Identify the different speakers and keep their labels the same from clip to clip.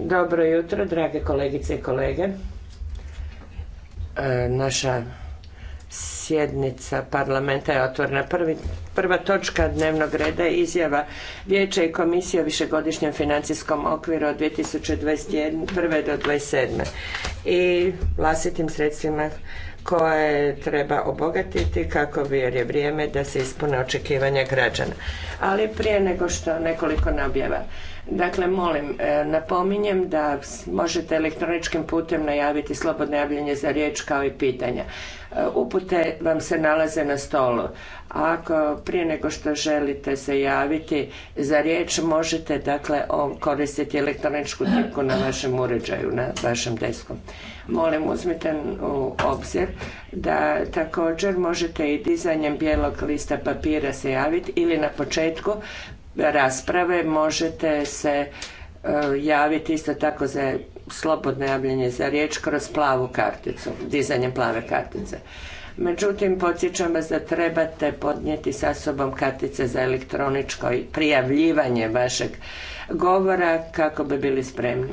Speaker 1: Dobro jutro, drage kolegice i kolege. E, naša sjednica parlamenta je otvorena. prva točka dnevnog reda je izjava Vijeća i Komisije o višegodišnjem financijskom okviru od 2021. do 2027. i vlastitim sredstvima koje treba obogatiti kako bi je vrijeme da se ispune očekivanja građana. Ali prije nego što nekoliko nabjeva. Dakle, molim, e, napominjem da možete elektroničkim putem najaviti slobodno javljanje za riječ kao i pitanja. E, upute vam se nalaze na stolu. ako prije nego što želite se javiti za riječ, možete dakle koristiti elektroničku tipku na vašem uređaju, na vašem desku molim uzmite u obzir da također možete i dizanjem bijelog lista papira se javiti ili na početku rasprave možete se e, javiti isto tako za slobodno javljanje za riječ kroz plavu karticu, dizanjem plave kartice. Međutim, podsjećam vas da trebate podnijeti sa sobom kartice za elektroničko prijavljivanje vašeg govora kako bi bili spremni.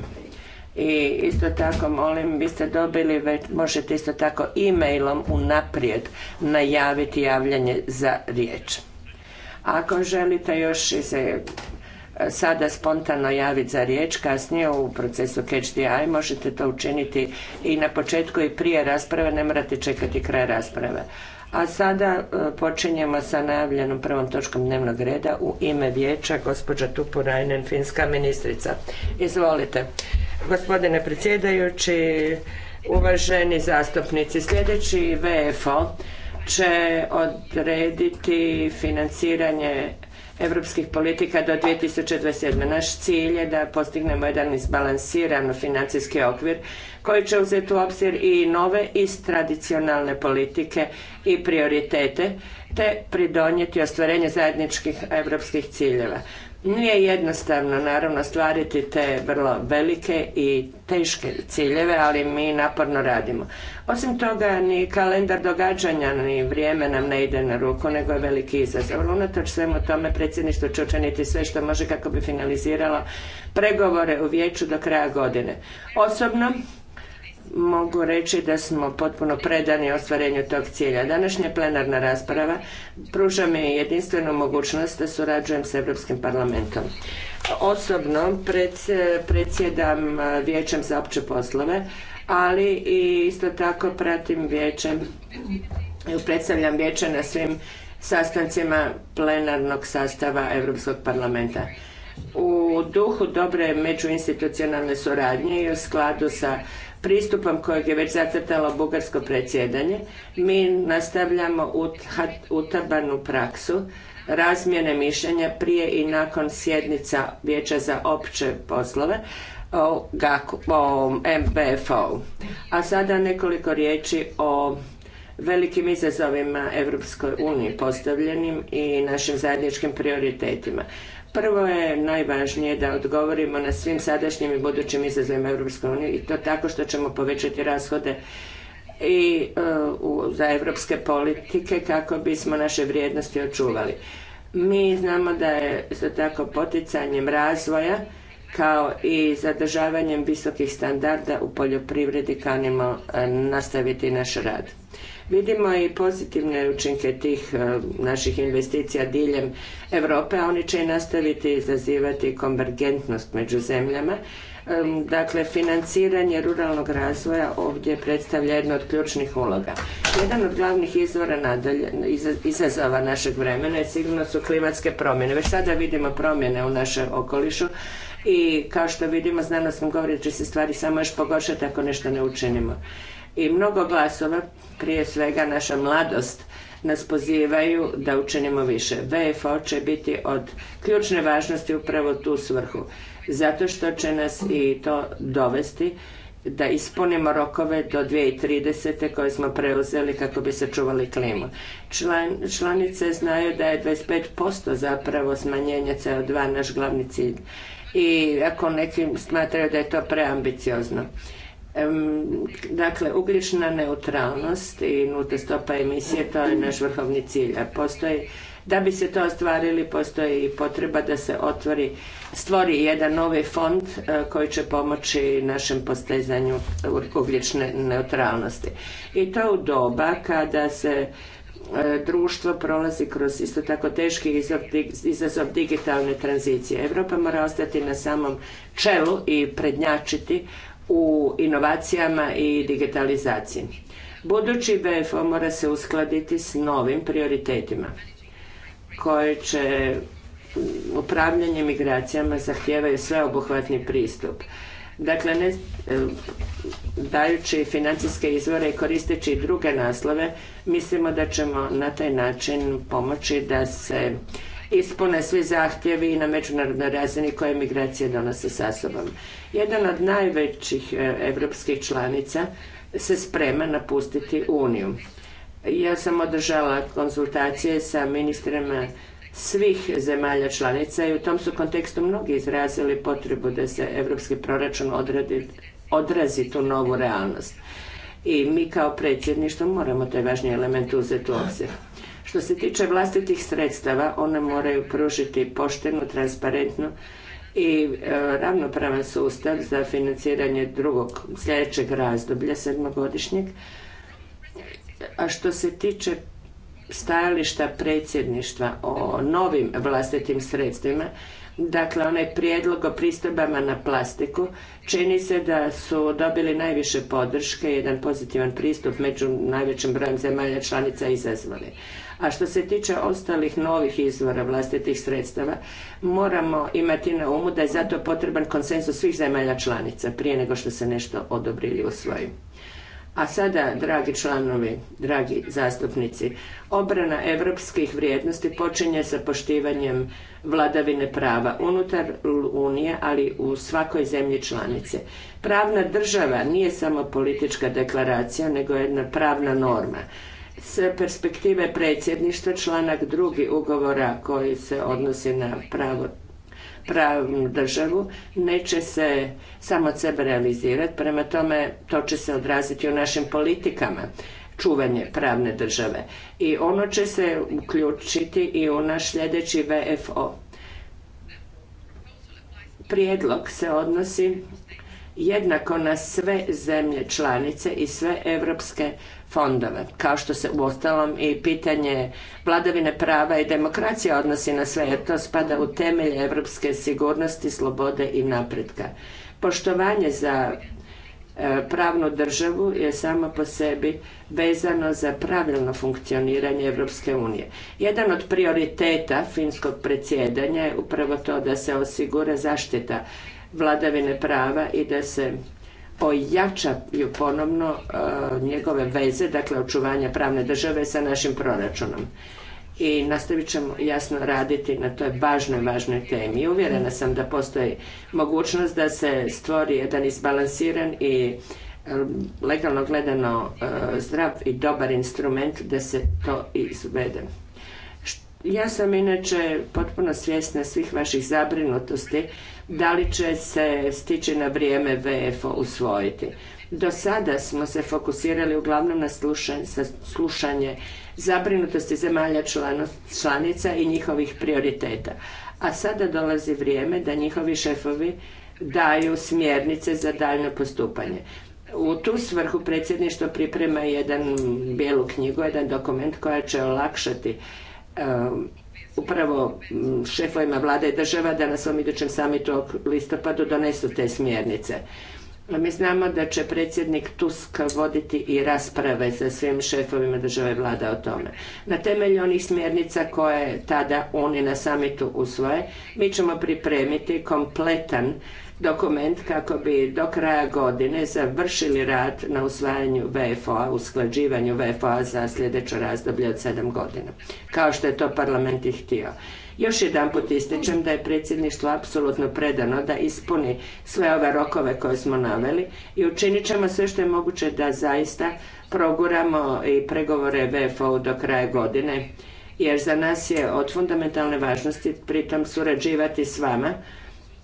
Speaker 1: I isto tako molim, vi ste dobili, već možete isto tako e-mailom unaprijed najaviti javljanje za riječ. Ako želite još se e, sada spontano javiti za riječ, kasnije u procesu Catch the Eye možete to učiniti i na početku i prije rasprave, ne morate čekati kraj rasprave. A sada e, počinjemo sa najavljenom prvom točkom dnevnog reda u ime vijeća gospođa Tupurajnen, finska ministrica. Izvolite. Gospodine predsjedajući, uvaženi zastupnici, sljedeći VFO će odrediti financiranje europskih politika do 2027. Naš cilj je da postignemo jedan izbalansiran financijski okvir koji će uzeti u obzir i nove i tradicionalne politike i prioritete te pridonijeti ostvarenje zajedničkih europskih ciljeva. Nije jednostavno naravno stvariti te vrlo velike i teške ciljeve, ali mi naporno radimo. Osim toga, ni kalendar događanja, ni vrijeme nam ne ide na ruku, nego je veliki izazov. Unatoč svemu tome, predsjedništvo će učiniti sve što može kako bi finaliziralo pregovore u vijeću do kraja godine. Osobno, mogu reći da smo potpuno predani ostvarenju tog cilja. Današnja plenarna rasprava pruža mi jedinstvenu mogućnost da surađujem s Europskim parlamentom. Osobno predsjedam Vijećem za opće poslove, ali i isto tako pratim vijećem, predstavljam vijeće na svim sastancima plenarnog sastava Europskog parlamenta. U duhu dobre međuinstitucionalne suradnje i u skladu sa pristupom kojeg je već zacrtalo bugarsko predsjedanje, mi nastavljamo utabanu praksu razmjene mišljenja prije i nakon sjednica Vijeća za opće poslove o, o mbfo A sada nekoliko riječi o velikim izazovima Europskoj uniji postavljenim i našim zajedničkim prioritetima. Prvo je najvažnije da odgovorimo na svim sadašnjim i budućim izazovima Europske unije i to tako što ćemo povećati rashode i e, za europske politike kako bismo naše vrijednosti očuvali. Mi znamo da je isto tako poticanjem razvoja kao i zadržavanjem visokih standarda u poljoprivredi kanimo e, nastaviti naš rad. Vidimo i pozitivne učinke tih e, naših investicija diljem Europe, a oni će i nastaviti izazivati konvergentnost među zemljama. E, dakle, financiranje ruralnog razvoja ovdje predstavlja jednu od ključnih uloga. Jedan od glavnih izvora izazova našeg vremena je sigurno su klimatske promjene. Već sada vidimo promjene u našem okolišu i kao što vidimo, znanost nam govori da će se stvari samo još pogoršati ako nešto ne učinimo i mnogo glasova, prije svega naša mladost, nas pozivaju da učinimo više. VFO će biti od ključne važnosti upravo tu svrhu, zato što će nas i to dovesti da ispunimo rokove do 2030. koje smo preuzeli kako bi sačuvali klimu. Član, članice znaju da je 25% zapravo smanjenje CO2 naš glavni cilj. I ako neki smatraju da je to preambiciozno. Dakle, ugljična neutralnost i nulta stopa emisije, to je naš vrhovni cilj. A postoji, da bi se to ostvarili, postoji i potreba da se otvori, stvori jedan novi fond e, koji će pomoći našem postezanju ugljične neutralnosti. I to u doba kada se e, društvo prolazi kroz isto tako teški izazov digitalne tranzicije. Europa mora ostati na samom čelu i prednjačiti u inovacijama i digitalizaciji. Budući BFO mora se uskladiti s novim prioritetima koje će upravljanje migracijama zahtijevaju sveobuhvatni pristup. Dakle, ne, e, dajući financijske izvore i koristeći druge naslove, mislimo da ćemo na taj način pomoći da se ispune svi zahtjevi i na međunarodnoj razini koje migracije donose sa sobom. Jedan od najvećih europskih članica se sprema napustiti Uniju. Ja sam održala konzultacije sa ministrima svih zemalja članica i u tom su kontekstu mnogi izrazili potrebu da se europski proračun odredi odrazi tu novu realnost. I mi kao predsjedništvo moramo taj važni element uzeti u obzir. Što se tiče vlastitih sredstava, one moraju pružiti poštenu, transparentnu i e, ravnopravan sustav za financiranje drugog sljedećeg razdoblja sedmogodišnjeg. A što se tiče stajališta predsjedništva o novim vlastitim sredstvima Dakle, onaj prijedlog o pristojbama na plastiku čini se da su dobili najviše podrške, jedan pozitivan pristup među najvećim brojem zemalja članica izazvali. A što se tiče ostalih novih izvora vlastitih sredstava, moramo imati na umu da je zato potreban konsenzus svih zemalja članica prije nego što se nešto odobri ili usvoji. A sada, dragi članovi, dragi zastupnici, obrana europskih vrijednosti počinje sa poštivanjem vladavine prava unutar Unije, ali u svakoj zemlji članice. Pravna država nije samo politička deklaracija, nego jedna pravna norma. S perspektive predsjedništva članak drugi ugovora koji se odnosi na pravo pravnu državu neće se samo od sebe realizirati, prema tome to će se odraziti u našim politikama čuvanje pravne države i ono će se uključiti i u naš sljedeći VFO. Prijedlog se odnosi jednako na sve zemlje članice i sve europske fondove, kao što se uostalom i pitanje vladavine prava i demokracije odnosi na sve, jer to spada u temelje europske sigurnosti, slobode i napretka. Poštovanje za e, pravnu državu je samo po sebi vezano za pravilno funkcioniranje Europske unije. Jedan od prioriteta finskog predsjedanja je upravo to da se osigura zaštita vladavine prava i da se ojačaju ponovno e, njegove veze, dakle očuvanja pravne države sa našim proračunom. I nastavit ćemo jasno raditi na toj važnoj, važnoj temi. I uvjerena sam da postoji mogućnost da se stvori jedan izbalansiran i e, legalno gledano e, zdrav i dobar instrument da se to izvede. Ja sam inače potpuno svjesna svih vaših zabrinutosti da li će se stići na vrijeme VFO usvojiti. Do sada smo se fokusirali uglavnom na slušanje, zabrinutosti zemalja članica i njihovih prioriteta. A sada dolazi vrijeme da njihovi šefovi daju smjernice za daljno postupanje. U tu svrhu predsjedništvo priprema jedan bijelu knjigu, jedan dokument koja će olakšati upravo mm, šefovima vlade i država da na svom idućem samitu u listopadu donesu te smjernice. Mi znamo da će predsjednik Tusk voditi i rasprave sa svim šefovima države i vlada o tome. Na temelju onih smjernica koje tada oni na samitu usvoje, mi ćemo pripremiti kompletan dokument kako bi do kraja godine završili rad na usvajanju VFO-a, usklađivanju VFO-a za sljedeće razdoblje od sedam godina, kao što je to parlament i htio. Još jedanput ističem da je predsjedništvo apsolutno predano da ispuni sve ove rokove koje smo naveli i učinit ćemo sve što je moguće da zaista proguramo i pregovore VFO do kraja godine jer za nas je od fundamentalne važnosti pritom surađivati s vama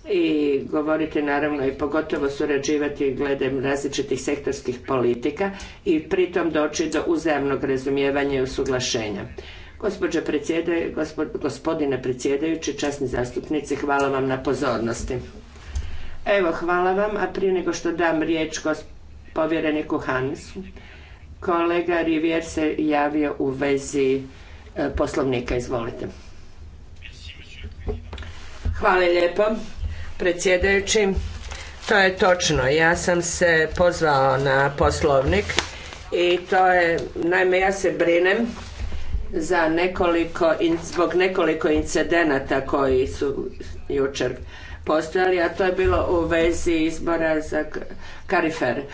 Speaker 1: i govoriti naravno i pogotovo surađivati glede različitih sektorskih politika i pritom doći do uzajamnog razumijevanja i usuglašenja. Gospođe gospodine predsjedajući, časni zastupnici, hvala vam na pozornosti. Evo, hvala vam, a prije nego što dam riječ povjereniku Hansu, kolega Rivier se javio u vezi e, poslovnika. Izvolite. Hvala lijepo predsjedajući. To je točno. Ja sam se pozvao na poslovnik i to je, naime ja se brinem za nekoliko, zbog nekoliko incidenata koji su jučer postojali, a to je bilo u vezi izbora za Karifer. E,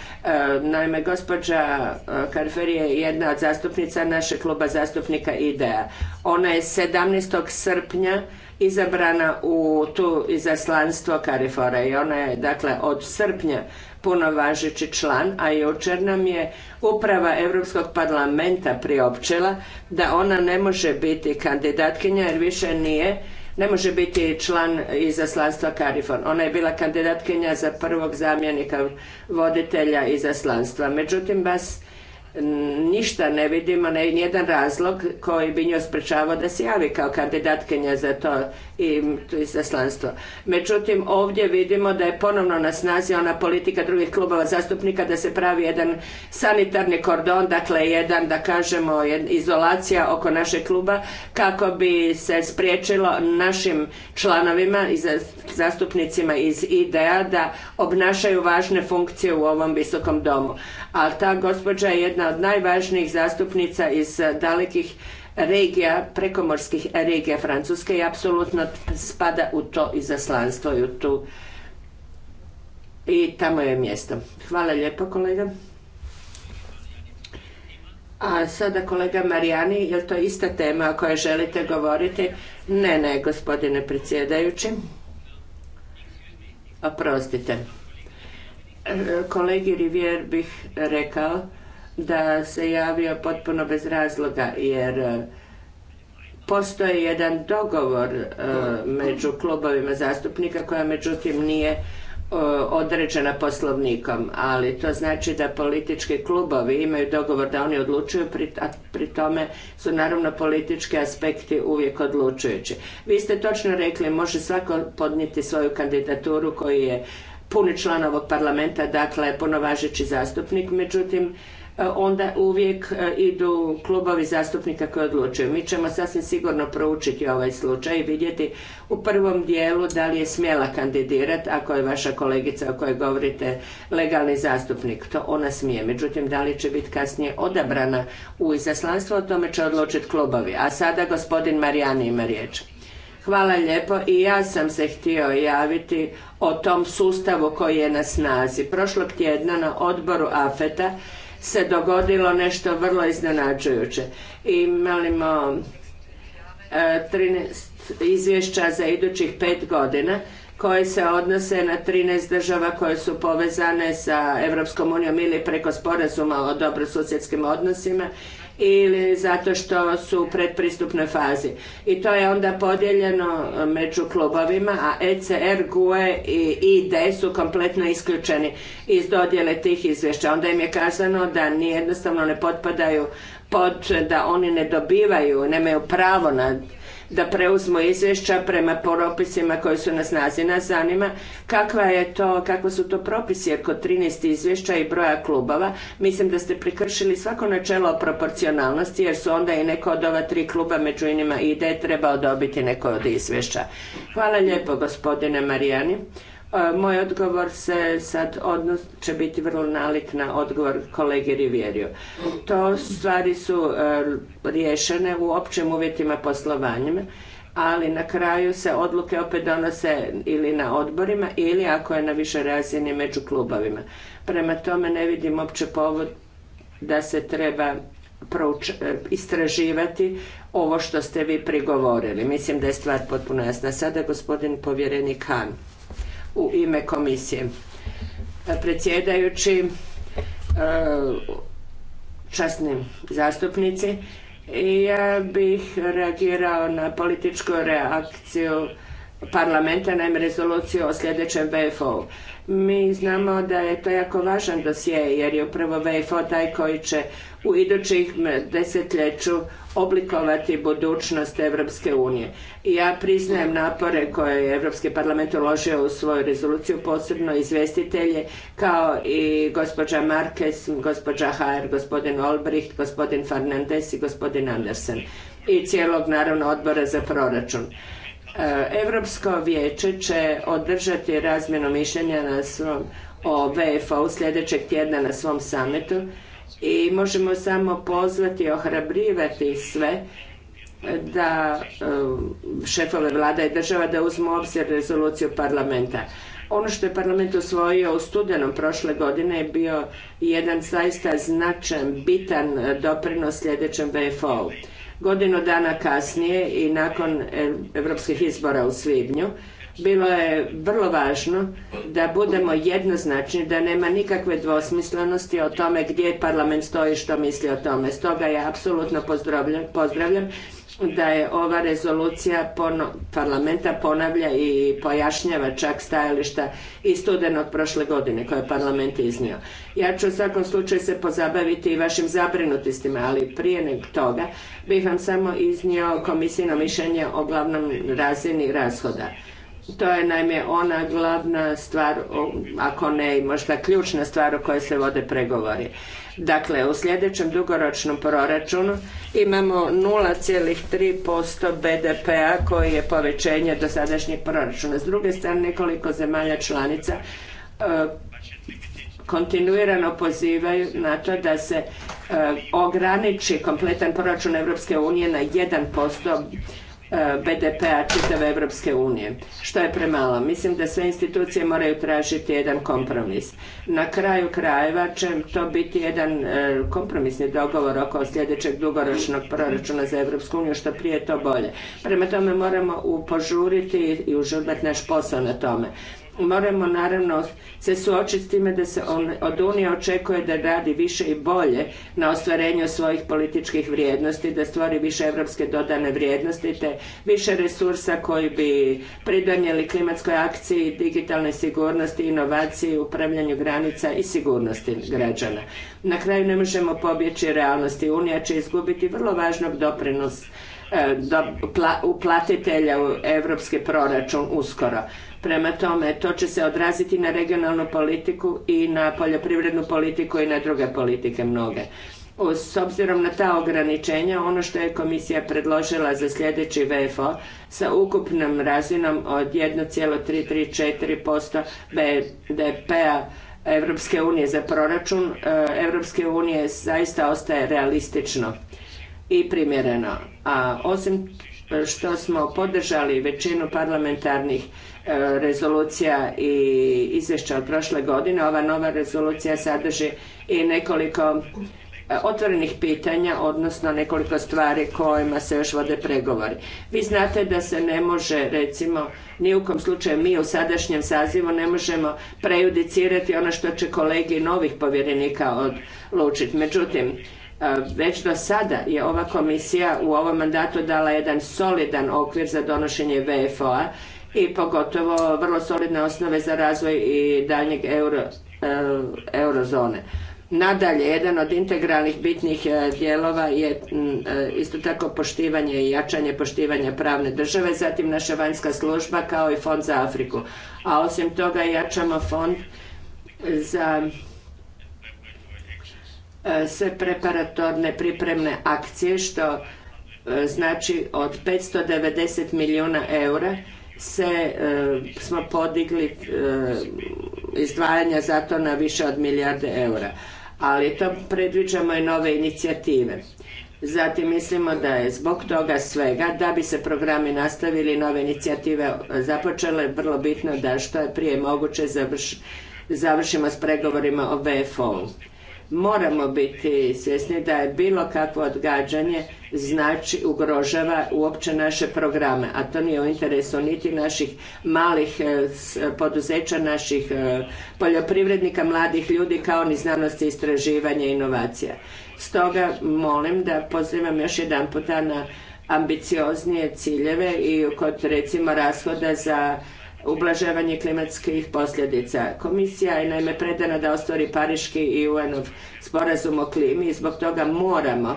Speaker 1: naime, gospođa e, Karifer je jedna od zastupnica našeg kluba zastupnika IDEA. Ona je 17. srpnja izabrana u tu izaslanstvo Karifora i ona je dakle od srpnja punovažeći član, a jučer nam je uprava Europskog parlamenta priopćila da ona ne može biti kandidatkinja jer više nije ne može biti član izaslanstva Karifor. Ona je bila kandidatkinja za prvog zamjenika voditelja izaslanstva. Međutim, vas ništa ne vidimo, ne, nijedan razlog koji bi nju sprečavao da se javi kao kandidatkinja za to i izaslanstvo. Međutim, ovdje vidimo da je ponovno na snazi ona politika drugih klubova zastupnika da se pravi jedan sanitarni kordon, dakle jedan, da kažemo, izolacija oko našeg kluba kako bi se spriječilo našim članovima i zastupnicima iz IDEA da obnašaju važne funkcije u ovom visokom domu. A ta gospođa je jedna od najvažnijih zastupnica iz eh, dalekih regija, prekomorskih regija Francuske i apsolutno spada u to izaslanstvo i u tu i tamo je mjesto. Hvala lijepo kolega. A sada kolega Marijani, je li to ista tema o kojoj želite govoriti? Ne, ne, gospodine predsjedajući. Oprostite. E, kolegi Rivier bih rekao da se javio potpuno bez razloga jer e, postoji jedan dogovor e, među klubovima zastupnika koja međutim nije e, određena poslovnikom, ali to znači da politički klubovi imaju dogovor da oni odlučuju, a pri tome su naravno politički aspekti uvijek odlučujući. Vi ste točno rekli, može svako podnijeti svoju kandidaturu koji je puni član ovog parlamenta, dakle punovažeći zastupnik, međutim E, onda uvijek e, idu klubovi zastupnika koji odlučuju. Mi ćemo sasvim sigurno proučiti ovaj slučaj i vidjeti u prvom dijelu da li je smjela kandidirati ako je vaša kolegica o kojoj govorite legalni zastupnik. To ona smije. Međutim, da li će biti kasnije odabrana u izaslanstvo, o tome će odlučiti klubovi. A sada gospodin Marijani ima riječ. Hvala lijepo. I ja sam se htio javiti o tom sustavu koji je na snazi. Prošlog tjedna na odboru AFETA se dogodilo nešto vrlo iznenađujuće. i smo 13 e, izvješća za idućih pet godina koje se odnose na 13 država koje su povezane sa Europskom unijom ili preko sporazuma o dobrosusjedskim odnosima ili zato što su u predpristupnoj fazi. I to je onda podijeljeno e, među klubovima, a ECR, GUE i ID su kompletno isključeni iz dodjele tih izvješća. Onda im je kazano da ni jednostavno ne potpadaju pod, da oni ne dobivaju, nemaju pravo na da preuzmu izvješća prema propisima koji su na snazi. Nas zanima kakva je to, kakva su to propisi jer kod 13 izvješća i broja klubova mislim da ste prekršili svako načelo proporcionalnosti jer su onda i neko od ova tri kluba među inima ide trebao dobiti neko od izvješća. Hvala lijepo gospodine Marijani. E, moj odgovor se sad odnos će biti vrlo nalik na odgovor kolegi Rivjeriju. To stvari su e, riješene u općim uvjetima poslovanjem ali na kraju se odluke opet donose ili na odborima ili ako je na više razini među klubovima. Prema tome ne vidim uopće povod da se treba e, istraživati ovo što ste vi prigovorili. Mislim da je stvar potpuno jasna. Sada gospodin povjerenik Han u ime komisije. Predsjedajući, e, časni zastupnici, ja bih reagirao na političku reakciju parlamenta, naime rezoluciju o sljedećem VFO-u. Mi znamo da je to jako važan dosje jer je upravo VFO taj koji će u idućih desetljeću oblikovati budućnost Europske unije. I ja priznajem napore koje je Europski parlament uložio u svoju rezoluciju, posebno izvjestitelje kao i gospođa Marquez, gospođa Haer, gospodin Olbricht, gospodin Fernandez i gospodin Andersen i cijelog naravno odbora za proračun. Europsko vijeće će održati razmjenu mišljenja na svom o VFO sljedećeg tjedna na svom samitu i možemo samo pozvati i ohrabrivati sve da e, šefove vlada i država da uzmu u obzir rezoluciju parlamenta. Ono što je parlament usvojio u studenom prošle godine je bio jedan zaista značajan, bitan e, doprinos sljedećem VFO-u. Godinu dana kasnije i nakon europskih izbora u svibnju bilo je vrlo važno da budemo jednoznačni, da nema nikakve dvosmislenosti o tome gdje parlament stoji i što misli o tome. Stoga ja apsolutno pozdravljam, da je ova rezolucija parlamenta ponavlja i pojašnjava čak stajališta i studenog prošle godine koje je parlament iznio. Ja ću u svakom slučaju se pozabaviti i vašim zabrinutostima, ali prije nego toga bih vam samo iznio komisijno mišljenje o glavnom razini rashoda. To je naime ona glavna stvar, ako ne i možda ključna stvar o kojoj se vode pregovori. Dakle, u sljedećem dugoročnom proračunu imamo 0,3% BDP-a koji je povećanje dosadašnjeg proračuna. S druge strane, nekoliko zemalja članica e, kontinuirano pozivaju na to da se e, ograniči kompletan proračun Europske unije na 1% BDP-a čitave Evropske unije, što je premalo. Mislim da sve institucije moraju tražiti jedan kompromis. Na kraju krajeva će to biti jedan e, kompromisni dogovor oko sljedećeg dugoročnog proračuna za Evropsku uniju, što prije to bolje. Prema tome moramo upožuriti i užurbati naš posao na tome moramo naravno se suočiti s time da se od Unije očekuje da radi više i bolje na ostvarenju svojih političkih vrijednosti, da stvori više europske dodane vrijednosti te više resursa koji bi pridonijeli klimatskoj akciji, digitalnoj sigurnosti, inovaciji, upravljanju granica i sigurnosti građana. Na kraju ne možemo pobjeći realnosti. Unija će izgubiti vrlo važnog doprinos e, uplatitelja u europski proračun uskoro. Prema tome, to će se odraziti na regionalnu politiku i na poljoprivrednu politiku i na druge politike mnoge. S obzirom na ta ograničenja, ono što je komisija predložila za sljedeći VFO sa ukupnom razinom od 1,334% BDP-a Evropske unije za proračun e, Evropske unije zaista ostaje realistično i primjereno. A osim što smo podržali većinu parlamentarnih E, rezolucija i izvješća od prošle godine, ova nova rezolucija sadrži i nekoliko e, otvorenih pitanja, odnosno nekoliko stvari kojima se još vode pregovori. Vi znate da se ne može, recimo, ni u kom slučaju mi u sadašnjem sazivu ne možemo prejudicirati ono što će kolegi novih povjerenika odlučiti. Međutim, e, već do sada je ova komisija u ovom mandatu dala jedan solidan okvir za donošenje VFO-a i pogotovo vrlo solidne osnove za razvoj i daljnjeg euro, eh, eurozone. Nadalje, jedan od integralnih bitnih eh, dijelova je mm, eh, isto tako poštivanje i jačanje poštivanja pravne države, zatim naša vanjska služba kao i Fond za Afriku. A osim toga jačamo fond za sve preparatorne pripremne akcije što znači od 590 milijuna eura se e, smo podigli e, izdvajanja za to na više od milijarde eura. Ali to predviđamo i nove inicijative. Zatim mislimo da je zbog toga svega, da bi se programi nastavili nove inicijative započele, je vrlo bitno da što je prije moguće završimo s pregovorima o VFO-u moramo biti svjesni da je bilo kakvo odgađanje znači ugrožava uopće naše programe, a to nije u interesu niti naših malih e, e, poduzeća, naših e, poljoprivrednika, mladih ljudi kao ni znanosti, istraživanja i inovacija. Stoga molim da pozivam još jedan na ambicioznije ciljeve i kod recimo rashoda za ublažavanje klimatskih posljedica. Komisija je naime predana da ostvari Pariški i UN-ov sporazum o klimi i zbog toga moramo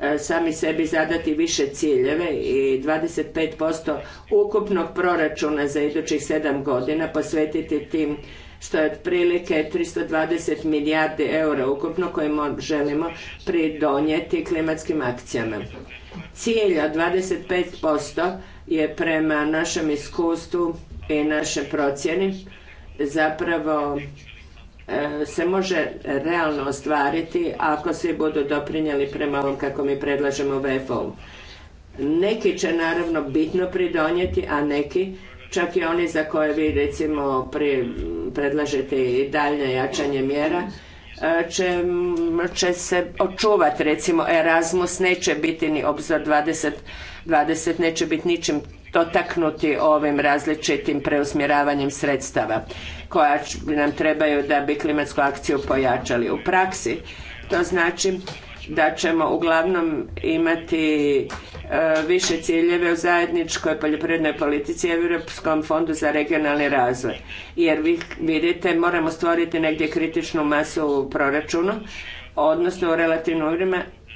Speaker 1: e, sami sebi zadati više ciljeve i 25% ukupnog proračuna za idućih sedam godina posvetiti tim što je otprilike 320 milijardi eura ukupno koje želimo pridonijeti klimatskim akcijama. Cilj od 25% je prema našem iskustvu i naše procjeni zapravo e, se može realno ostvariti ako svi budu doprinijeli prema ovom kako mi predlažemo vfo Neki će naravno bitno pridonijeti, a neki čak i oni za koje vi recimo predlažete i dalje jačanje mjera e, će, se očuvati recimo Erasmus neće biti ni obzor 20, 20 neće biti ničim dotaknuti ovim različitim preusmjeravanjem sredstava koja nam trebaju da bi klimatsku akciju pojačali u praksi. To znači da ćemo uglavnom imati e, više ciljeve u zajedničkoj poljoprivrednoj politici i Europskom fondu za regionalni razvoj. Jer vi vidite, moramo stvoriti negdje kritičnu masu u proračunu, odnosno u relativnim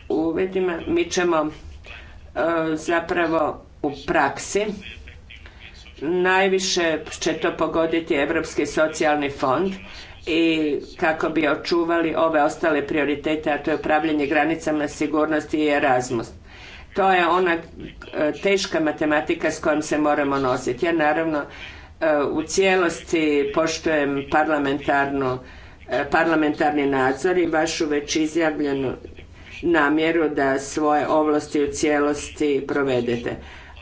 Speaker 1: uvjetima mi ćemo e, zapravo u praksi najviše će to pogoditi Europski socijalni fond i kako bi očuvali ove ostale prioritete, a to je upravljanje granicama sigurnosti i Erasmus. To je ona e, teška matematika s kojom se moramo nositi. Ja naravno e, u cijelosti poštujem parlamentarnu, e, parlamentarni nadzor i vašu već izjavljenu namjeru da svoje ovlasti u cijelosti provedete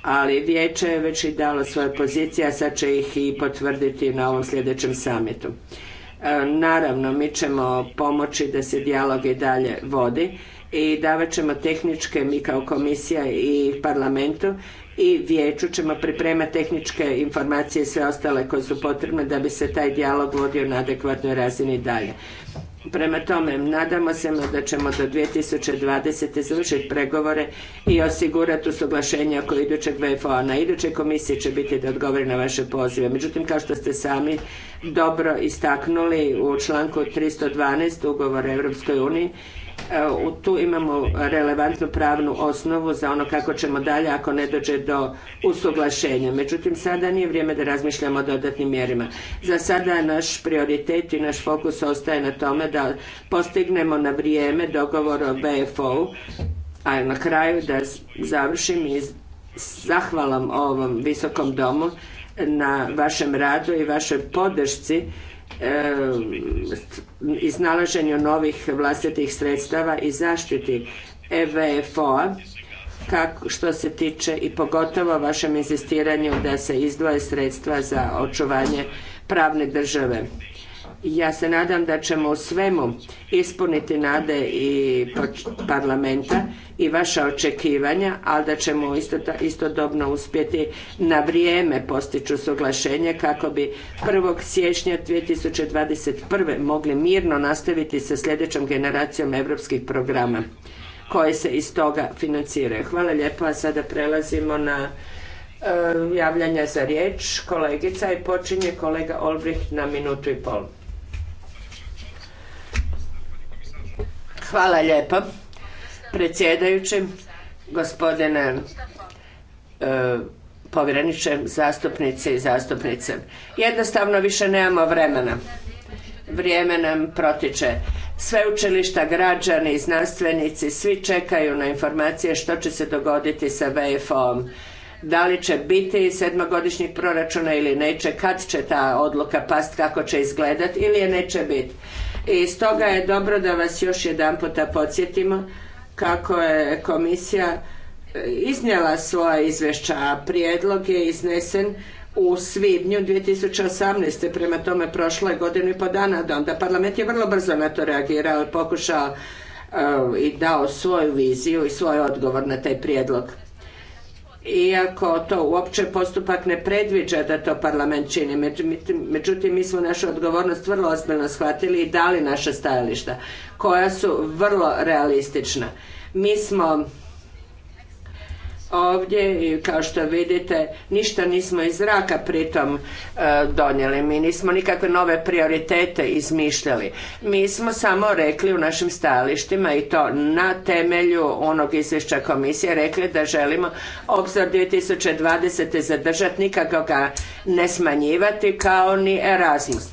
Speaker 1: ali vijeće je već i dalo svoje pozicije, a sad će ih i potvrditi na ovom sljedećem samitu. E, naravno, mi ćemo pomoći da se dijalog i dalje vodi i davat ćemo tehničke, mi kao komisija i parlamentu i vijeću ćemo pripremati tehničke informacije i sve ostale koje su potrebne da bi se taj dijalog vodio na adekvatnoj razini dalje. Prema tome, nadamo se da ćemo do 2020. završiti pregovore i osigurati usuglašenje oko idućeg VFO-a. Na idućoj komisiji će biti da odgovori na vaše pozive. Međutim, kao što ste sami dobro istaknuli u članku 312 ugovora Europskoj uniji, E, tu imamo relevantnu pravnu osnovu za ono kako ćemo dalje ako ne dođe do usuglašenja. Međutim, sada nije vrijeme da razmišljamo o dodatnim mjerima. Za sada naš prioritet i naš fokus ostaje na tome da postignemo na vrijeme dogovor o BFO-u, a na kraju da završim i zahvalam ovom visokom domu na vašem radu i vašoj podršci iznalaženju novih vlastitih sredstava i zaštiti EVFO-a što se tiče i pogotovo vašem inzistiranju da se izdvoje sredstva za očuvanje pravne države ja se nadam da ćemo u svemu ispuniti nade i parlamenta i vaša očekivanja, ali da ćemo isto, istodobno uspjeti na vrijeme postići suglašenje kako bi 1. siječnja 2021. mogli mirno nastaviti sa sljedećom generacijom europskih programa koje se iz toga financiraju. Hvala lijepo, a sada prelazimo na e, javljanja za riječ kolegica i počinje kolega Olbrich na minutu i pol. Hvala lijepo. Predsjedajući, gospodine e, povjereniče, zastupnice i zastupnice. Jednostavno više nemamo vremena. Vrijeme nam protiče. Sveučilišta, građani, znanstvenici, svi čekaju na informacije što će se dogoditi sa VFO-om. Da li će biti sedmogodišnjeg proračuna ili neće, kad će ta odluka past, kako će izgledat ili je neće biti. I stoga je dobro da vas još jedan podsjetimo kako je komisija e, iznijela svoja izvješća, a prijedlog je iznesen u svibnju 2018. Prema tome prošlo je godinu i po dana od onda. Parlament je vrlo brzo na to reagirao i pokušao e, i dao svoju viziju i svoj odgovor na taj prijedlog iako to uopće postupak ne predviđa da to parlament čini. Međutim, mi smo našu odgovornost vrlo ozbiljno shvatili i dali naša stajališta koja su vrlo realistična. Mi smo ovdje i kao što vidite ništa nismo iz zraka pritom e, donijeli. Mi nismo nikakve nove prioritete izmišljali. Mi smo samo rekli u našim stajalištima i to na temelju onog izvješća komisije rekli da želimo obzor 2020. zadržati, nikako ga ne smanjivati kao ni Erasmus.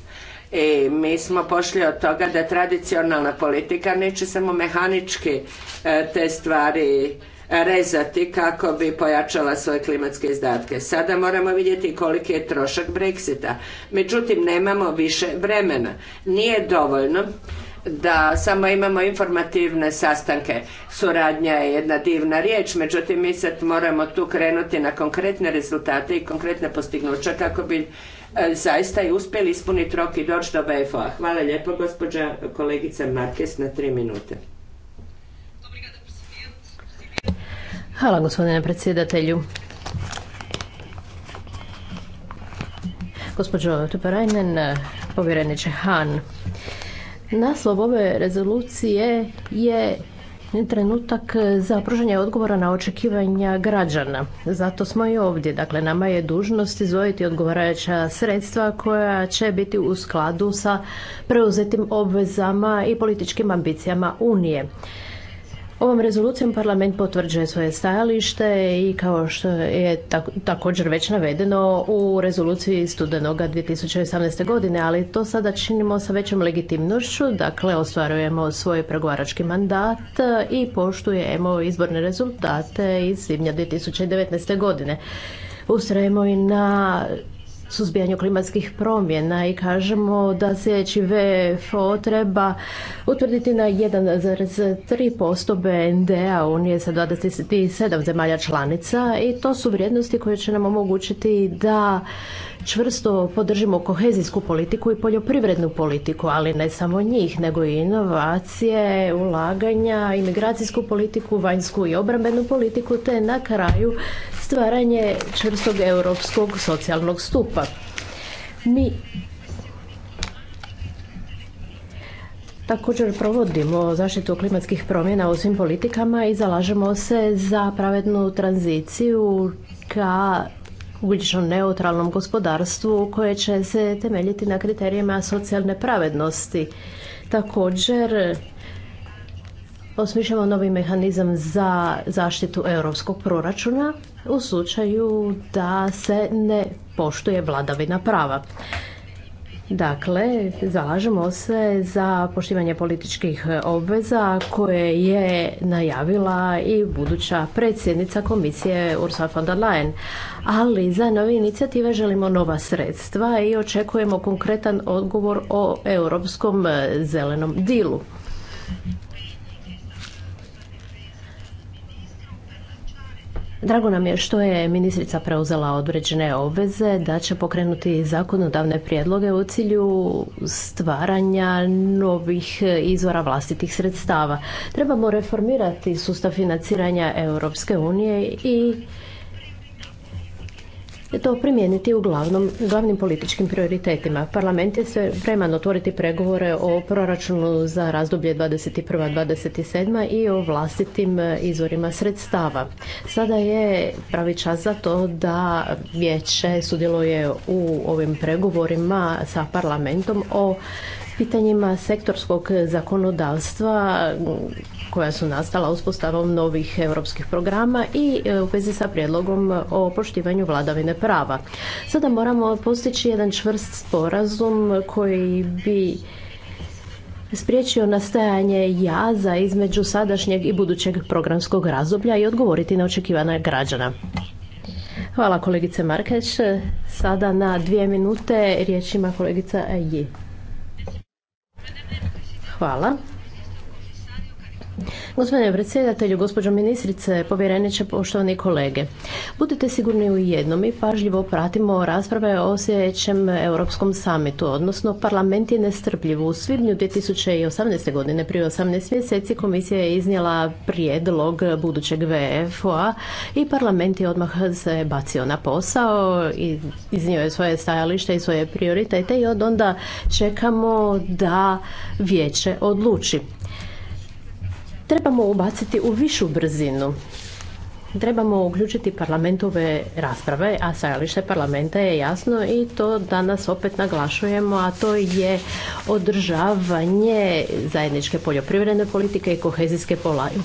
Speaker 1: I mi smo pošli od toga da tradicionalna politika neće samo mehanički e, te stvari rezati kako bi pojačala svoje klimatske izdatke. Sada moramo vidjeti koliki je trošak Brexita. Međutim, nemamo više vremena. Nije dovoljno da samo imamo informativne sastanke. Suradnja je jedna divna riječ, međutim mi sad moramo tu krenuti na konkretne rezultate i konkretne postignuća kako bi e, zaista i uspjeli ispuniti rok i doći do BFO-a. Hvala lijepo gospođa kolegica Marques, na tri minute.
Speaker 2: Hvala gospodine predsjedatelju. Gospođo Tuparajnen, povjereniče Han, naslov ove rezolucije je trenutak za pružanje odgovora na očekivanja građana. Zato smo i ovdje. Dakle, nama je dužnost izvojiti odgovarajuća sredstva koja će biti u skladu sa preuzetim obvezama i političkim ambicijama Unije. Ovom rezolucijom parlament potvrđuje svoje stajalište i kao što je također već navedeno u rezoluciji studenoga 2018. godine, ali to sada činimo sa većom legitimnošću, dakle ostvarujemo svoj pregovarački mandat i poštujemo izborne rezultate iz svibnja 2019. godine. Ustrajemo i na suzbijanju klimatskih promjena i kažemo da sljedeći VFO treba utvrditi na 1,3% BND-a Unije sa 27 zemalja članica i to su vrijednosti koje će nam omogućiti da čvrsto podržimo kohezijsku politiku i poljoprivrednu politiku, ali ne samo njih, nego i inovacije, ulaganja, imigracijsku politiku, vanjsku i obrambenu politiku, te na kraju stvaranje čvrstog europskog socijalnog stupa. Mi također provodimo zaštitu klimatskih promjena u svim politikama i zalažemo se za pravednu tranziciju ka ugljično neutralnom gospodarstvu koje će se temeljiti na kriterijima socijalne pravednosti. Također osmišljamo novi mehanizam za zaštitu europskog proračuna u slučaju da se ne poštuje vladavina prava. Dakle, zalažemo se za poštivanje političkih obveza koje je najavila i buduća predsjednica komisije Ursula von der Leyen. Ali za nove inicijative želimo nova sredstva i očekujemo konkretan odgovor o europskom zelenom dilu. Drago nam je što je ministrica preuzela određene obveze da će pokrenuti zakonodavne prijedloge u cilju stvaranja novih izvora vlastitih sredstava. Trebamo reformirati sustav financiranja Europske unije i to primijeniti u glavnom, glavnim političkim prioritetima. Parlament je se spreman otvoriti pregovore o proračunu za razdoblje 21.-27. i o vlastitim e, izvorima sredstava. Sada je pravi čas za to da vijeće sudjeluje u ovim pregovorima sa parlamentom o pitanjima sektorskog zakonodavstva koja su nastala uspostavom novih europskih programa i e, u vezi sa prijedlogom o poštivanju vladavine prava. Sada moramo postići jedan čvrst sporazum koji bi spriječio nastajanje jaza između sadašnjeg i budućeg programskog razdoblja i odgovoriti na očekivana građana. Hvala kolegice Markeš. Sada na dvije minute riječ ima kolegica Ji. Hvala. Gospodine predsjedatelju, gospođo ministrice, povjereniče, poštovani kolege. Budite sigurni u jednom, mi pažljivo pratimo rasprave o sljedećem Europskom samitu, odnosno parlament je nestrpljiv. U svibnju 2018. godine, prije 18 mjeseci, komisija je iznijela prijedlog budućeg VFO-a i parlament je odmah se bacio na posao i iznio je svoje stajalište i svoje prioritete i od onda čekamo da vijeće odluči trebamo ubaciti u višu brzinu trebamo uključiti parlamentove rasprave, a stajalište parlamenta je jasno i to danas opet naglašujemo, a to je održavanje zajedničke poljoprivredne politike i kohezijske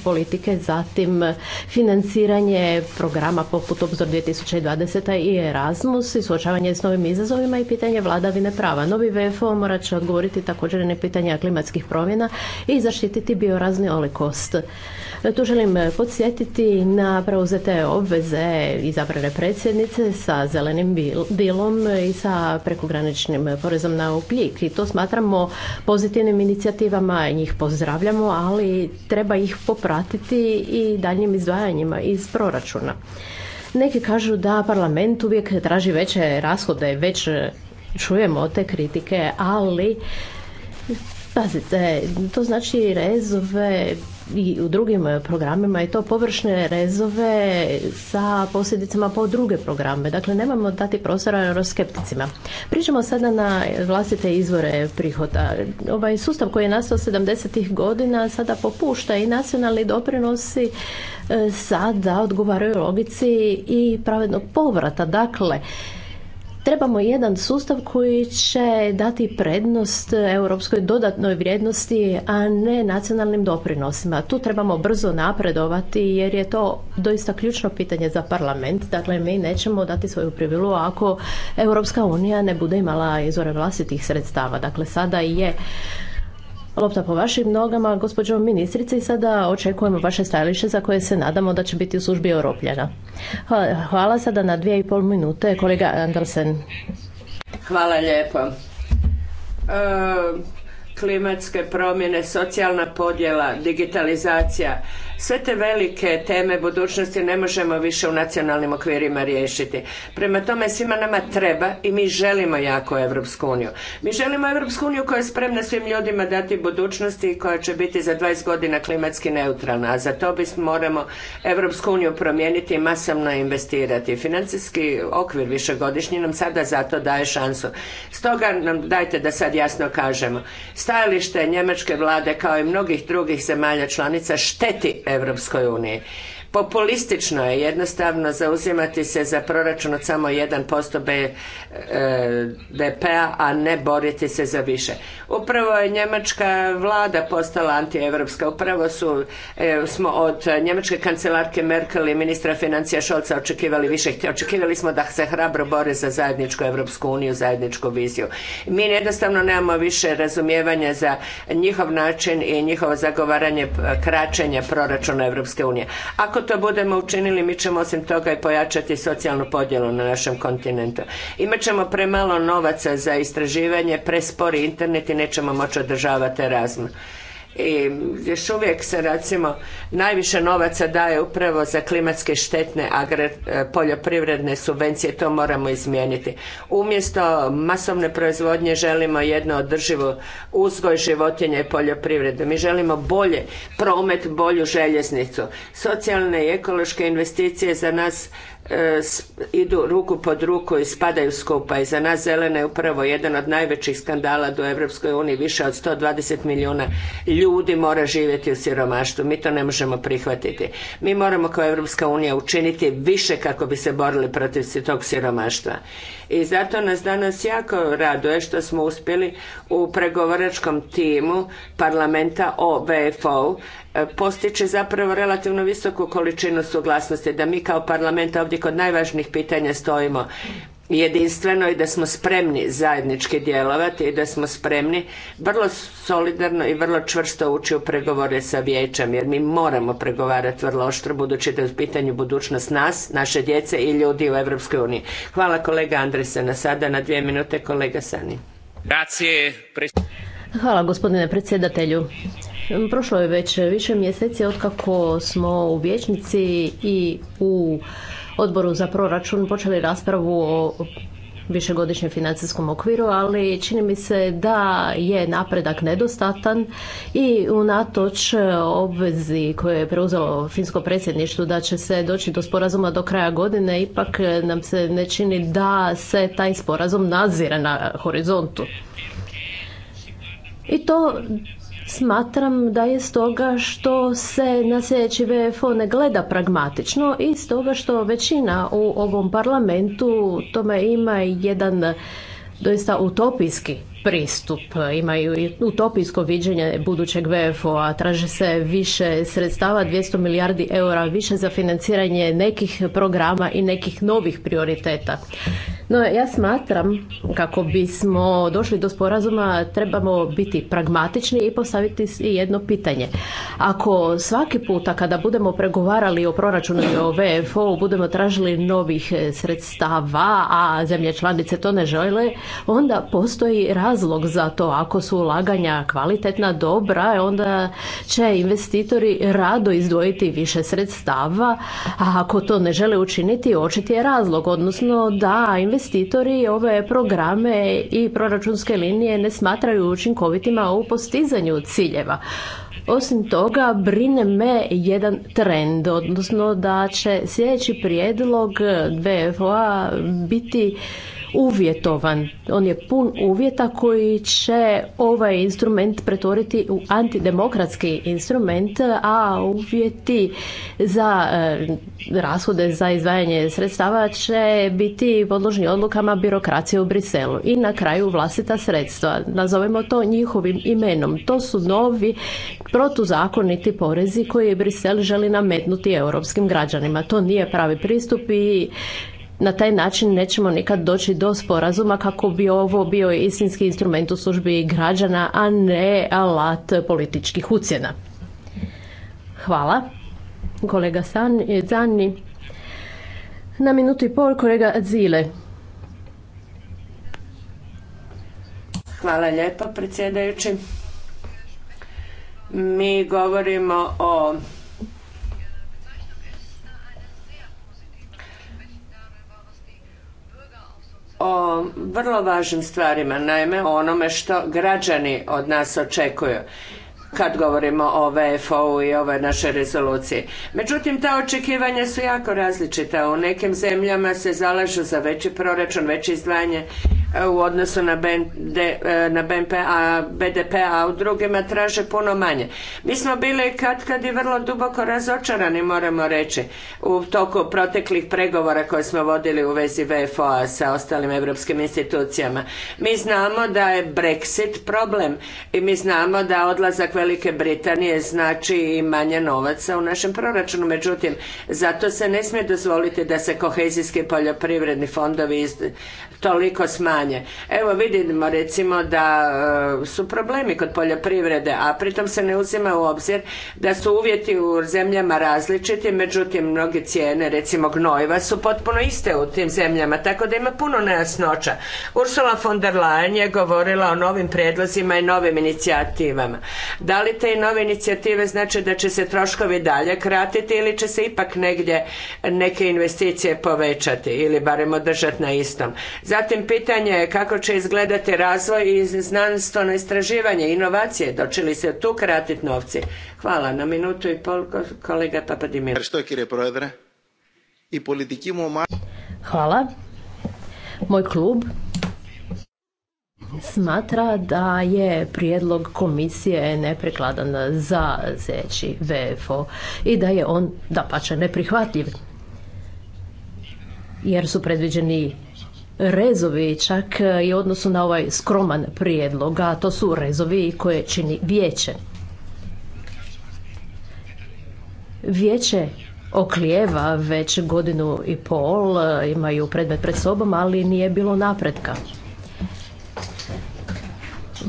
Speaker 2: politike, zatim financiranje programa poput Obzor 2020. i Erasmus i suočavanje s novim izazovima i pitanje vladavine prava. Novi VFO morat će odgovoriti također na pitanja klimatskih promjena i zaštititi bioraznolikost. Tu želim podsjetiti na uzete obveze izabrane predsjednice sa zelenim dilom i sa prekograničnim porezom na ugljik. I to smatramo pozitivnim inicijativama, njih pozdravljamo, ali treba ih popratiti i daljnjim izdvajanjima iz proračuna. Neki kažu da parlament uvijek traži veće rashode, već čujemo te kritike, ali Pazite, to znači rezove i u drugim e, programima i to površne rezove sa posljedicama po druge programe. Dakle, nemamo dati prostora euroskepticima. Pričamo sada na vlastite izvore prihoda. Ovaj sustav koji je nastao 70. godina sada popušta i nacionalni doprinosi e, sada odgovaraju logici i pravednog povrata. Dakle, Trebamo jedan sustav koji će dati prednost europskoj dodatnoj vrijednosti, a ne nacionalnim doprinosima. Tu trebamo brzo napredovati jer je to doista ključno pitanje za parlament. Dakle, mi nećemo dati svoju privilu ako Europska unija ne bude imala izvore vlastitih sredstava. Dakle, sada je lopta po vašim nogama, gospođo ministrice, i sada očekujemo vaše stajalište za koje se nadamo da će biti u službi Europljana. Hvala, sada na dvije i pol minute, kolega Andersen.
Speaker 1: Hvala lijepo. E, klimatske promjene, socijalna podjela, digitalizacija sve te velike teme budućnosti ne možemo više u nacionalnim okvirima riješiti. Prema tome svima nama treba i mi želimo jako Evropsku uniju. Mi želimo Evropsku uniju koja je spremna svim ljudima dati budućnosti i koja će biti za 20 godina klimatski neutralna, a za to bismo moramo Evropsku uniju promijeniti i masovno investirati. Financijski okvir višegodišnji nam sada zato daje šansu. Stoga nam dajte da sad jasno kažemo. Stajalište njemačke vlade kao i mnogih drugih zemalja članica šteti Europskoj uniji. Populistično je jednostavno zauzimati se za proračun od samo 1% BDP-a, e, a ne boriti se za više. Upravo je njemačka vlada postala antijevropska. Upravo su, e, smo od njemačke kancelarke Merkel i ministra financija Šolca očekivali više. Očekivali smo da se hrabro bore za zajedničku Evropsku uniju, zajedničku viziju. Mi jednostavno nemamo više razumijevanja za njihov način i njihovo zagovaranje kraćenja proračuna Evropske unije. Ako to budemo učinili mi ćemo osim toga i pojačati socijalnu podjelu na našem kontinentu. Imat ćemo premalo novaca za istraživanje, prespori internet i nećemo moći održavati razno i još uvijek se recimo najviše novaca daje upravo za klimatske štetne e, poljoprivredne subvencije, to moramo izmijeniti. Umjesto masovne proizvodnje želimo jedno održivo uzgoj životinja i poljoprivrede. Mi želimo bolje promet, bolju željeznicu. Socijalne i ekološke investicije za nas E, idu ruku pod ruku i spadaju skupa i za nas zelena je upravo jedan od najvećih skandala do Europskoj uniji više od 120 milijuna ljudi mora živjeti u siromaštvu mi to ne možemo prihvatiti mi moramo kao Europska unija učiniti više kako bi se borili protiv tog siromaštva i zato nas danas jako raduje što smo uspjeli u pregovaračkom timu parlamenta o VFO E, postići zapravo relativno visoku količinu suglasnosti, da mi kao parlament ovdje kod najvažnijih pitanja stojimo jedinstveno i da smo spremni zajednički djelovati i da smo spremni vrlo solidarno i vrlo čvrsto ući u pregovore sa vijećem jer mi moramo pregovarati vrlo oštro budući da je u pitanju budućnost nas, naše djece i ljudi u Europskoj uniji. Hvala kolega Andresena. Sada na dvije minute kolega Sani.
Speaker 2: Hvala gospodine predsjedatelju. Prošlo je već više mjeseci otkako smo u vječnici i u odboru za proračun počeli raspravu o višegodišnjem financijskom okviru, ali čini mi se da je napredak nedostatan i unatoč obvezi koje je preuzelo finsko predsjedništvo da će se doći do sporazuma do kraja godine, ipak nam se ne čini da se taj sporazum nazire na horizontu. I to Smatram da je stoga što se na sljedeći VFO ne gleda pragmatično i stoga što većina u ovom parlamentu tome ima jedan doista utopijski pristup, imaju utopijsko viđenje budućeg VFO-a, traže se više sredstava, 200 milijardi eura više za financiranje nekih programa i nekih novih prioriteta. No, ja smatram kako bismo došli do sporazuma trebamo biti pragmatični i postaviti jedno pitanje. Ako svaki puta kada budemo pregovarali o proračunu i o VFO budemo tražili novih sredstava, a zemlje članice to ne žele, onda postoji razlog za to. Ako su ulaganja kvalitetna, dobra, onda će investitori rado izdvojiti više sredstava, a ako to ne žele učiniti, očiti je razlog, odnosno da investitori investitori ove programe i proračunske linije ne smatraju učinkovitima u postizanju ciljeva. Osim toga, brine me jedan trend, odnosno da će sljedeći prijedlog BFO-a biti uvjetovan. On je pun uvjeta koji će ovaj instrument pretvoriti u antidemokratski instrument, a uvjeti za e, rashode za izdvajanje sredstava će biti podložni odlukama birokracije u Briselu. I na kraju vlastita sredstva. Nazovemo to njihovim imenom. To su novi protuzakoniti porezi koje Brisel želi nametnuti europskim građanima. To nije pravi pristup i na taj način nećemo nikad doći do sporazuma kako bi ovo bio istinski instrument u službi građana, a ne alat političkih ucjena. Hvala. Kolega eh, Zani. Na minutu i pol kolega Zile.
Speaker 1: Hvala lijepo predsjedajući. Mi govorimo o o vrlo važnim stvarima, naime o onome što građani od nas očekuju kad govorimo o VFO-u i ovoj našoj rezoluciji. Međutim, ta očekivanja su jako različita. U nekim zemljama se zalažu za veći proračun, veće izdvajanje E, u odnosu na, BMP e, na a BDP, a u drugima traže puno manje. Mi smo bili kad kad i vrlo duboko razočarani, moramo reći, u toku proteklih pregovora koje smo vodili u vezi VFO-a sa ostalim europskim institucijama. Mi znamo da je Brexit problem i mi znamo da odlazak Velike Britanije znači i manje novaca u našem proračunu. Međutim, zato se ne smije dozvoliti da se kohezijski poljoprivredni fondovi iz toliko smanje. Evo vidimo recimo da e, su problemi kod poljoprivrede, a pritom se ne uzima u obzir da su uvjeti u zemljama različiti, međutim mnoge cijene recimo gnojiva su potpuno iste u tim zemljama, tako da ima puno nejasnoća. Ursula von der Leyen je govorila o novim predlozima i novim inicijativama. Da li te nove inicijative znači da će se troškovi dalje kratiti ili će se ipak negdje neke investicije povećati ili barem održati na istom? Zatim pitanje je kako će izgledati razvoj i znanstveno istraživanje, inovacije, doće li se tu kratiti novci? Hvala, na minutu i pol kolega
Speaker 2: Hvala. Moj klub smatra da je prijedlog komisije neprekladan za zeći VFO i da je on dapače neprihvatljiv jer su predviđeni rezovi čak e, i odnosu na ovaj skroman prijedlog, a to su rezovi koje čini vijeće. Vijeće oklijeva već godinu i pol, e, imaju predmet pred sobom, ali nije bilo napretka.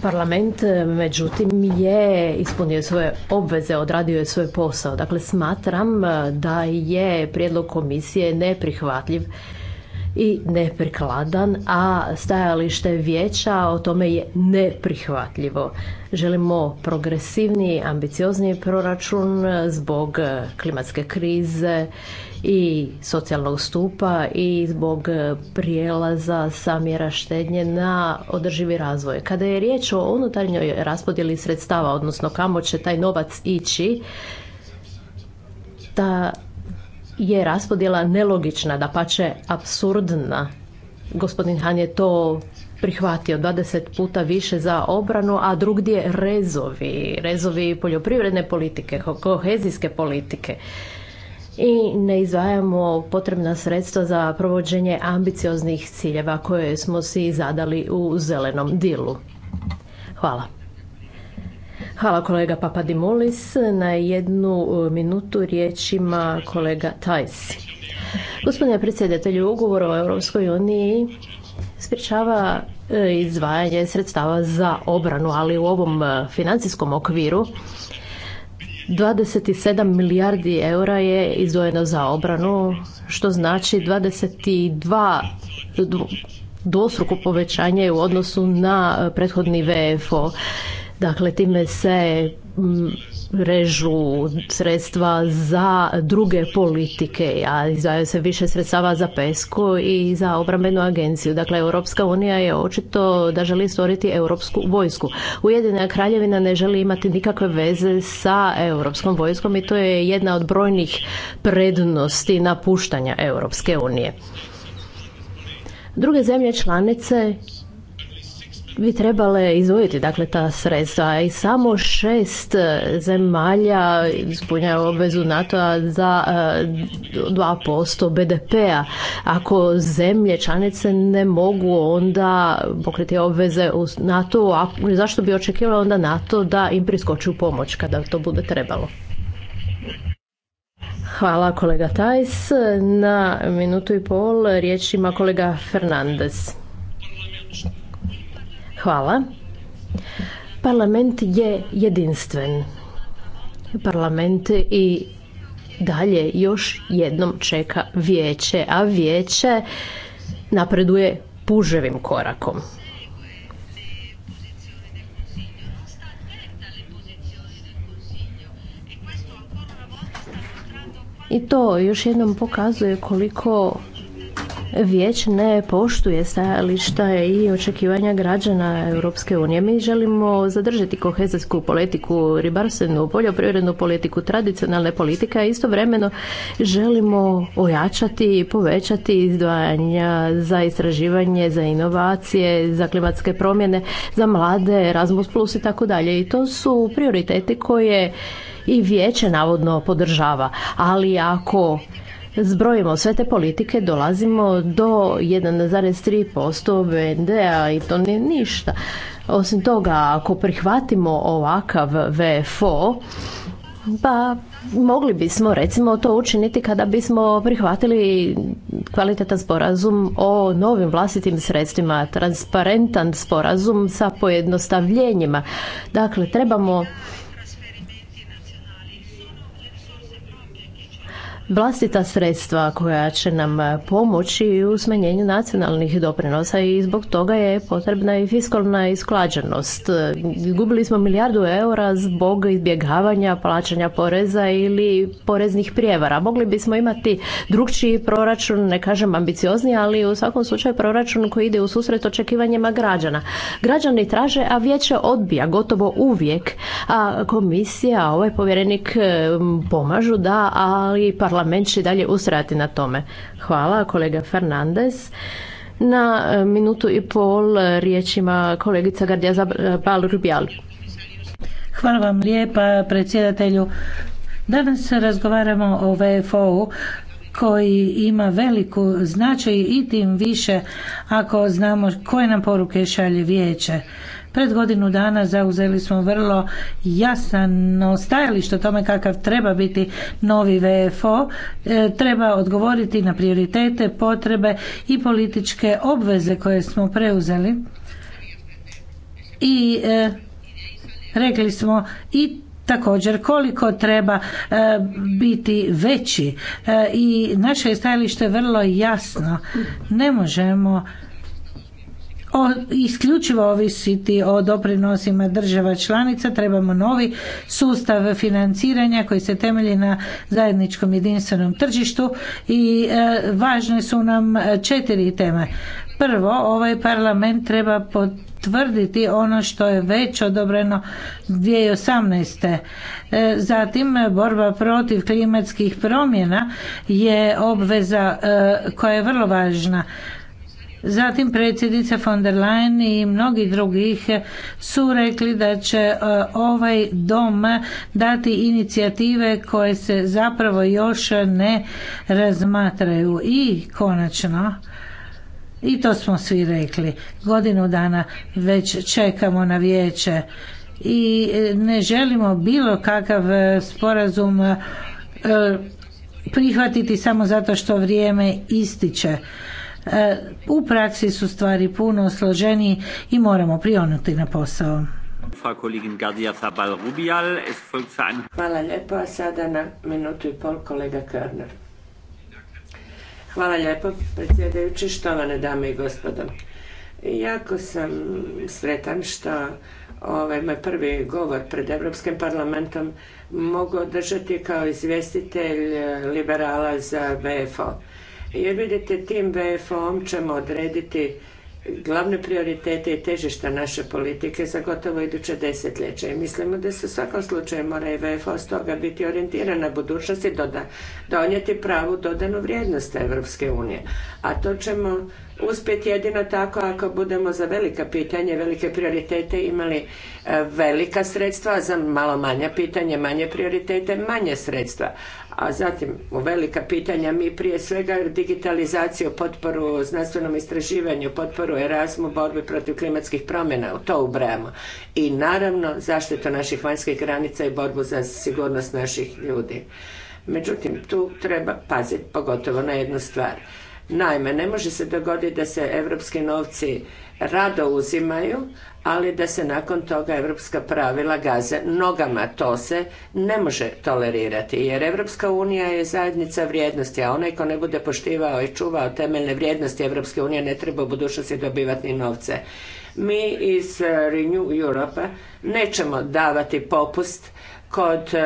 Speaker 2: Parlament, e, međutim, je ispunio svoje obveze, odradio je svoj posao. Dakle, smatram da je prijedlog komisije neprihvatljiv i neprikladan, a stajalište vijeća o tome je neprihvatljivo. Želimo progresivniji, ambiciozniji proračun zbog klimatske krize i socijalnog stupa i zbog prijelaza sa štednje na održivi razvoj. Kada je riječ o unutarnjoj raspodjeli sredstava, odnosno kamo će taj novac ići, ta je raspodjela nelogična, da pače absurdna. Gospodin Han je to prihvatio 20 puta više za obranu, a drugdje rezovi, rezovi poljoprivredne politike, kohezijske politike. I ne izvajamo potrebna sredstva za provođenje ambicioznih ciljeva koje smo si zadali u zelenom dilu. Hvala. Hvala kolega Papadimulis. Na jednu e, minutu riječima kolega Tajs. Gospodine predsjedatelju, ugovor o Europskoj uniji sprječava e, izdvajanje sredstava za obranu, ali u ovom e, financijskom okviru 27 milijardi eura je izdvojeno za obranu, što znači 22 dvostruko povećanje u odnosu na prethodni VFO. Dakle, time se mm, režu sredstva za druge politike, a izdvajaju se više sredstava za PESCO i za obrambenu agenciju. Dakle, Europska unija je očito da želi stvoriti europsku vojsku. Ujedina kraljevina ne želi imati nikakve veze sa europskom vojskom i to je jedna od brojnih prednosti napuštanja Europske unije. Druge zemlje članice bi trebale izvojiti dakle ta sredstva i samo šest e, zemalja ispunjaju obvezu NATO-a za 2% e, BDP-a. Ako zemlje članice ne mogu onda pokriti obveze u NATO, a zašto bi očekivalo onda NATO da im priskoči u pomoć kada to bude trebalo? Hvala kolega Tajs. Na minutu i pol riječ ima kolega Fernandez. Hvala. Parlament je jedinstven. Parlament i dalje još jednom čeka vijeće, a vijeće napreduje puževim korakom. I to još jednom pokazuje koliko Vijeć ne poštuje stajališta i očekivanja građana Europske unije. Mi želimo zadržati kohezijsku politiku, ribarstvenu, poljoprivrednu politiku, tradicionalne politike, a istovremeno želimo ojačati i povećati izdvajanja za istraživanje, za inovacije, za klimatske promjene, za mlade, Erasmus plus i tako dalje. I to su prioriteti koje i vijeće navodno podržava. Ali ako zbrojimo sve te politike dolazimo do 1,3% BND-a i to nije ništa. Osim toga, ako prihvatimo ovakav VFO, pa mogli bismo recimo to učiniti kada bismo prihvatili kvalitetan sporazum o novim vlastitim sredstvima, transparentan sporazum sa pojednostavljenjima. Dakle, trebamo vlastita sredstva koja će nam pomoći u smanjenju nacionalnih doprinosa i zbog toga je potrebna i fiskalna isklađenost. Gubili smo milijardu eura zbog izbjegavanja plaćanja poreza ili poreznih prijevara. Mogli bismo imati drugčiji proračun, ne kažem ambiciozni, ali u svakom slučaju proračun koji ide u susret očekivanjima građana. Građani traže, a vijeće odbija gotovo uvijek, a komisija, ovaj povjerenik pomažu da, ali parlament parlament će dalje usrati na tome. Hvala kolega Fernandez. Na e, minutu i pol e, riječima kolegica Gardija Zabal e, Rubijal. Hvala
Speaker 3: vam lijepa predsjedatelju. Danas razgovaramo o VFO-u koji ima veliku značaj i tim više ako znamo koje nam poruke šalje vijeće. Pred godinu dana zauzeli smo vrlo jasno stajalište o tome kakav treba biti novi VFO. E, treba odgovoriti na prioritete, potrebe i političke obveze koje smo preuzeli. I e, rekli smo i također koliko treba e, biti veći i naše je vrlo jasno ne možemo o, isključivo ovisiti o doprinosima država članica, trebamo novi sustav financiranja koji se temelji na zajedničkom jedinstvenom tržištu i e, važne su nam e, četiri teme. Prvo, ovaj parlament treba potvrditi ono što je već odobreno 2018. E, zatim, borba protiv klimatskih promjena je obveza koja je vrlo važna. Zatim predsjednica von der Leyen i mnogi drugih su rekli da će e, ovaj dom dati inicijative koje se zapravo još ne razmatraju. I konačno, i to smo svi rekli, godinu dana već čekamo na vijeće i e, ne želimo bilo kakav e, sporazum prihvatiti samo zato što vrijeme ističe E, u praksi su stvari puno složeniji i moramo prionuti na posao.
Speaker 1: Hvala lijepo, a sada na minutu i pol kolega Körner. Hvala lijepo, predsjedajući, štovane dame i gospodo. Jako sam sretan što ovaj moj prvi govor pred Europskim parlamentom mogu održati kao izvjestitelj eh, liberala za VFO. Jer vidite, tim VFO-om ćemo odrediti glavne prioritete i težišta naše politike za gotovo iduće desetljeće i mislimo da se u svakom slučaju mora i VFO stoga biti orijentirana na budućnost i donijeti pravu dodanu vrijednost Europske unije. A to ćemo uspjeti jedino tako ako budemo za velika pitanja, velike prioritete imali e, velika sredstva, a za malo manja pitanja, manje prioritete, manje sredstva. A zatim, u velika pitanja, mi prije svega digitalizaciju, potporu znanstvenom istraživanju, potporu Erasmu, borbi protiv klimatskih promjena, u to ubrajamo. I naravno, zaštitu naših vanjskih granica i borbu za sigurnost naših ljudi. Međutim, tu treba paziti, pogotovo na jednu stvar. Naime, ne može se dogoditi da se evropski novci rado uzimaju, ali da se nakon toga europska pravila gaze nogama. To se ne može tolerirati jer Evropska unija je zajednica vrijednosti, a onaj ko ne bude poštivao i čuvao temeljne vrijednosti Evropske unije ne treba u budućnosti dobivati ni novce. Mi iz Renew Europe nećemo davati popust kod e,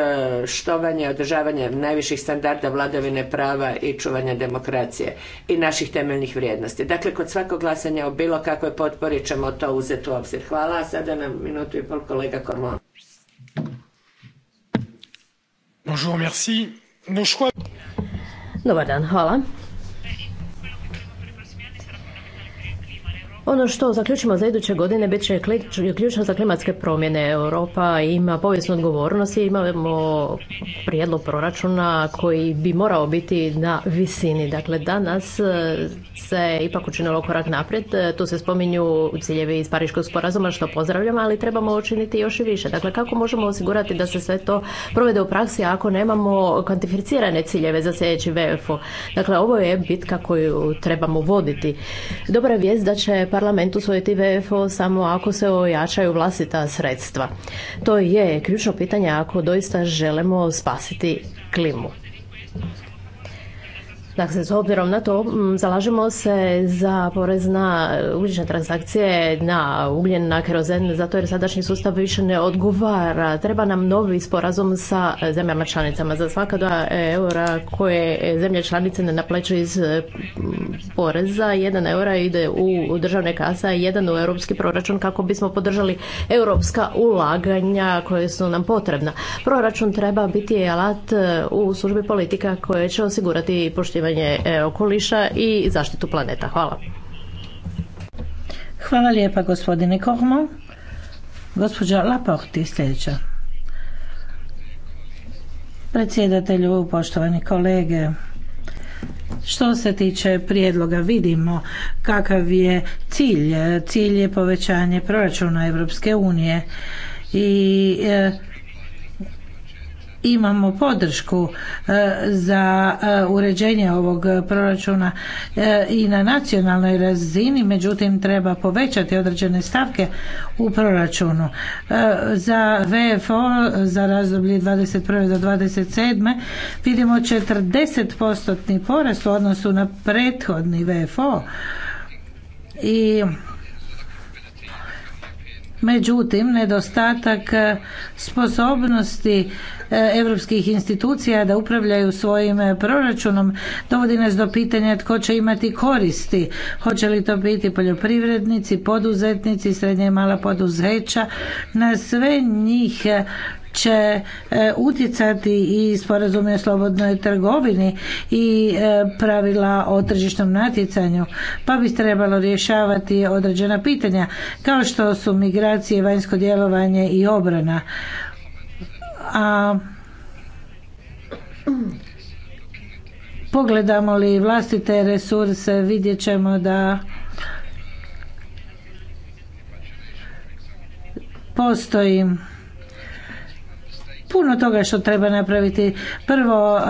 Speaker 1: štovanja i održavanja najviših standarda vladavine prava i čuvanja demokracije i naših temeljnih vrijednosti. Dakle, kod svakog glasanja o bilo kakvoj potpori ćemo to uzeti u obzir. Hvala, sada nam minutu i pol kolega Kormon.
Speaker 2: Dobar hvala. Ono što zaključimo za iduće godine bit će ključno za klimatske promjene. Europa ima povijesnu odgovornost i imamo prijedlog proračuna koji bi morao biti na visini. Dakle, danas e, se ipak učinilo korak naprijed. E, tu se spominju ciljevi iz Pariškog sporazuma što pozdravljam, ali trebamo učiniti još i više. Dakle, kako možemo osigurati da se sve to provede u praksi ako nemamo kvantificirane ciljeve za sljedeći VFO? Dakle, ovo je bitka koju trebamo voditi. Dobra vijest da će parlament usvojiti VFO samo ako se ojačaju vlastita sredstva. To je ključno pitanje ako doista želimo spasiti klimu. Dakle, s obzirom na to, zalažemo se za porez na e, ugljične transakcije, na ugljen, na kerozen, zato jer sadašnji sustav više ne odgovara. Treba nam novi sporazum sa e, zemljama članicama. Za svaka dva e, eura koje zemlje članice ne naplaćuju iz poreza, jedan eura ide u državne kasa, jedan u europski proračun kako bismo podržali europska ulaganja koje su nam potrebna. Proračun treba biti alat u službi politika koje će osigurati poštivanje E, okoliša i zaštitu planeta. Hvala.
Speaker 3: Hvala lijepa gospodine Kohmo. Gospođa Laporti sljedeća. Predsjedatelju, poštovani kolege, što se tiče prijedloga vidimo kakav je cilj. Cilj je povećanje proračuna Europske unije i e, imamo podršku e, za e, uređenje ovog proračuna e, i na nacionalnoj razini, međutim treba povećati određene stavke u proračunu. Za VFO za razdoblje 21. do 27. vidimo 40% porast u odnosu na prethodni VFO i Međutim, nedostatak e, sposobnosti europskih institucija da upravljaju svojim e, proračunom dovodi nas do pitanja tko će imati koristi. Hoće li to biti poljoprivrednici, poduzetnici, srednja i mala poduzeća. Na sve njih e, će e, utjecati i sporazume o slobodnoj trgovini i e, pravila o tržišnom natjecanju, pa bi trebalo rješavati određena pitanja, kao što su migracije, vanjsko djelovanje i obrana. A pogledamo li vlastite resurse, vidjet ćemo da postoji puno toga što treba napraviti. Prvo e,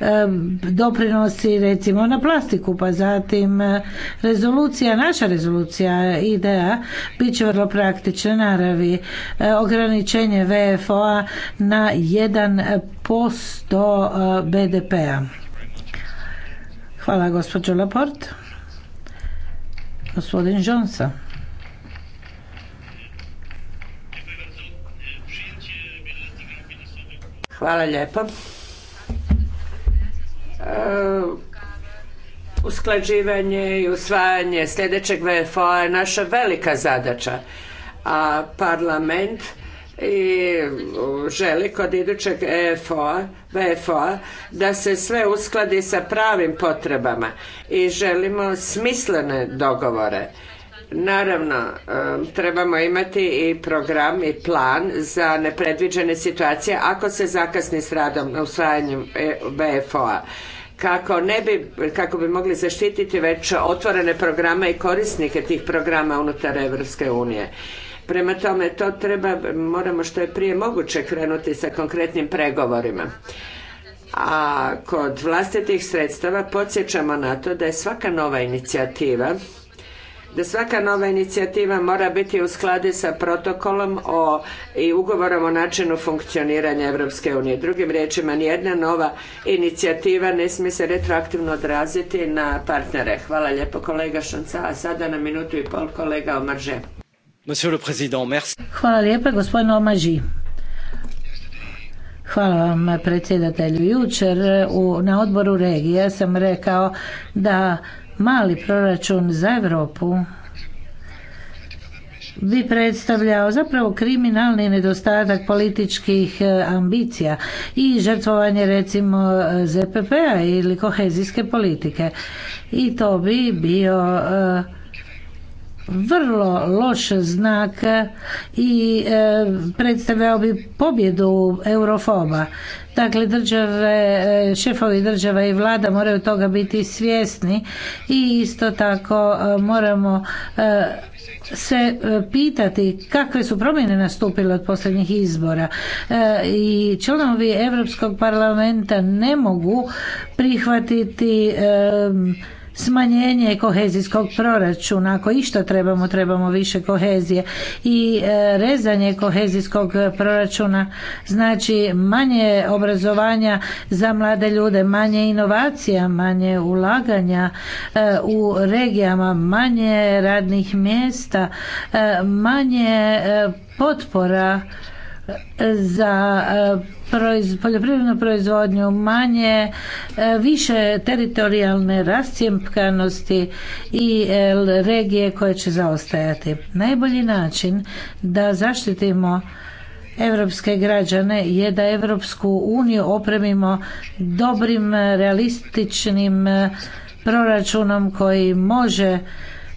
Speaker 3: e, doprinosi recimo na plastiku, pa zatim e, rezolucija, naša rezolucija ideja bit će vrlo praktične naravi. Ograničenje VFO-a na 1% BDP-a. Hvala gospođo Laport. Gospodin Johnson.
Speaker 1: Hvala lijepo. E, usklađivanje i usvajanje sljedećeg VFO-a je naša velika zadaća, a parlament i želi kod idućeg VFO-a e da se sve uskladi sa pravim potrebama i želimo smislene dogovore Naravno, trebamo imati i program i plan za nepredviđene situacije ako se zakasni s radom na usvajanju e, BFO-a kako ne bi, kako bi mogli zaštititi već otvorene programe i korisnike tih programa unutar Europske unije. Prema tome, to treba, moramo što je prije moguće krenuti sa konkretnim pregovorima. A kod vlastitih sredstava podsjećamo na to da je svaka nova inicijativa da svaka nova inicijativa mora biti u skladu sa protokolom o, i ugovorom o načinu funkcioniranja Europske unije. Drugim riječima, nijedna nova inicijativa ne smije se retroaktivno odraziti na partnere. Hvala lijepo kolega Šanca, a sada na minutu i pol kolega Omarže. Hvala
Speaker 3: Hvala vam predsjedatelju. Jučer na odboru regija sam rekao da mali proračun za Europu bi predstavljao zapravo kriminalni nedostatak političkih e, ambicija i žrtvovanje recimo e, ZPP-a ili kohezijske politike. I to bi bio e, vrlo loš znak i e, predstavljao bi pobjedu eurofoba. Dakle, države, e, šefovi država i vlada moraju toga biti svjesni i isto tako e, moramo se pitati kakve su promjene nastupile od posljednjih izbora i članovi Europskog parlamenta ne mogu prihvatiti smanjenje kohezijskog proračuna. Ako išta trebamo, trebamo više kohezije. I e, rezanje kohezijskog proračuna znači manje obrazovanja za mlade ljude, manje inovacija, manje ulaganja e, u regijama, manje radnih mjesta, e, manje potpora za e, poljoprivrednu proizvodnju, manje, e, više teritorijalne rascijepkanosti i e, regije koje će zaostajati. Najbolji način da zaštitimo europske građane je da Evropsku uniju opremimo dobrim, realističnim proračunom koji može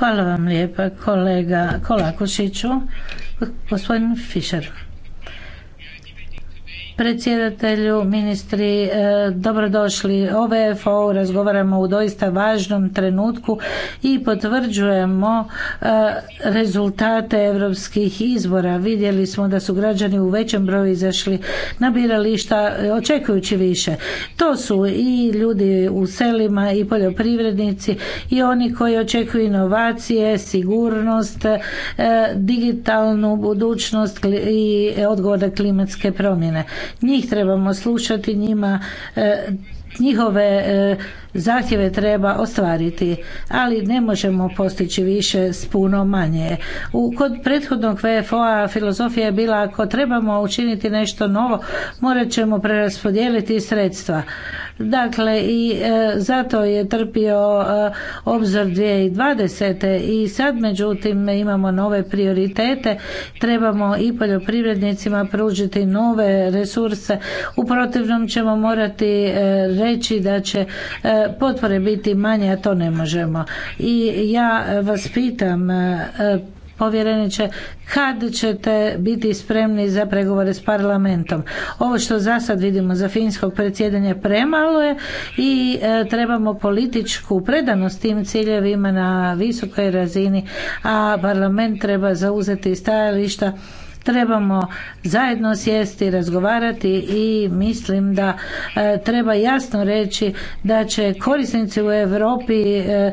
Speaker 3: Hvala vam lijepa kolega Kolakušiću. Gospodin Fischer predsjedatelju, ministri, e, dobrodošli. O VFO razgovaramo u doista važnom trenutku i potvrđujemo e, rezultate europskih izbora. Vidjeli smo da su građani u većem broju izašli na birališta očekujući više. To su i ljudi u selima i poljoprivrednici i oni koji očekuju inovacije, sigurnost, e, digitalnu budućnost i odgovor na klimatske promjene njih trebamo slušati, njima eh, njihove eh, zahtjeve treba ostvariti, ali ne možemo postići više s puno manje. U, kod prethodnog VFO-a filozofija je bila ako trebamo učiniti nešto novo, morat ćemo preraspodijeliti sredstva. Dakle, i e, zato je trpio e, obzor 2020. i sad međutim imamo nove prioritete, trebamo i poljoprivrednicima pružiti nove resurse. U protivnom ćemo morati e, reći da će e, potpore biti manje, a to ne možemo. I ja vas pitam, e, povjereniče, kad ćete biti spremni za pregovore s parlamentom? Ovo što za sad vidimo za finskog predsjedanja premalo je i e, trebamo političku predanost tim ciljevima na visokoj razini, a parlament treba zauzeti stajališta trebamo zajedno sjesti, razgovarati i mislim da e, treba jasno reći da će korisnici u Europi e,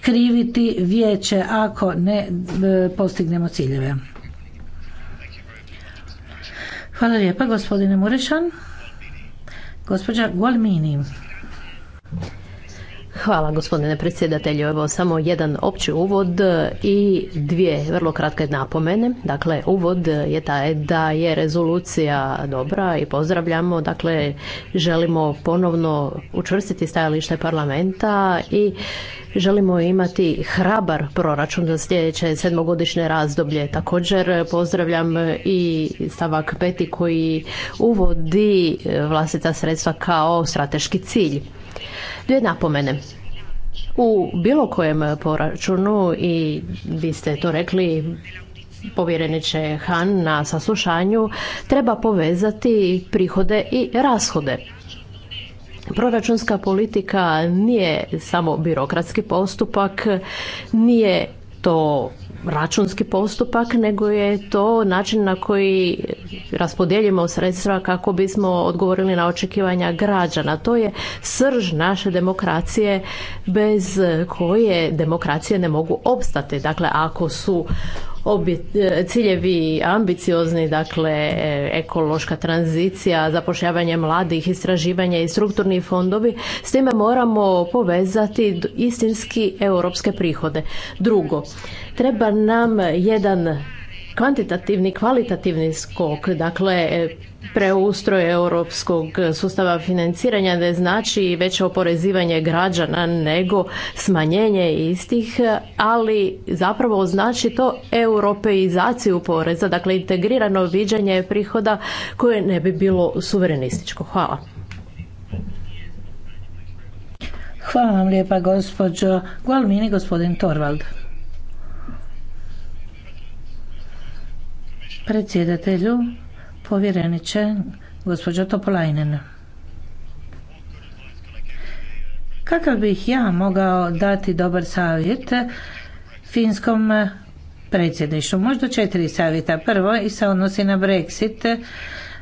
Speaker 3: kriviti vijeće ako ne e, postignemo ciljeve. Hvala lijepa gospodine Murešan.
Speaker 2: Gospođa Golmini. Hvala gospodine predsjedatelju. Evo samo jedan opći uvod i dvije vrlo kratke napomene. Dakle, uvod je taj da je rezolucija dobra i pozdravljamo. Dakle, želimo ponovno učvrstiti stajalište parlamenta i želimo imati hrabar proračun za sljedeće sedmogodišnje razdoblje. Također pozdravljam i stavak peti koji uvodi vlastita sredstva kao strateški cilj. Dvije napomene. U bilo kojem poračunu i vi ste to rekli povjereniče Han na saslušanju treba povezati prihode i rashode. Proračunska politika nije samo birokratski postupak, nije to računski postupak, nego je to način na koji raspodijeljimo sredstva kako bismo odgovorili na očekivanja građana. To je srž naše demokracije bez koje demokracije ne mogu opstati. Dakle, ako su E, ciljevi ambiciozni, dakle e, ekološka tranzicija, zapošljavanje mladih, istraživanje i strukturni fondovi, s time moramo povezati istinski europske prihode. Drugo, treba nam jedan kvantitativni, kvalitativni skok, dakle e, preustroj europskog sustava financiranja ne znači veće oporezivanje građana nego smanjenje istih, ali zapravo znači to europeizaciju poreza, dakle integrirano viđanje prihoda koje ne bi bilo suverenističko. Hvala.
Speaker 3: Hvala vam lijepa gospođo Gualmini, gospodin Torvald. predsjedatelju, povjereniče, gospođo Topolajnen. Kakav bih ja mogao dati dobar savjet finskom predsjedništvu? Možda četiri savjeta. Prvo i se odnosi na Brexit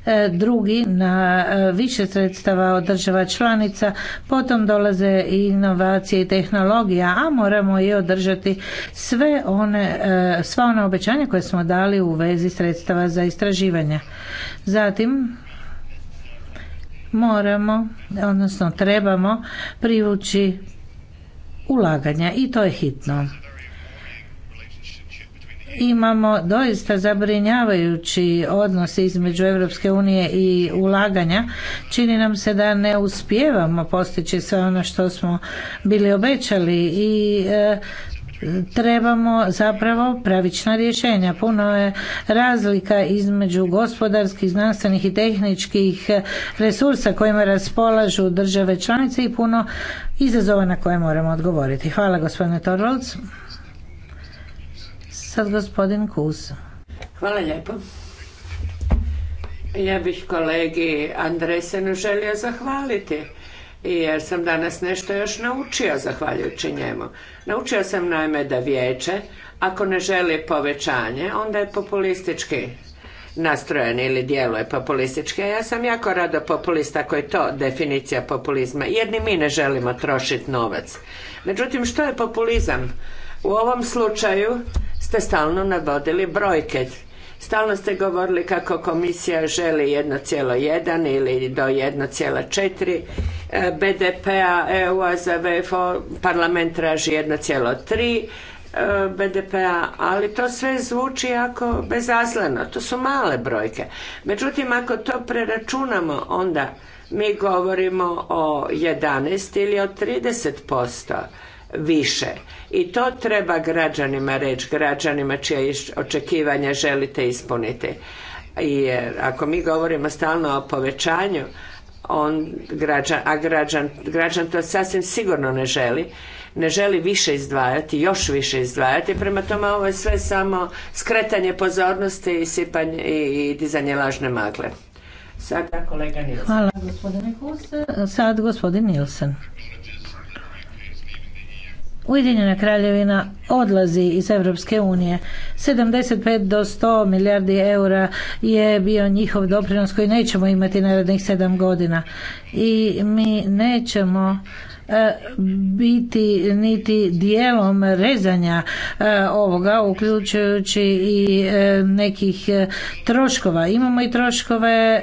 Speaker 3: E, drugi na e, više sredstava od država članica, potom dolaze i inovacije i tehnologija, a moramo i održati sve one, e, sva ona obećanja koje smo dali u vezi sredstava za istraživanja. Zatim, moramo, odnosno trebamo privući ulaganja i to je hitno imamo doista zabrinjavajući odnos između Europske unije i ulaganja. Čini nam se da ne uspijevamo postići sve ono što smo bili obećali i e, trebamo zapravo pravična rješenja. Puno je razlika između gospodarskih, znanstvenih i tehničkih resursa kojima raspolažu države članice i puno izazova na koje moramo odgovoriti. Hvala gospodine Torvalds. Sad gospodin Kus.
Speaker 1: Hvala lijepo. Ja bih kolegi Andresenu želio zahvaliti jer sam danas nešto još naučio zahvaljujući njemu. Naučio sam naime da vijeće ako ne želi povećanje onda je populistički nastrojen ili djeluje populistički. ja sam jako rado populista ako je to definicija populizma jer ni mi ne želimo trošiti novac. Međutim što je populizam? U ovom slučaju ste stalno navodili brojke. Stalno ste govorili kako komisija želi 1,1 ili do 1,4 BDP-a EU-a za VFO, parlament traži 1,3 e, BDP-a, ali to sve zvuči jako bezazleno, to su male brojke. Međutim, ako to preračunamo, onda mi govorimo o 11 ili o 30% više. I to treba građanima reći, građanima čije očekivanja želite ispuniti. Jer ako mi govorimo stalno o povećanju, on, građan, a građan, građan to sasvim sigurno ne želi, ne želi više izdvajati, još više izdvajati, prema tome ovo je sve samo skretanje pozornosti i, sipanje, i, dizanje lažne magle. Sada kolega Nilsen. Hvala
Speaker 3: gospodine Kuse. Sad gospodin Nilsen. Ujedinjena kraljevina odlazi iz Europske unije. 75 do 100 milijardi eura je bio njihov doprinos koji nećemo imati narednih sedam godina. I mi nećemo E, biti niti dijelom rezanja e, ovoga uključujući i e, nekih troškova. Imamo i troškove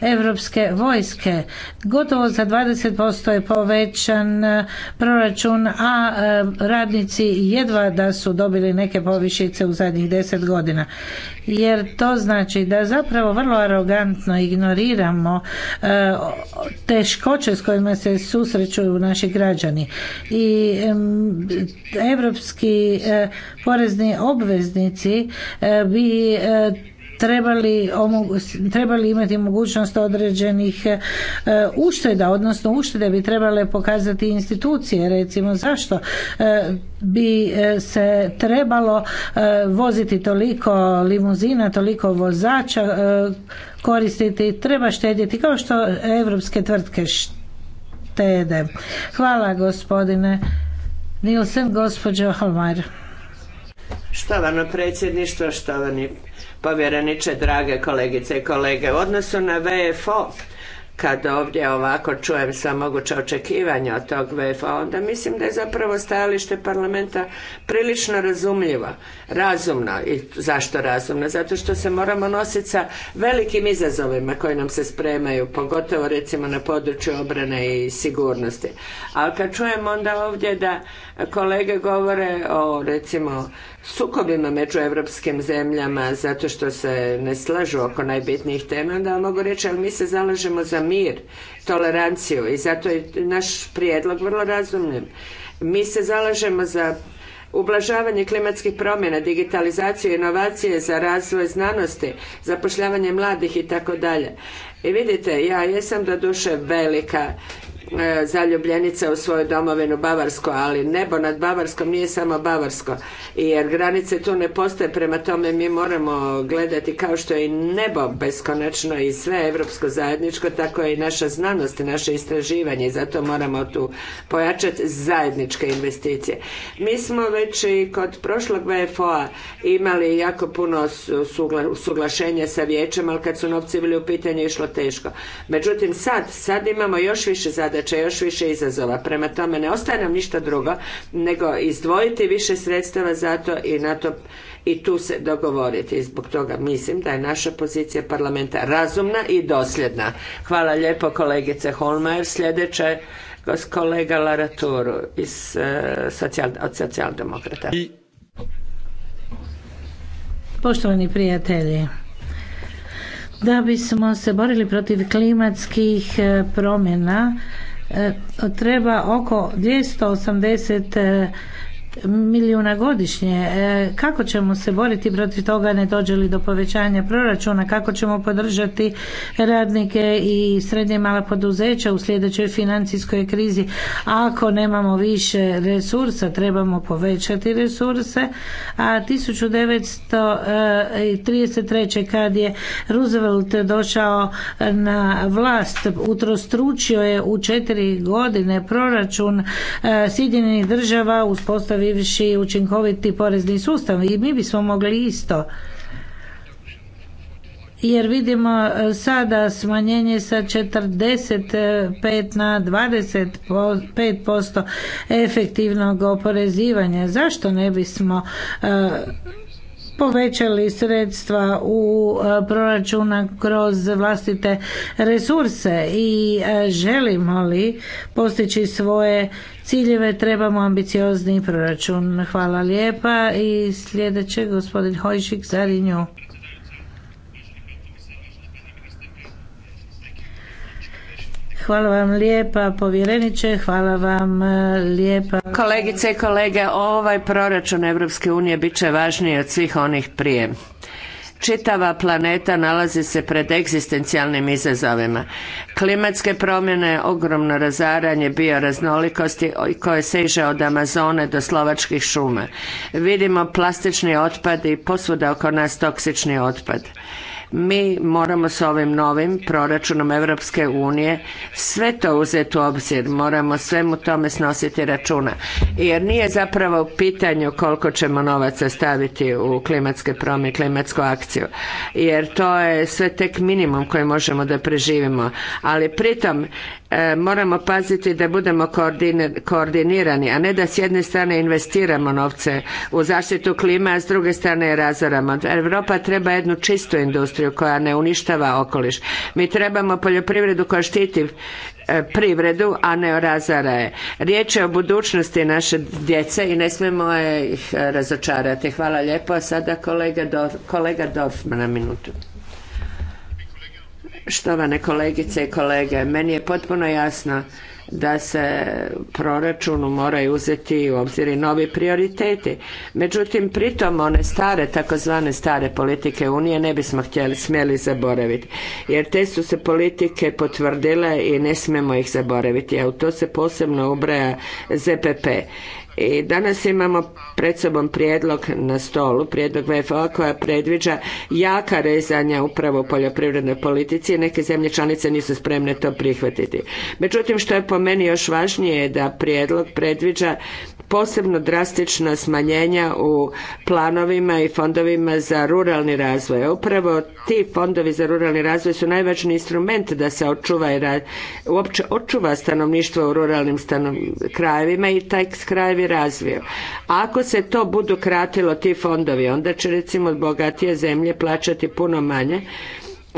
Speaker 3: europske vojske. Gotovo za 20% je povećan proračun, a radnici jedva da su dobili neke povišice u zadnjih deset godina. Jer to znači da zapravo vrlo arogantno ignoriramo teškoće s kojima se susreću na naši građani. I europski e, porezni obveznici e, bi e, trebali, imati mogućnost određenih ušteda, odnosno uštede bi trebale pokazati institucije, recimo zašto bi se trebalo voziti toliko limuzina, toliko vozača koristiti, treba štedjeti kao što europske tvrtke štedjeti štede. Hvala gospodine Nilsen, gospođo Holmar.
Speaker 1: Štovano predsjedništvo, štovani povjereniče, drage kolegice i kolege. U odnosu na VFO, kad ovdje ovako čujem sva moguća očekivanja od tog VFA, onda mislim da je zapravo stajalište parlamenta prilično razumljivo, razumno. I zašto razumno? Zato što se moramo nositi sa velikim izazovima koji nam se spremaju, pogotovo recimo na području obrane i sigurnosti. Ali kad čujem onda ovdje da kolege govore o recimo sukobima među europskim zemljama zato što se ne slažu oko najbitnijih tema, onda vam mogu reći ali mi se zalažemo za mir, toleranciju i zato je naš prijedlog vrlo razumljiv. Mi se zalažemo za ublažavanje klimatskih promjena, digitalizaciju, inovacije za razvoj znanosti, zapošljavanje mladih i tako dalje. I vidite, ja jesam doduše velika E, zaljubljenica u svoju domovinu Bavarsko, ali nebo nad Bavarskom nije samo Bavarsko, jer granice tu ne postoje, prema tome mi moramo gledati kao što je i nebo beskonačno i sve evropsko zajedničko, tako je i naša znanost i naše istraživanje zato moramo tu pojačati zajedničke investicije. Mi smo već i kod prošlog VFO-a imali jako puno usuglašenja suglašenja sa vijećem, ali kad su novci bili u pitanju išlo teško. Međutim sad, sad imamo još više zadaća da će još više izazova. Prema tome ne ostaje nam ništa drugo nego izdvojiti više sredstava za to i na to i tu se dogovoriti. zbog toga mislim da je naša pozicija parlamenta razumna i dosljedna. Hvala lijepo kolegice Holmajer. Sljedeća je kolega Laraturu iz, e, od socijaldemokrata.
Speaker 3: Poštovani prijatelji, da bismo se borili protiv klimatskih e, promjena, E, treba oko 280 milijuna godišnje. E, kako ćemo se boriti protiv toga ne dođe li do povećanja proračuna? Kako ćemo podržati radnike i srednje mala poduzeća u sljedećoj financijskoj krizi? Ako nemamo više resursa, trebamo povećati resurse. A 1933. E, kad je Roosevelt došao na vlast, utrostručio je u četiri godine proračun e, Sjedinjenih država postoje uspostavivši učinkoviti porezni sustav i mi bismo mogli isto jer vidimo e, sada smanjenje sa 45 na 25% efektivnog oporezivanja. Zašto ne bismo e, povećali sredstva u e, proračuna kroz vlastite resurse i e, želimo li postići svoje ciljeve trebamo ambiciozni proračun. Hvala lijepa i sljedeće gospodin Hojšik za Hvala vam lijepa povjereniče, hvala vam e, lijepa. Kolegice i kolege,
Speaker 1: ovaj proračun Europske unije bit će važniji od svih onih prije. Čitava planeta nalazi se pred egzistencijalnim izazovima. Klimatske promjene, ogromno razaranje bioraznolikosti koje seže od Amazone do slovačkih šuma. Vidimo plastični otpad i posvuda oko nas toksični otpad mi moramo s ovim novim proračunom Europske unije sve to uzeti u obzir, moramo svemu tome snositi računa. Jer nije zapravo u pitanju koliko ćemo novaca staviti u klimatske promjene, klimatsku akciju. Jer to je sve tek minimum koji možemo da preživimo. Ali pritom E, moramo paziti da budemo koordinirani, a ne da s jedne strane investiramo novce u zaštitu klima, a s druge strane je razoramo. Europa treba jednu čistu industriju koja ne uništava okoliš. Mi trebamo poljoprivredu koja štiti e, privredu, a ne razara je. Riječ je o budućnosti naše djece i ne smijemo ih razočarati. Hvala lijepo. A sada kolega, kolega na minutu. Štovane kolegice i kolege, meni je potpuno jasno da se proračunu moraju uzeti u obzir i novi prioriteti. Međutim, pritom one stare, takozvane stare politike Unije ne bismo htjeli, smjeli zaboraviti. Jer te su se politike potvrdile i ne smemo ih zaboraviti. A u to se posebno ubraja ZPP. I danas imamo pred sobom prijedlog na stolu, prijedlog VFO koja predviđa jaka rezanja upravo u poljoprivrednoj politici i neke zemlje članice nisu spremne to prihvatiti. Međutim, što je po meni još važnije je da prijedlog predviđa posebno drastična smanjenja u planovima i fondovima za ruralni razvoj. Upravo ti fondovi za ruralni razvoj su najvažniji instrument da se očuva i uopće očuva stanovništvo u ruralnim krajevima i taj krajevi razviju. ako se to budu kratilo ti fondovi, onda će recimo bogatije zemlje plaćati puno manje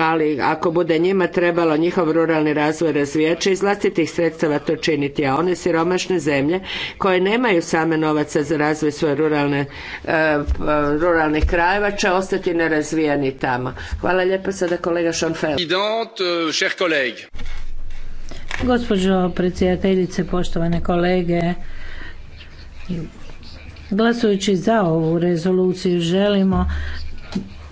Speaker 1: ali ako bude njima trebalo njihov ruralni razvoj razvijat će iz vlastitih sredstava to činiti, a one siromašne zemlje koje nemaju same novaca za razvoj svoje e, ruralnih krajeva će ostati nerazvijeni tamo. Hvala lijepo sada kolega
Speaker 3: Gospođo predsjedateljice, poštovane kolege, Glasujući za ovu rezoluciju želimo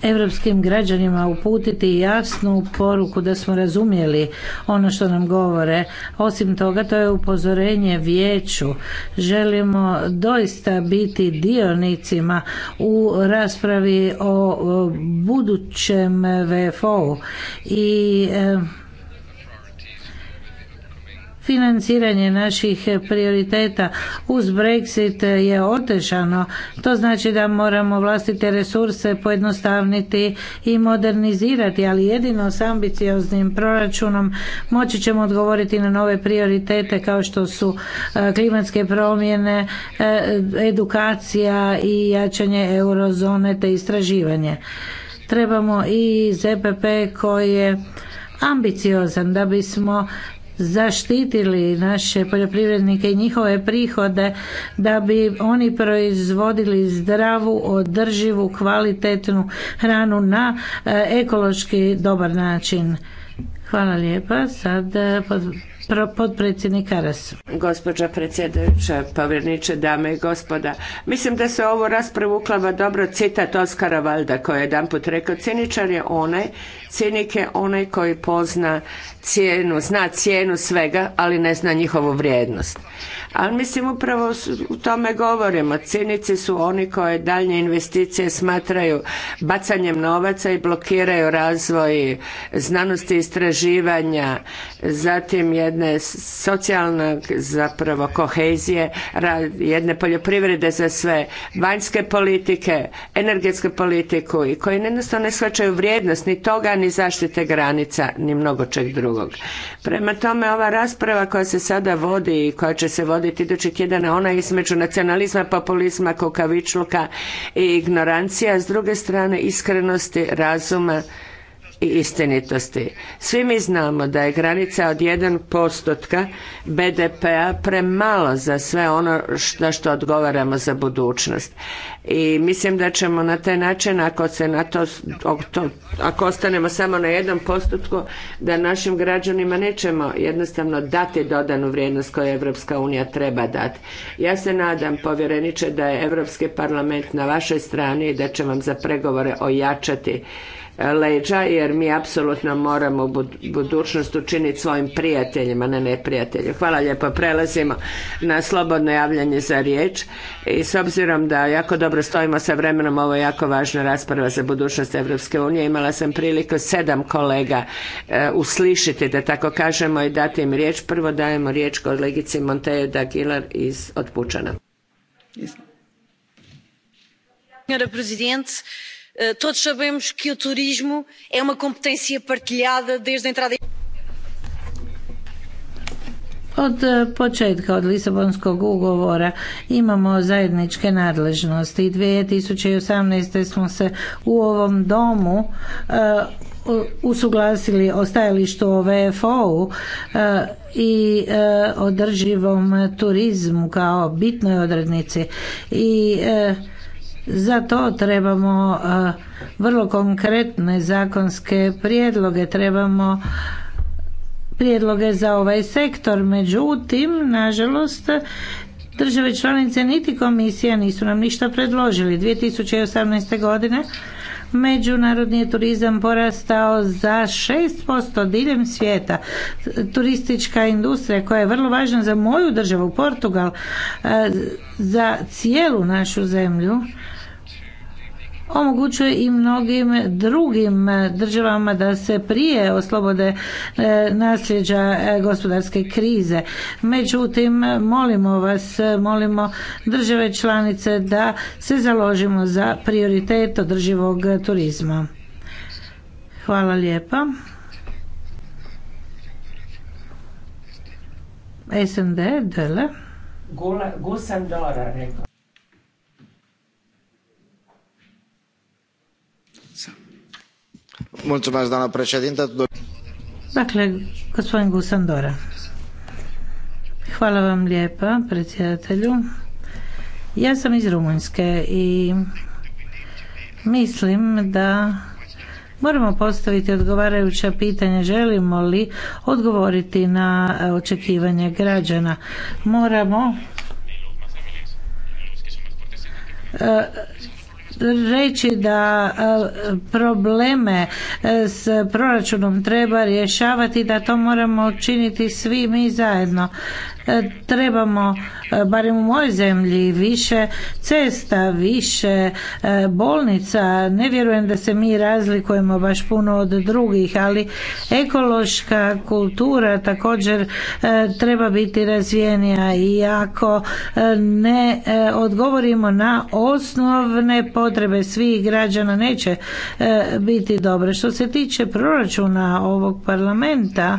Speaker 3: europskim građanima uputiti jasnu poruku da smo razumjeli ono što nam govore. Osim toga, to je upozorenje vijeću. Želimo doista biti dionicima u raspravi o budućem VFO-u i e, financiranje naših prioriteta uz Brexit je otežano. To znači da moramo vlastite resurse pojednostavniti i modernizirati, ali jedino s ambicioznim proračunom moći ćemo odgovoriti na nove prioritete kao što su e, klimatske promjene, e, edukacija i jačanje eurozone te istraživanje. Trebamo i ZPP koji je ambiciozan da bismo zaštitili naše poljoprivrednike i njihove prihode da bi oni proizvodili zdravu, održivu, kvalitetnu hranu na e, ekološki dobar način. Hvala lijepa. Sad e, potpredsjednik Karas.
Speaker 1: Gospođa predsjedajuća, povjerniče, dame i gospoda. Mislim da se ovo raspravu uklava dobro citat Oskara Valda koji je jedan put rekao ciničar je onaj Cijenik je onaj koji pozna cijenu, zna cijenu svega, ali ne zna njihovu vrijednost. Ali mislim upravo u tome govorimo. Cinici su oni koji daljnje investicije smatraju bacanjem novaca i blokiraju razvoj znanosti i istraživanja, zatim jedne socijalne zapravo kohezije, jedne poljoprivrede za sve, vanjske politike, energetsku politiku i koji jednostavno ne shvaćaju vrijednost ni toga ni zaštite granica, ni mnogo čeg drugog. Prema tome, ova rasprava koja se sada vodi i koja će se voditi idućeg tjedana, ona je između nacionalizma, populizma, kukavičluka i ignorancija, s druge strane iskrenosti, razuma i istinitosti. Svi mi znamo da je granica od 1% BDP-a premalo za sve ono na što odgovaramo za budućnost. I mislim da ćemo na taj način, ako se na to, ako ostanemo samo na jednom postotku, da našim građanima nećemo jednostavno dati dodanu vrijednost koju Evropska unija treba dati. Ja se nadam, povjereniče, da je Europski parlament na vašoj strani i da će vam za pregovore ojačati leđa jer mi apsolutno moramo budućnost učiniti svojim prijateljima, ne neprijatelju. Hvala lijepo. Prelazimo na slobodno javljanje za riječ i s obzirom da jako dobro stojimo sa vremenom, ovo je jako važna rasprava za budućnost Europske unije. Imala sam priliku sedam kolega e, uslišiti, da tako kažemo, i dati im riječ. Prvo dajemo riječ kolegici Montejo Dagilar iz Otpučana.
Speaker 3: Eh, todos sabemos que o turismo é uma competência partilhada desde od eh, početka od Lisabonskog ugovora imamo zajedničke nadležnosti i 2018. smo se u ovom domu eh, usuglasili o stajalištu o vfo i održivom turizmu kao bitnoj odrednici i za to trebamo vrlo konkretne zakonske prijedloge, trebamo prijedloge za ovaj sektor. Međutim, nažalost, države članice niti komisija nisu nam ništa predložili. 2018. godine međunarodni je turizam porastao za 6% diljem svijeta. Turistička industrija koja je vrlo važna za moju državu, Portugal, za cijelu našu zemlju, omogućuje i mnogim drugim državama da se prije oslobode e, nasljeđa e, gospodarske krize. Međutim, molimo vas, molimo države članice da se založimo za prioritet održivog turizma. Hvala lijepa.
Speaker 4: Mulțumesc, doamna președintă.
Speaker 3: Dakle, gospodin Gusandora. Hvala vam lijepa, predsjedatelju. Ja sam iz Rumunjske i mislim da Moramo postaviti odgovarajuća pitanja, želimo li odgovoriti na očekivanje građana. Moramo reći da e, probleme e, s proračunom treba rješavati da to moramo učiniti svi mi zajedno E, trebamo, e, barem u mojoj zemlji, više cesta, više e, bolnica. Ne vjerujem da se mi razlikujemo baš puno od drugih, ali ekološka kultura također treba biti razvijenija i ako ne odgovorimo na osnovne potrebe svih građana neće biti dobro. Što se tiče proračuna ovog parlamenta,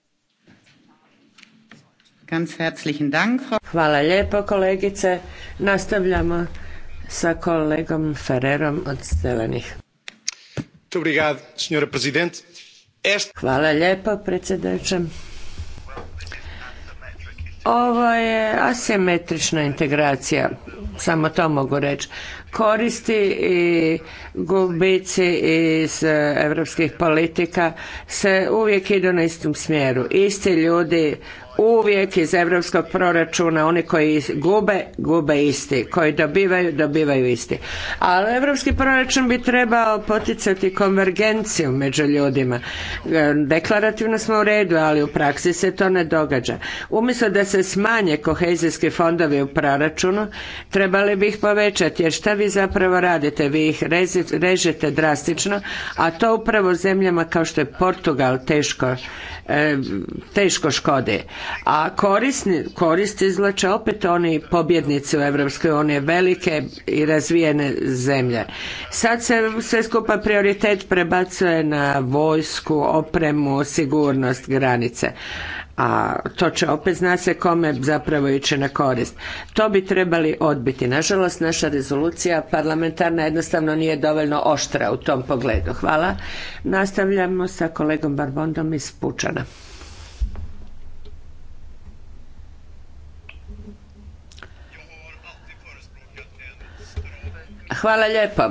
Speaker 1: Hvala lijepo kolegice. Nastavljamo sa kolegom Ferrerom od Zelenih. Hvala lijepo predsjedniče. Ovo je asimetrična integracija, samo to mogu reći. Koristi i gubici iz europskih politika se uvijek idu na istom smjeru. Isti ljudi uvijek iz europskog proračuna oni koji gube, gube isti, koji dobivaju, dobivaju isti. Ali europski proračun bi trebao poticati konvergenciju među ljudima. E, deklarativno smo u redu, ali u praksi se to ne događa. Umjesto da se smanje kohezijski fondovi u proračunu, trebali bi ih povećati, jer šta vi zapravo radite? Vi ih režete drastično, a to upravo zemljama kao što je Portugal teško, e, teško škode a korist izvlače opet oni pobjednici u Europskoj uniji, velike i razvijene zemlje. Sad se sve skupa prioritet prebacuje na vojsku, opremu, sigurnost granice a to će opet zna se kome zapravo ići na korist. To bi trebali odbiti. Nažalost, naša rezolucija parlamentarna jednostavno nije dovoljno oštra u tom pogledu. Hvala. Nastavljamo sa kolegom Barbondom iz Pučana. Hvala lijepo.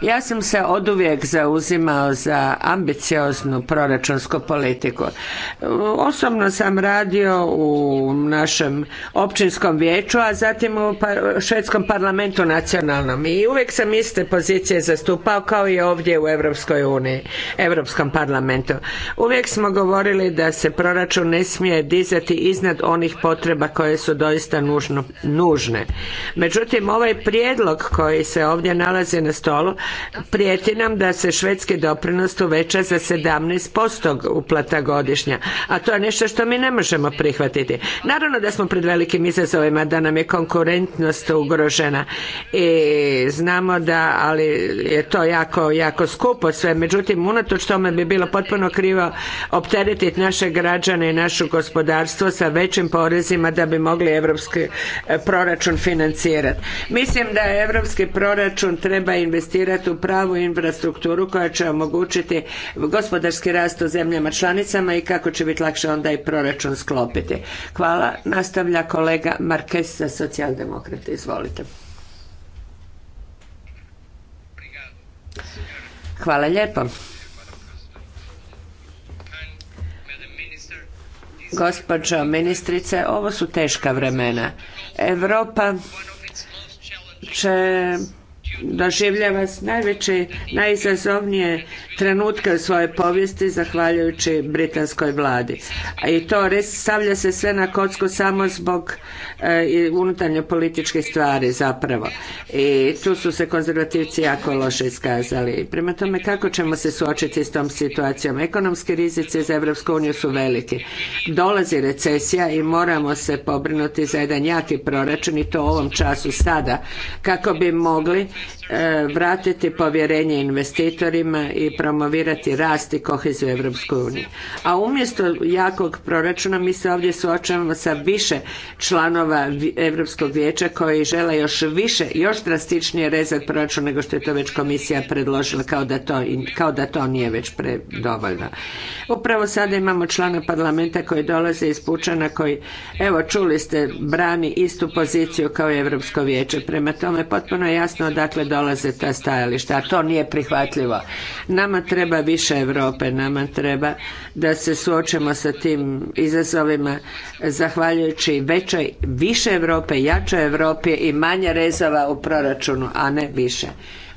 Speaker 1: Ja sam se oduvijek zauzimao za ambicioznu proračunsku politiku. Osobno sam radio u našem općinskom vijeću, a zatim u pa, švedskom parlamentu nacionalnom i uvijek sam iste pozicije zastupao kao i ovdje u Europskoj uniji, Europskom parlamentu. Uvijek smo govorili da se proračun ne smije dizati iznad onih potreba koje su doista nužne. Međutim, ovaj prijedlog koji se ovdje nalazi na stolu prijeti nam da se švedski doprinos uveća za 17% uplata godišnja, a to je nešto što mi ne možemo prihvatiti. Naravno da smo pred velikim izazovima, da nam je konkurentnost ugrožena i znamo da, ali je to jako, jako skupo sve, međutim unatoč tome bi bilo potpuno krivo opteretiti naše građane i naše gospodarstvo sa većim porezima da bi mogli europski eh, proračun financirati. Mislim da europski proračun treba investirati tu pravu infrastrukturu koja će omogućiti gospodarski rast u zemljama članicama i kako će biti lakše onda i proračun sklopiti. Hvala. Nastavlja kolega Marques za socijaldemokrate. Izvolite. Hvala lijepo. Gospođo ministrice, ovo su teška vremena. Europa će doživljava najveće, najizazovnije trenutke u svojoj povijesti zahvaljujući britanskoj vladi. I to stavlja se sve na kocku samo zbog e, unutarnje političke stvari zapravo. I tu su se konzervativci jako loše iskazali. Prema tome kako ćemo se suočiti s tom situacijom? Ekonomski rizici za Europsku uniju su veliki. Dolazi recesija i moramo se pobrinuti za jedan jaki proračun i to u ovom času sada kako bi mogli E, vratiti povjerenje investitorima i promovirati rast i koheziju Europsku uniji. A umjesto jakog proračuna mi se ovdje suočavamo sa više članova Europskog vijeća koji žele još više, još drastičnije rezati proračun nego što je to već komisija predložila kao da to, nije već dovoljno. Upravo sada imamo člana parlamenta koji dolaze iz Pučana koji, evo čuli ste, brani istu poziciju kao i Europsko vijeće. Prema tome potpuno je jasno odakle odakle dolaze ta stajališta, a to nije prihvatljivo. Nama treba više Europe, nama treba da se suočimo sa tim izazovima zahvaljujući većoj, više Europe, jačoj Europi i manje rezova u proračunu, a ne više.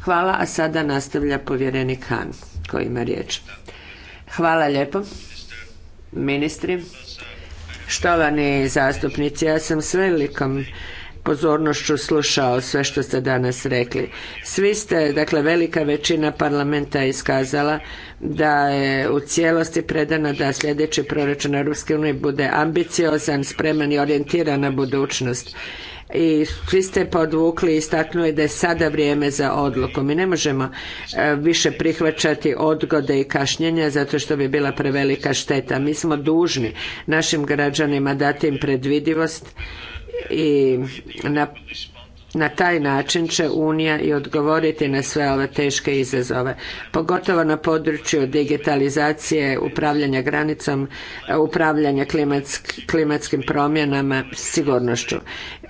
Speaker 1: Hvala, a sada nastavlja povjerenik Han koji ima riječ. Hvala lijepo, ministri. Štovani zastupnici, ja sam s velikom pozornošću slušao sve što ste danas rekli. Svi ste, dakle velika većina parlamenta je iskazala da je u cijelosti predana da sljedeći proračun Europske unije bude ambiciozan, spreman i orijentiran na budućnost i svi ste podvukli i istaknuli da je sada vrijeme za odluku. Mi ne možemo e, više prihvaćati odgode i kašnjenja zato što bi bila prevelika šteta. Mi smo dužni našim građanima dati im predvidivost i na, taj način će Unija i odgovoriti na sve ove teške izazove, pogotovo na području digitalizacije, upravljanja granicom, upravljanja klimatskim promjenama, sigurnošću.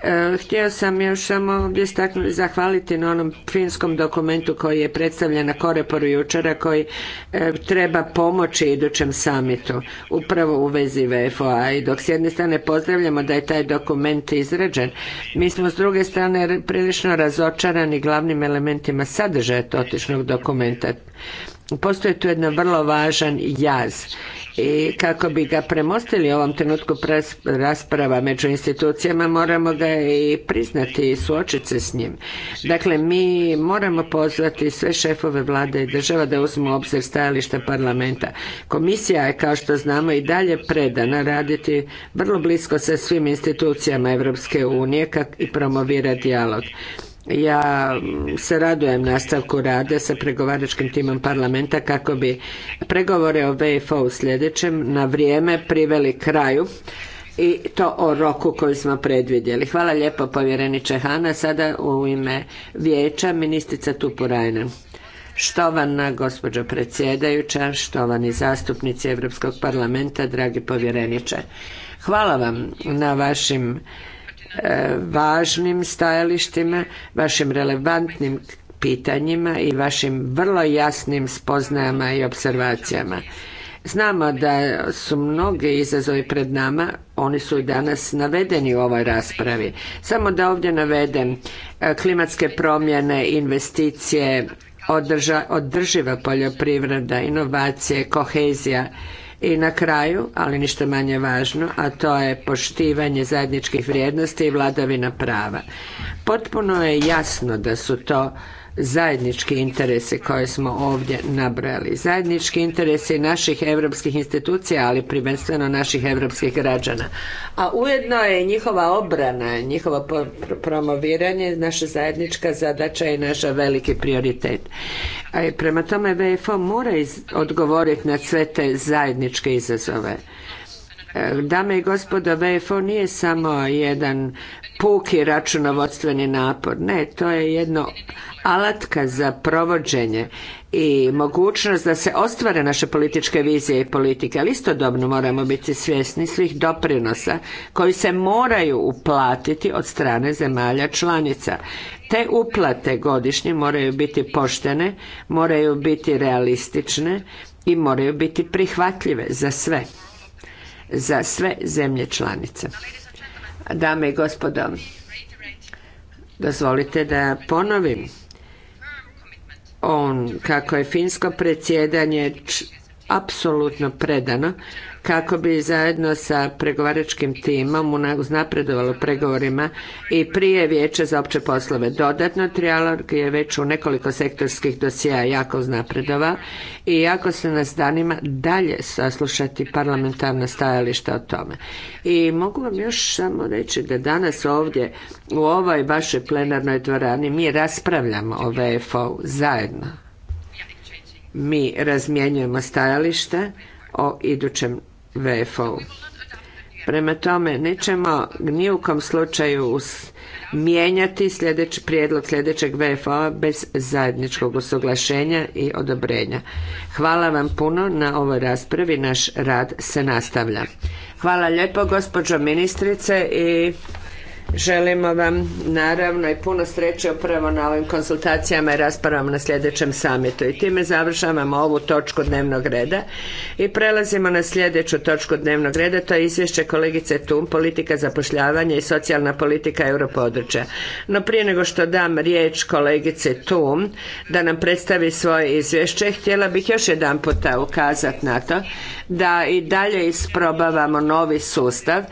Speaker 1: E, htio sam još samo ovdje zahvaliti na onom finskom dokumentu koji je predstavljen na Koreporu jučera koji e, treba pomoći idućem samitu upravo u vezi VFOA i dok s jedne strane pozdravljamo da je taj dokument izrađen, mi smo s druge strane prilično razočarani glavnim elementima sadržaja totičnog dokumenta. Postoji tu jedan vrlo važan jaz i kako bi ga premostili u ovom trenutku rasprava među institucijama moramo ga i priznati i suočiti se s njim. Dakle, mi moramo pozvati sve šefove vlade i država da uzmu u obzir stajališta parlamenta. Komisija je, kao što znamo, i dalje predana raditi vrlo blisko sa svim institucijama Europske unije i promovira dijalog ja se radujem nastavku rada sa pregovaračkim timom parlamenta kako bi pregovore o VFO u sljedećem na vrijeme priveli kraju i to o roku koji smo predvidjeli. Hvala lijepo povjereniče Hana. Sada u ime vijeća ministrica Tupurajna. Štovana gospođo predsjedajuća, štovani zastupnici Europskog parlamenta, dragi povjereniče. Hvala vam na vašim važnim stajalištima, vašim relevantnim pitanjima i vašim vrlo jasnim spoznajama i observacijama. Znamo da su mnogi izazovi pred nama, oni su i danas navedeni u ovoj raspravi. Samo da ovdje navedem e, klimatske promjene, investicije, održiva poljoprivreda, inovacije, kohezija i na kraju, ali ništa manje važno, a to je poštivanje zajedničkih vrijednosti i vladavina prava. Potpuno je jasno da su to zajednički interesi koje smo ovdje nabrali. Zajednički interesi naših europskih institucija, ali prvenstveno naših europskih građana. A ujedno je njihova obrana, njihovo promoviranje naša zajednička zadaća i naš veliki prioritet. A prema tome VFO mora odgovoriti na sve te zajedničke izazove. Dame i gospodo, VFO nije samo jedan puki računovodstveni napor, ne, to je jedno alatka za provođenje i mogućnost da se ostvare naše političke vizije i politike, ali istodobno moramo biti svjesni svih doprinosa koji se moraju uplatiti od strane zemalja članica. Te uplate godišnje moraju biti poštene, moraju biti realistične i moraju biti prihvatljive za sve za sve zemlje članice. Dame i gospodo, dozvolite da ponovim on kako je finsko predsjedanje apsolutno predano kako bi zajedno sa pregovaračkim timom uznapredovalo pregovorima i prije vijeća za opće poslove. Dodatno, trijalog je već u nekoliko sektorskih dosija jako uznapredovao i jako se nas danima dalje saslušati parlamentarna stajališta o tome. I mogu vam još samo reći da danas ovdje u ovoj vašoj plenarnoj dvorani mi raspravljamo o VFO zajedno mi razmjenjujemo stajalište o idućem VFO. Prema tome, nećemo ni u kom slučaju mijenjati sljedeći prijedlog sljedećeg VFO bez zajedničkog usuglašenja i odobrenja. Hvala vam puno na ovoj raspravi. Naš rad se nastavlja. Hvala lijepo gospođo ministrice i Želimo vam naravno i puno sreće upravo na ovim konsultacijama i raspravama na sljedećem samitu. I time završavamo ovu točku dnevnog reda i prelazimo na sljedeću točku dnevnog reda. To je izvješće kolegice Tum, politika zapošljavanja i socijalna politika europodručja. No prije nego što dam riječ kolegice Tum da nam predstavi svoje izvješće, htjela bih još jedan puta ukazati na to da i dalje isprobavamo novi sustav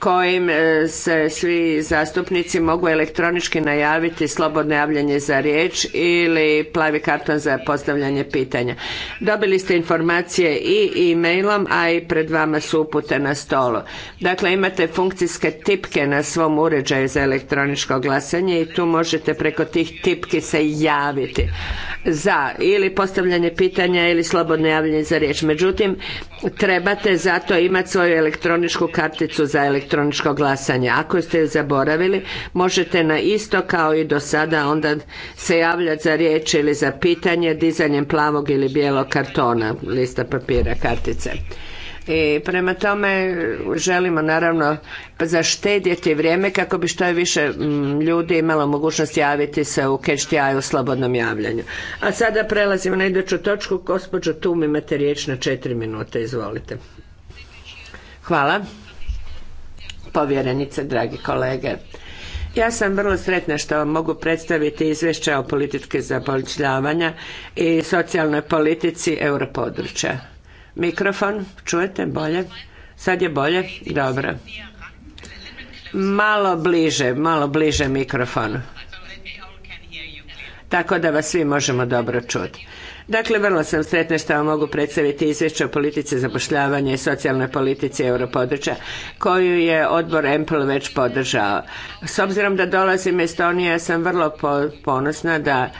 Speaker 1: kojim e, se svi zastupnici mogu elektronički najaviti slobodno javljanje za riječ ili plavi karton za postavljanje pitanja. Dobili ste informacije i e-mailom, a i pred vama su upute na stolu. Dakle, imate funkcijske tipke na svom uređaju za elektroničko glasanje i tu možete preko tih tipki se javiti za ili postavljanje pitanja ili slobodno javljanje za riječ. Međutim, trebate zato imati svoju elektroničku karticu za elektroničko glasanje. Ako ste ju zaboravili, zaboravili, možete na isto kao i do sada onda se javljati za riječ ili za pitanje dizanjem plavog ili bijelog kartona, lista papira, kartice. I prema tome želimo naravno zaštedjeti vrijeme kako bi što je više mm, ljudi imalo mogućnost javiti se u catch the u slobodnom javljanju. A sada prelazimo na iduću točku. Gospođo Tum, imate riječ na četiri minute. Izvolite. Hvala povjerenice, dragi kolege. Ja sam vrlo sretna što vam mogu predstaviti izvješće o političke zapošljavanja i socijalnoj politici europodručja. Mikrofon, čujete bolje? Sad je bolje? Dobro. Malo bliže, malo bliže mikrofonu. Tako da vas svi možemo dobro čuti. Dakle, vrlo sam sretna što vam mogu predstaviti izvješće o politici zapošljavanja i socijalnoj politici europodručja koju je odbor Empel već podržao. S obzirom da dolazim Estonije, ja sam vrlo ponosna da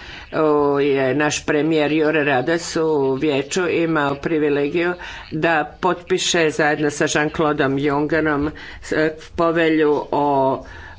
Speaker 1: je naš premijer Jure Radas u vijeću imao privilegiju da potpiše zajedno sa Jean-Claude povelju o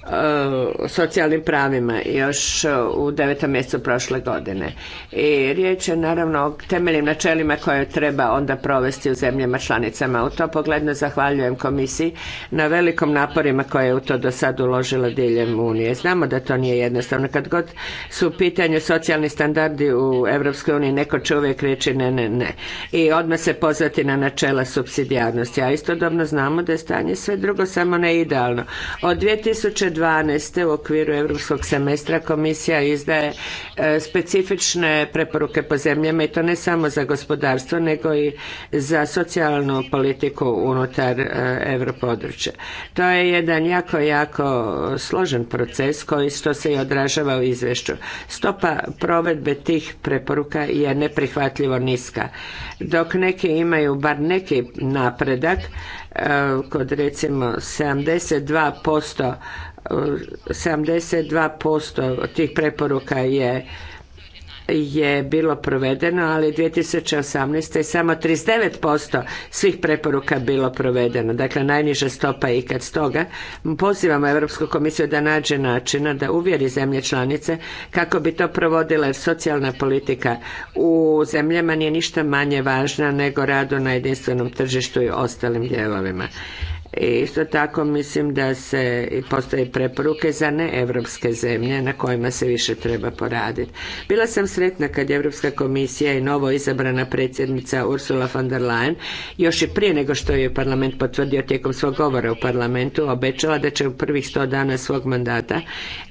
Speaker 1: E, socijalnim pravima još u devetom mjesecu prošle godine. I riječ je naravno o temeljnim načelima koje treba onda provesti u zemljama članicama. U to pogledno zahvaljujem komisiji na velikom naporima koje je u to do sad uložila diljem Unije. Znamo da to nije jednostavno. Kad god su u pitanju socijalni standardi u Evropskoj uniji, neko će uvijek reći ne, ne, ne. I odmah se pozvati na načela subsidijarnosti. A istodobno znamo da je stanje sve drugo samo ne idealno. Od 2000 2012. u okviru europskog semestra komisija izdaje e, specifične preporuke po zemljama i to ne samo za gospodarstvo nego i za socijalnu politiku unutar e, europodručja. To je jedan jako, jako složen proces koji što se i odražava u izvješću. Stopa provedbe tih preporuka je neprihvatljivo niska. Dok neki imaju bar neki napredak, e, kod recimo 72% 72% tih preporuka je je bilo provedeno, ali 2018. je samo 39% svih preporuka bilo provedeno. Dakle, najniža stopa je ikad stoga. Pozivamo Europsku komisiju da nađe načina da uvjeri zemlje članice kako bi to provodila jer socijalna politika u zemljama nije ništa manje važna nego radu na jedinstvenom tržištu i ostalim dijelovima isto tako mislim da se postoje preporuke za neevropske zemlje na kojima se više treba poraditi. Bila sam sretna kad je Europska komisija i novo izabrana predsjednica Ursula von der Leyen još i prije nego što je parlament potvrdio tijekom svog govora u parlamentu obećala da će u prvih sto dana svog mandata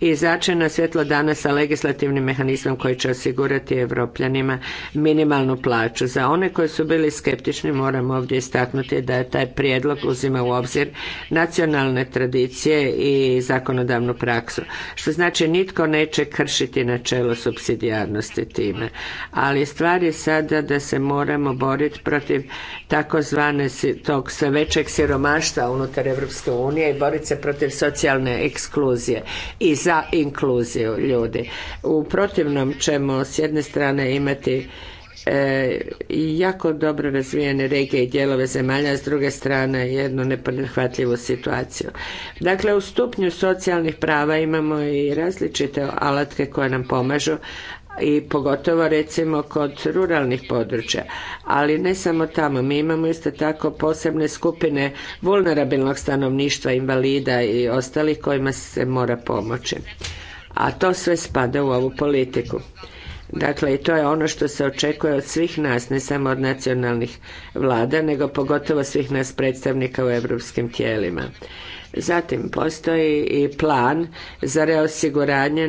Speaker 1: izaći na svjetlo dana sa legislativnim mehanizmom koji će osigurati evropljanima minimalnu plaću. Za one koji su bili skeptični moram ovdje istaknuti da je taj prijedlog uzima u obzir obzir nacionalne tradicije i zakonodavnu praksu. Što znači nitko neće kršiti načelo subsidijarnosti time. Ali stvar je sada da se moramo boriti protiv takozvane tog sve većeg siromaštva unutar Europske unije i boriti se protiv socijalne ekskluzije i za inkluziju ljudi. U protivnom ćemo s jedne strane imati E, jako dobro razvijene regije i dijelove zemalja, s druge strane jednu neprihvatljivu situaciju. Dakle, u stupnju socijalnih prava imamo i različite alatke koje nam pomažu, i pogotovo recimo kod ruralnih područja. Ali ne samo tamo, mi imamo isto tako posebne skupine vulnerabilnog stanovništva, invalida i ostalih kojima se mora pomoći. A to sve spada u ovu politiku. Dakle, i to je ono što se očekuje od svih nas, ne samo od nacionalnih vlada, nego pogotovo svih nas predstavnika u europskim tijelima. Zatim, postoji i plan za reosiguranje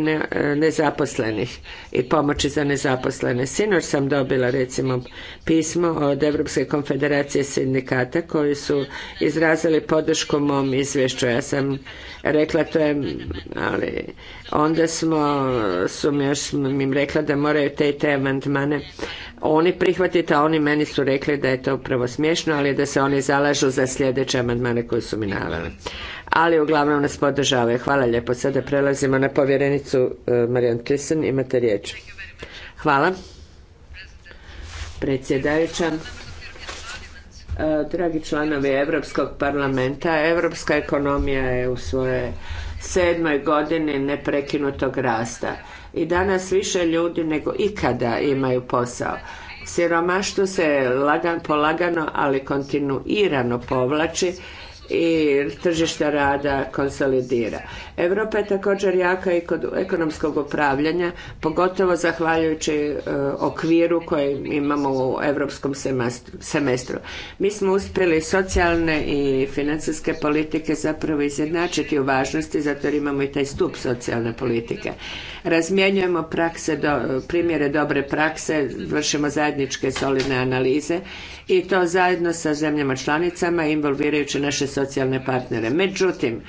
Speaker 1: nezaposlenih i pomoći za nezaposlene. Sinoć sam dobila, recimo, pismo od Europske konfederacije sindikata koji su izrazili podršku mom izvješću. Ja sam rekla, to je, ali onda smo, su mi još im rekla da moraju te i te amandmane oni prihvatiti, a oni meni su rekli da je to upravo smiješno, ali da se oni zalažu za sljedeće amandmane koje su mi naveli. Ali uglavnom nas podržavaju. Hvala lijepo. Sada prelazimo na povjerenicu e, Marijan Klisen. Imate riječ. Hvala. Predsjedajuća e, dragi članovi Europskog parlamenta, europska ekonomija je u svoje sedmoj godini neprekinutog rasta. I danas više ljudi nego ikada imaju posao. Siromaštvo se lagan, polagano, ali kontinuirano povlači i tržišta rada konsolidira. Europa je također jaka i kod ekonomskog upravljanja, pogotovo zahvaljujući e, okviru koji imamo u europskom semestru. Mi smo uspjeli socijalne i financijske politike zapravo izjednačiti u važnosti, zato jer imamo i taj stup socijalne politike. Razmjenjujemo prakse, primjere dobre prakse, vršimo zajedničke solidne analize i to zajedno sa zemljama članicama involvirajući naše socijalne partnere. Međutim,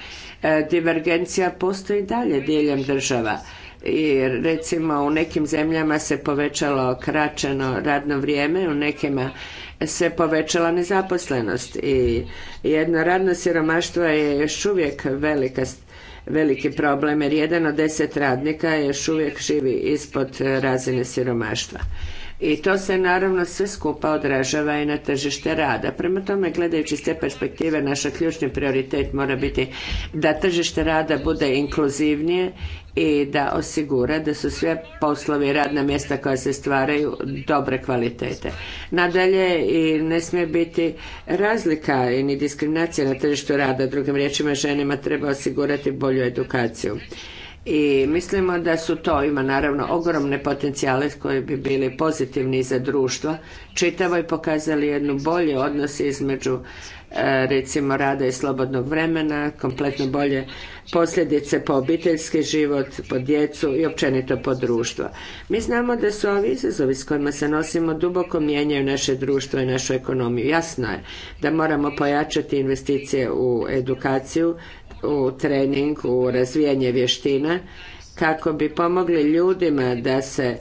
Speaker 1: e, divergencija postoji dalje diljem država i recimo u nekim zemljama se povećalo kraćeno radno vrijeme, u nekima se povećala nezaposlenost i jedno radno siromaštvo je još uvijek velika, veliki problem jer jedan od deset radnika još uvijek živi ispod razine siromaštva i to se naravno sve skupa odražava i na tržište rada. Prema tome, gledajući s te perspektive, naša ključni prioritet mora biti da tržište rada bude inkluzivnije i da osigura da su sve poslovi i radna mjesta koja se stvaraju dobre kvalitete. Nadalje, i ne smije biti razlika i ni diskriminacija na tržištu rada. Drugim riječima, ženima treba osigurati bolju edukaciju i mislimo da su to, ima naravno ogromne potencijale koji bi bili pozitivni za društva, čitavo i pokazali jednu bolje odnos između e, recimo rada i slobodnog vremena, kompletno bolje posljedice po obiteljski život, po djecu i općenito po društvo. Mi znamo da su ovi izazovi s kojima se nosimo duboko mijenjaju naše društvo i našu ekonomiju. Jasno je da moramo pojačati investicije u edukaciju, u trening, u razvijanje vještina kako bi pomogli ljudima da se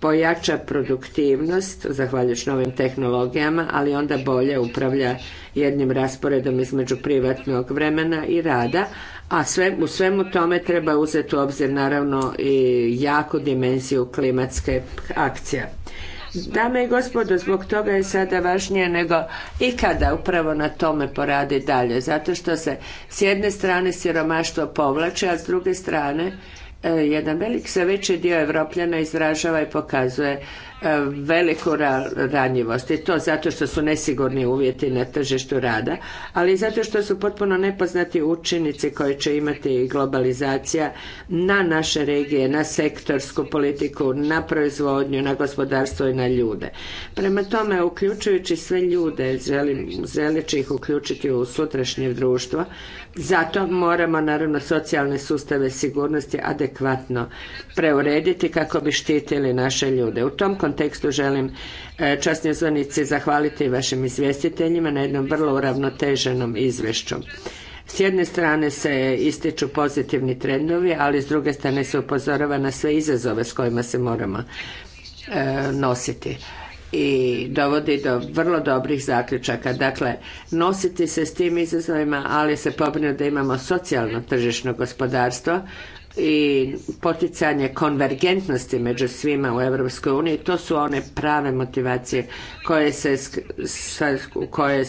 Speaker 1: pojača produktivnost zahvaljujući novim tehnologijama, ali onda bolje upravlja jednim rasporedom između privatnog vremena i rada, a sve, u svemu tome treba uzeti u obzir naravno i jaku dimenziju klimatske akcije Dame i gospodo, zbog toga je sada važnije nego ikada upravo na tome poradi dalje, zato što se s jedne strane siromaštvo povlače, a s druge strane e, jedan velik sve veći dio Evropljana izražava i pokazuje E, veliku ranjivost i to zato što su nesigurni uvjeti na tržištu rada, ali i zato što su potpuno nepoznati učinici koje će imati globalizacija na naše regije, na sektorsku politiku, na proizvodnju, na gospodarstvo i na ljude. Prema tome, uključujući sve ljude, želim, želeći ih uključiti u sutrašnje društvo, zato moramo naravno socijalne sustave sigurnosti adekvatno preurediti kako bi štitili naše ljude. U tom tekstu želim e, časni uzvanici zahvaliti vašim izvjestiteljima na jednom vrlo uravnoteženom izvješću. S jedne strane se ističu pozitivni trendovi, ali s druge strane se upozorava na sve izazove s kojima se moramo e, nositi i dovodi do vrlo dobrih zaključaka. Dakle, nositi se s tim izazovima, ali se pobrinu da imamo socijalno tržišno gospodarstvo i poticanje konvergentnosti među svima u Europskoj uniji, to su one prave motivacije koje se, koje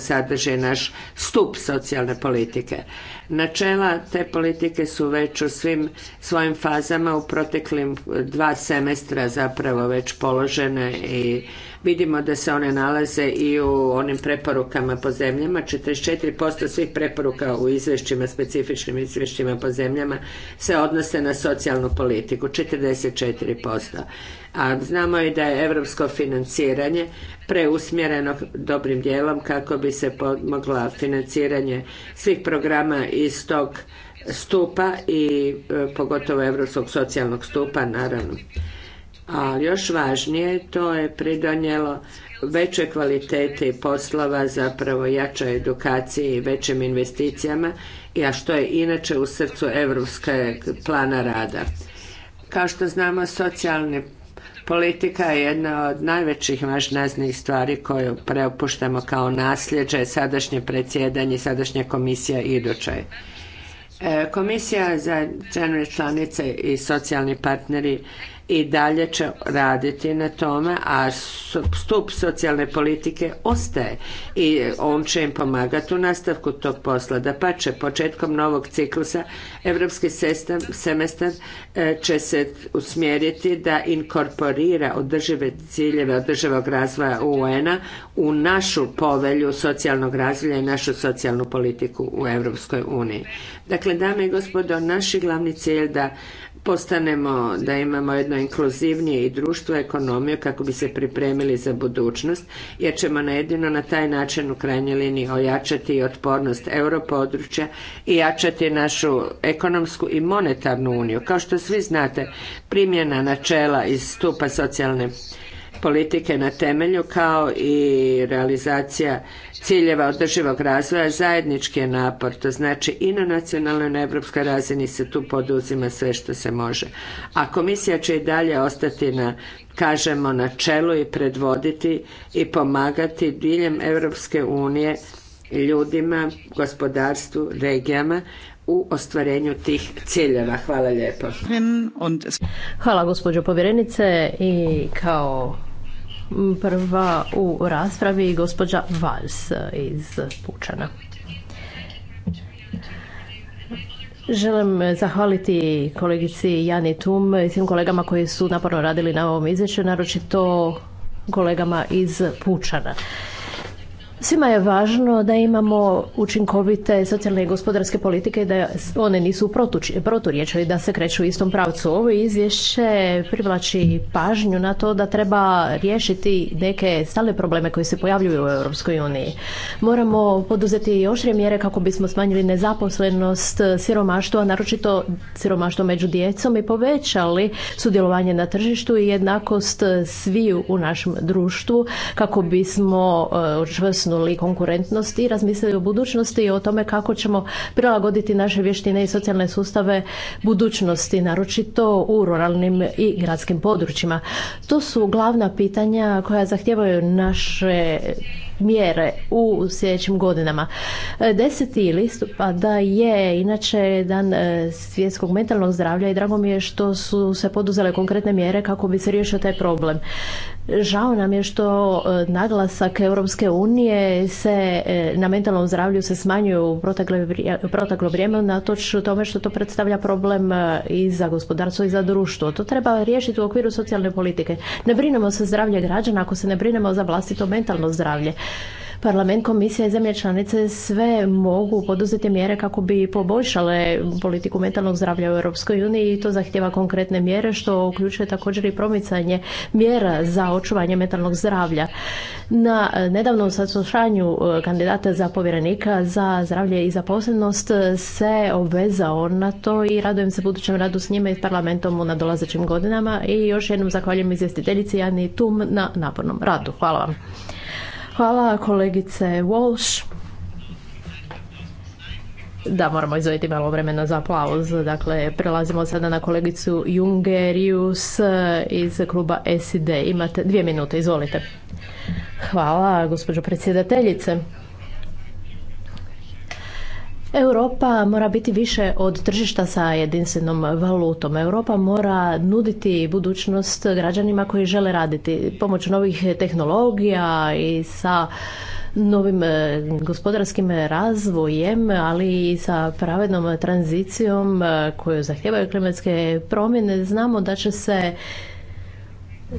Speaker 1: se, naš stup socijalne politike. Načela te politike su već u svim svojim fazama u proteklim dva semestra zapravo već položene i vidimo da se one nalaze i u onim preporukama po zemljama. 44% svih preporuka u izvješćima, specifičnim izvješćima po zemljama se odnose na socijalnu politiku, 44% a znamo i da je europsko financiranje preusmjereno dobrim dijelom kako bi se pomogla financiranje svih programa iz tog stupa i e, pogotovo europskog socijalnog stupa naravno. A još važnije, to je pridonijelo većoj kvaliteti poslova, zapravo jačoj edukaciji i većim investicijama, a što je inače u srcu evropskog plana rada. Kao što znamo, socijalni Politika je jedna od najvećih važnaznijih stvari koju preopuštamo kao nasljeđe sadašnje predsjedanje, sadašnja komisija iduća e, Komisija za članice i socijalni partneri i dalje će raditi na tome, a stup socijalne politike ostaje i on će im pomagati u nastavku tog posla. Da pa početkom novog ciklusa Europski semestar e, će se usmjeriti da inkorporira održive ciljeve održivog razvoja UN-a u našu povelju socijalnog razvoja i našu socijalnu politiku u Europskoj uniji. Dakle, dame i gospodo, naši glavni cilj da postanemo, da imamo jedno inkluzivnije i društvo, ekonomiju kako bi se pripremili za budućnost, jer ćemo na jedino na taj način u krajnjoj liniji ojačati i otpornost europodručja i jačati našu ekonomsku i monetarnu uniju. Kao što svi znate, primjena načela iz stupa socijalne politike na temelju kao i realizacija ciljeva održivog razvoja zajednički je napor, to znači i na nacionalnoj i na europskoj razini se tu poduzima sve što se može. A komisija će i dalje ostati na kažemo na čelu i predvoditi i pomagati diljem Europske unije ljudima, gospodarstvu, regijama u ostvarenju tih ciljeva. Hvala lijepo.
Speaker 2: Hvala gospođo povjerenice i kao prva u raspravi gospođa Vals iz Pučana. Želim zahvaliti kolegici Jani Tum i svim kolegama koji su naporno radili na ovom izvješću, naročito kolegama iz Pučana. Svima je važno da imamo učinkovite socijalne i gospodarske politike i da one nisu proturječne da se kreću u istom pravcu. Ovo izvješće privlači pažnju na to da treba riješiti neke stale probleme koji se pojavljuju u Europskoj uniji. Moramo poduzeti oštre mjere kako bismo smanjili nezaposlenost, siromaštvo, a naročito siromaštvo među djecom i povećali sudjelovanje na tržištu i jednakost sviju u našem društvu kako bismo e, potisnuli konkurentnosti, i razmislili o budućnosti i o tome kako ćemo prilagoditi naše vještine i socijalne sustave budućnosti, naročito u ruralnim i gradskim područjima. To su glavna pitanja koja zahtijevaju naše mjere u sljedećim godinama. 10. listopada je inače dan e, svjetskog mentalnog zdravlja i drago mi je što su se poduzele konkretne mjere kako bi se riješio taj problem. Žao nam je što e, naglasak Europske unije se e, na mentalnom zdravlju se smanjuje u proteklo vrijeme natoč tome što to predstavlja problem e, i za gospodarstvo i za društvo. To treba riješiti u okviru socijalne politike. Ne brinemo se zdravlje građana ako se ne brinemo za vlastito mentalno zdravlje parlament, komisija i zemlje članice sve mogu poduzeti mjere kako bi poboljšale politiku mentalnog zdravlja u Europskoj uniji i to zahtjeva konkretne mjere što uključuje također i promicanje mjera za očuvanje mentalnog zdravlja. Na nedavnom saslušanju e, kandidata za povjerenika za zdravlje i zaposlenost se obvezao na to i radujem se budućem radu s njime i s parlamentom u nadolazećim godinama i još jednom zahvaljujem izvjestiteljici Jani Tum na napornom radu. Hvala vam. Hvala kolegice Walsh. Da, moramo izvojiti malo vremena za aplauz. Dakle, prelazimo sada na kolegicu Jungerius iz kluba SID. Imate dvije minute, izvolite. Hvala, gospođo predsjedateljice. Europa mora biti više od tržišta sa jedinstvenom valutom. Europa mora nuditi budućnost građanima koji žele raditi pomoću novih tehnologija i sa novim e, gospodarskim razvojem, ali i sa pravednom tranzicijom e, koju zahtijevaju klimatske promjene. Znamo da će se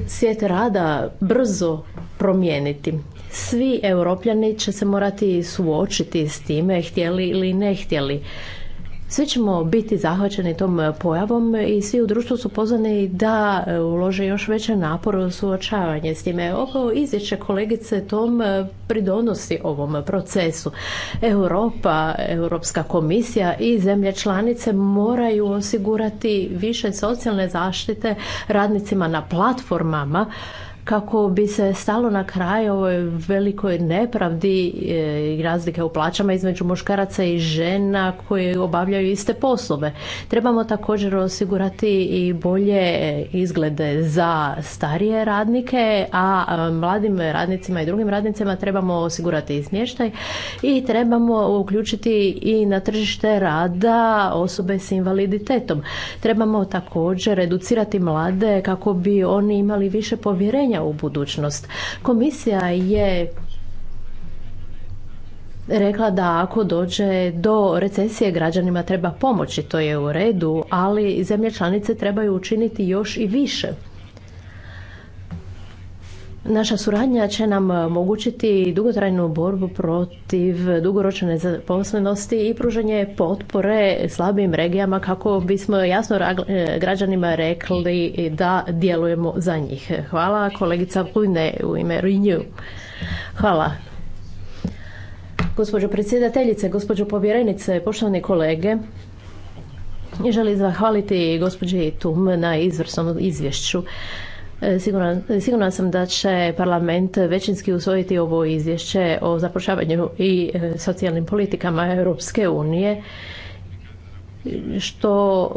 Speaker 2: svijet rada brzo promijeniti. Svi europljani će se morati suočiti s time, htjeli ili ne htjeli. Svi ćemo biti zahvaćeni tom e, pojavom i svi u društvu su pozvani da e, ulože još veće napore u suočavanje s time. Ovo izvješće kolegice Tom e, pridonosi ovom procesu. Europa, Europska komisija i zemlje članice moraju osigurati više socijalne zaštite radnicima na platformama kako bi se stalo na kraj ovoj velikoj nepravdi e, i razlike u plaćama između muškaraca i žena koje obavljaju iste poslove. Trebamo također osigurati i bolje e, izglede za starije radnike, a mladim radnicima i drugim radnicima trebamo osigurati i smještaj i trebamo uključiti i na tržište rada osobe s invaliditetom. Trebamo također educirati mlade kako bi oni imali više povjerenja u budućnost. Komisija je rekla da ako dođe do recesije građanima treba pomoći, to je u redu, ali zemlje članice trebaju učiniti još i više. Naša suradnja će nam e, omogućiti dugotrajnu borbu protiv dugoročne nezaposlenosti i pružanje potpore slabim regijama kako bismo jasno e, građanima rekli da djelujemo za njih. Hvala kolegica Pujne u ime Renew. Hvala. Gospođo predsjedateljice, gospođo povjerenice, poštovani kolege, želim zahvaliti gospođi Tum na izvrsnom izvješću. E, siguran, e, sigurna sam da će parlament većinski usvojiti ovo izvješće o zapošljavanju i e, socijalnim politikama Europske unije, što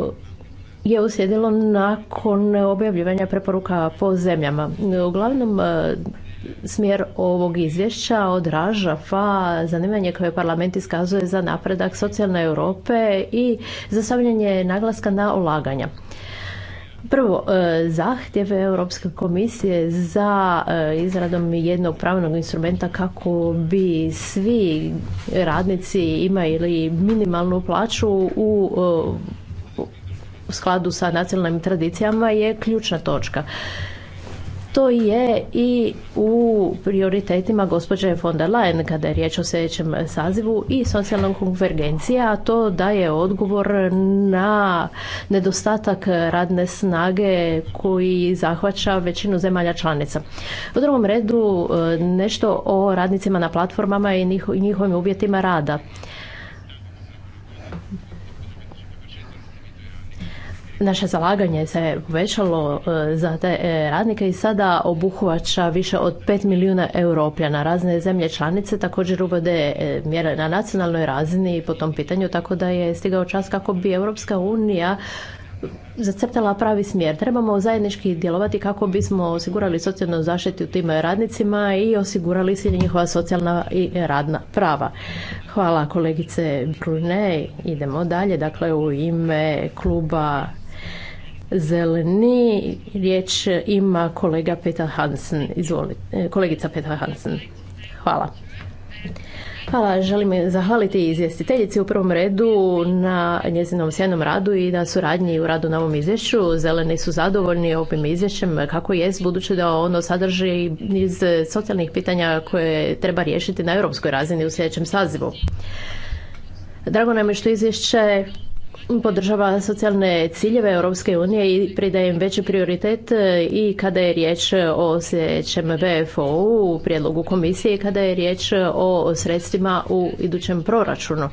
Speaker 2: je uslijedilo nakon objavljivanja preporuka po zemljama. Uglavnom, smjer ovog izvješća odražava zanimanje koje parlament iskazuje za napredak socijalne Europe i za stavljanje naglaska na ulaganja. Prvo, e, zahtjeve Europske komisije za e, izradom jednog pravnog instrumenta kako bi svi radnici imali minimalnu plaću u e, u skladu sa nacionalnim tradicijama je ključna točka to je i u prioritetima gospođe von der Leyen kada je riječ o sljedećem sazivu i socijalnom konvergencija a to daje odgovor na nedostatak radne snage koji zahvaća većinu zemalja članica. U drugom redu e, nešto o radnicima na platformama i njihovim uvjetima rada. naše zalaganje se povećalo e, za te e, radnike i sada obuhvaća više od 5 milijuna europljana. Razne zemlje članice također uvode e, mjere na nacionalnoj razini po tom pitanju, tako da je stigao čas kako bi Europska unija zacrtala pravi smjer. Trebamo zajednički djelovati kako bismo osigurali socijalnu zaštitu tim radnicima i osigurali se njihova socijalna i radna prava. Hvala kolegice Brune. Idemo dalje. Dakle, u ime kluba zeleni. Riječ ima kolega Peter Hansen. Izvolite, kolegica Peter Hansen. Hvala. Hvala, želim zahvaliti izvjestiteljici u prvom redu na njezinom sjajnom radu i na suradnji u radu na ovom izvješću. Zeleni su zadovoljni ovim izvješćem kako je, budući da ono sadrži niz socijalnih pitanja koje treba riješiti na europskoj razini u sljedećem sazivu. Drago nam je što izvješće podržava socijalne ciljeve Europske unije i pridaje im veći prioritet e, i kada je riječ o sljedećem BFO-u, prijedlogu komisije i kada je riječ o sredstvima u idućem proračunu.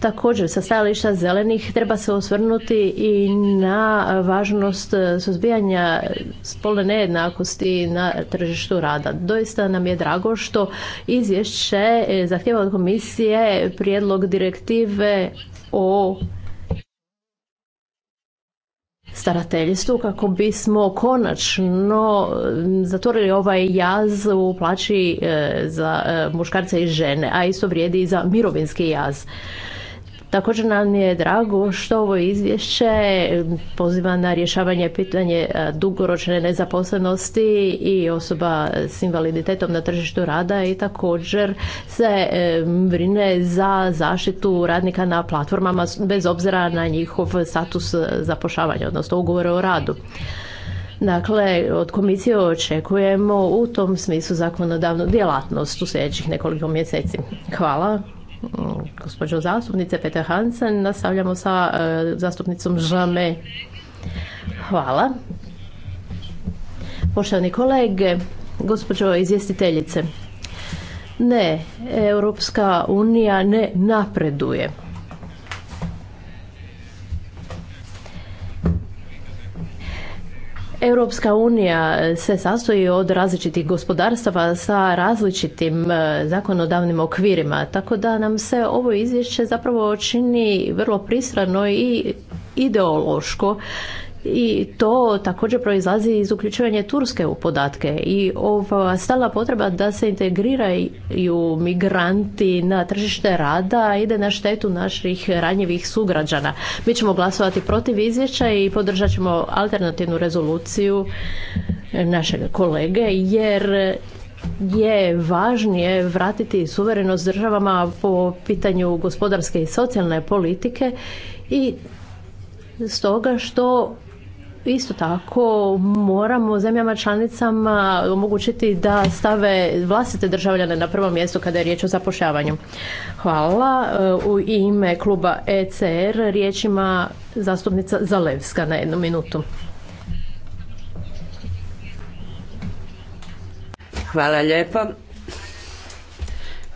Speaker 2: Također, sa stajališta zelenih treba se osvrnuti i na važnost suzbijanja spolne nejednakosti na tržištu rada. Doista nam je drago što izvješće e, zahtjeva od komisije prijedlog direktive o starateljstvu kako bismo konačno mm, zatvorili ovaj jaz u plaći e, za e, muškarce i žene, a isto vrijedi i za mirovinski jaz. Također nam je drago što ovo izvješće poziva na rješavanje pitanje e, dugoročne nezaposlenosti i osoba s invaliditetom na tržištu rada i također se e, brine za zaštitu radnika na platformama bez obzira na njihov status zapošljavanja, odnosno ugovore o radu. Dakle, od komisije očekujemo u tom smislu zakonodavnu djelatnost u sljedećih nekoliko mjeseci. Hvala gospođo zastupnice Peter Hansen. Nastavljamo sa e, zastupnicom Žame. Hvala. Poštovani kolege, gospođo izvjestiteljice, ne, Europska unija ne napreduje. Europska unija se sastoji od različitih gospodarstava sa različitim e, zakonodavnim okvirima, tako da nam se ovo izvješće zapravo čini vrlo pristrano i ideološko i to također proizlazi iz uključivanja Turske u podatke i ova stala potreba da se integriraju migranti na tržište rada ide na štetu naših ranjivih sugrađana. Mi ćemo glasovati protiv izvješća i podržat ćemo alternativnu rezoluciju našeg kolege jer je važnije vratiti suverenost državama po pitanju gospodarske i socijalne politike i stoga što Isto tako moramo zemljama članicama omogućiti da stave vlastite državljane na prvo mjesto kada je riječ o zapošljavanju. Hvala. E, u ime kluba ECR riječima zastupnica Zalevska na jednu minutu.
Speaker 1: Hvala lijepo.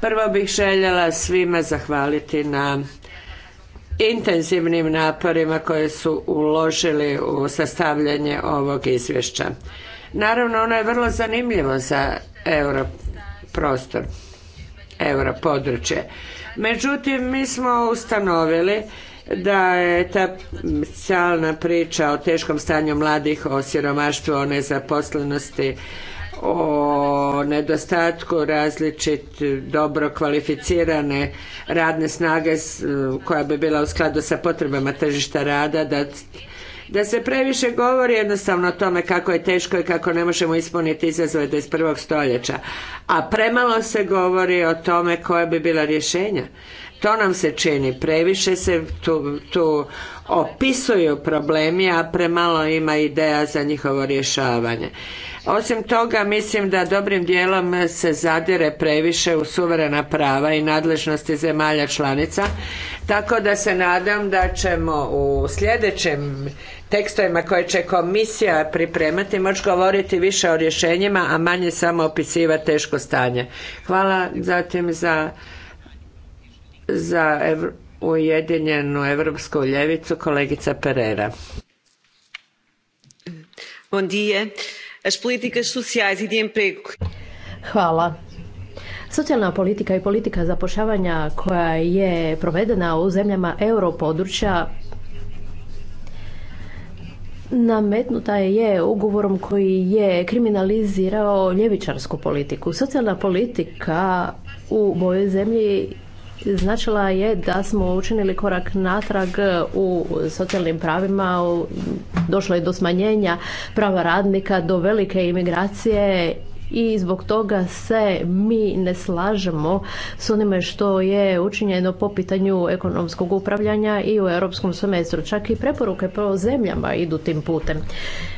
Speaker 1: Prvo bih željela svima zahvaliti na intenzivnim naporima koje su uložili u sastavljanje ovog izvješća. Naravno, ono je vrlo zanimljivo za euro prostor, euro područje. Međutim, mi smo ustanovili da je ta stalna priča o teškom stanju mladih, o siromaštvu, o nezaposlenosti, o nedostatku različit dobro kvalificirane radne snage koja bi bila u skladu sa potrebama tržišta rada, da da se previše govori jednostavno o tome kako je teško i kako ne možemo ispuniti izazove 21. stoljeća, a premalo se govori o tome koja bi bila rješenja. To nam se čini, previše se tu, tu opisuju problemi, a premalo ima ideja za njihovo rješavanje. Osim toga, mislim da dobrim dijelom se zadire previše u suverena prava i nadležnosti zemalja članica, tako da se nadam da ćemo u sljedećim tekstovima koje će komisija pripremati moći govoriti više o rješenjima, a manje samo opisivati teško stanje. Hvala zatim za, za Ujedinjenu Evropsku ljevicu kolegica Pereira.
Speaker 3: Bon dia. E
Speaker 2: Hvala. Socijalna politika i politika zapošljavanja koja je provedena u zemljama europodručja nametnuta je ugovorom koji je kriminalizirao ljevičarsku politiku. Socijalna politika u mojoj zemlji značila je da smo učinili korak natrag u socijalnim pravima, došlo je do smanjenja prava radnika, do velike imigracije i zbog toga se mi ne slažemo s onime što je učinjeno po pitanju ekonomskog upravljanja i u europskom semestru. Čak i preporuke po zemljama idu tim putem.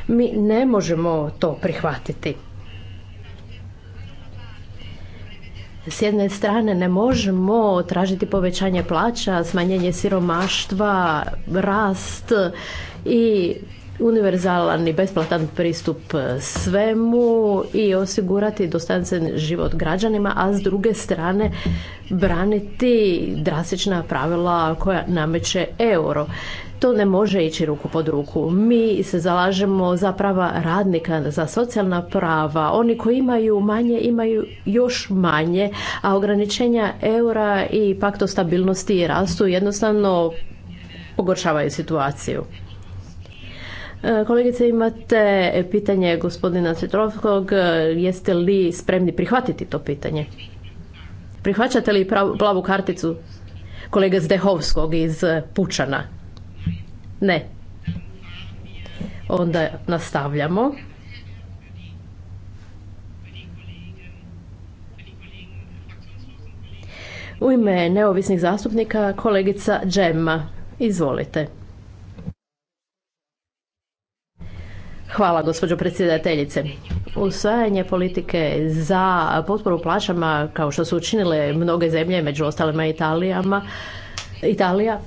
Speaker 2: Mi ne možemo to prihvatiti. S jedne strane ne možemo tražiti povećanje plaća, smanjenje siromaštva, rast i univerzalan i besplatan pristup e, svemu i osigurati dostanstven život građanima, a s druge strane braniti drastična pravila koja nameće euro. To ne može ići ruku pod ruku. Mi se zalažemo za prava radnika, za socijalna prava. Oni koji imaju manje imaju još manje, a ograničenja eura i pakto stabilnosti i rastu jednostavno pogoršavaju situaciju. E, kolegice, imate pitanje gospodina Cetrovskog, e, Jeste li spremni prihvatiti to pitanje? Prihvaćate li plavu karticu kolege Zdehovskog iz Pučana? Ne. Onda nastavljamo. U ime neovisnih zastupnika kolegica Džemma. Izvolite. Hvala gospođo predsjedateljice. Usvajanje politike za potporu plaćama kao što su učinile mnoge zemlje, među ostalima Italijama, Italija,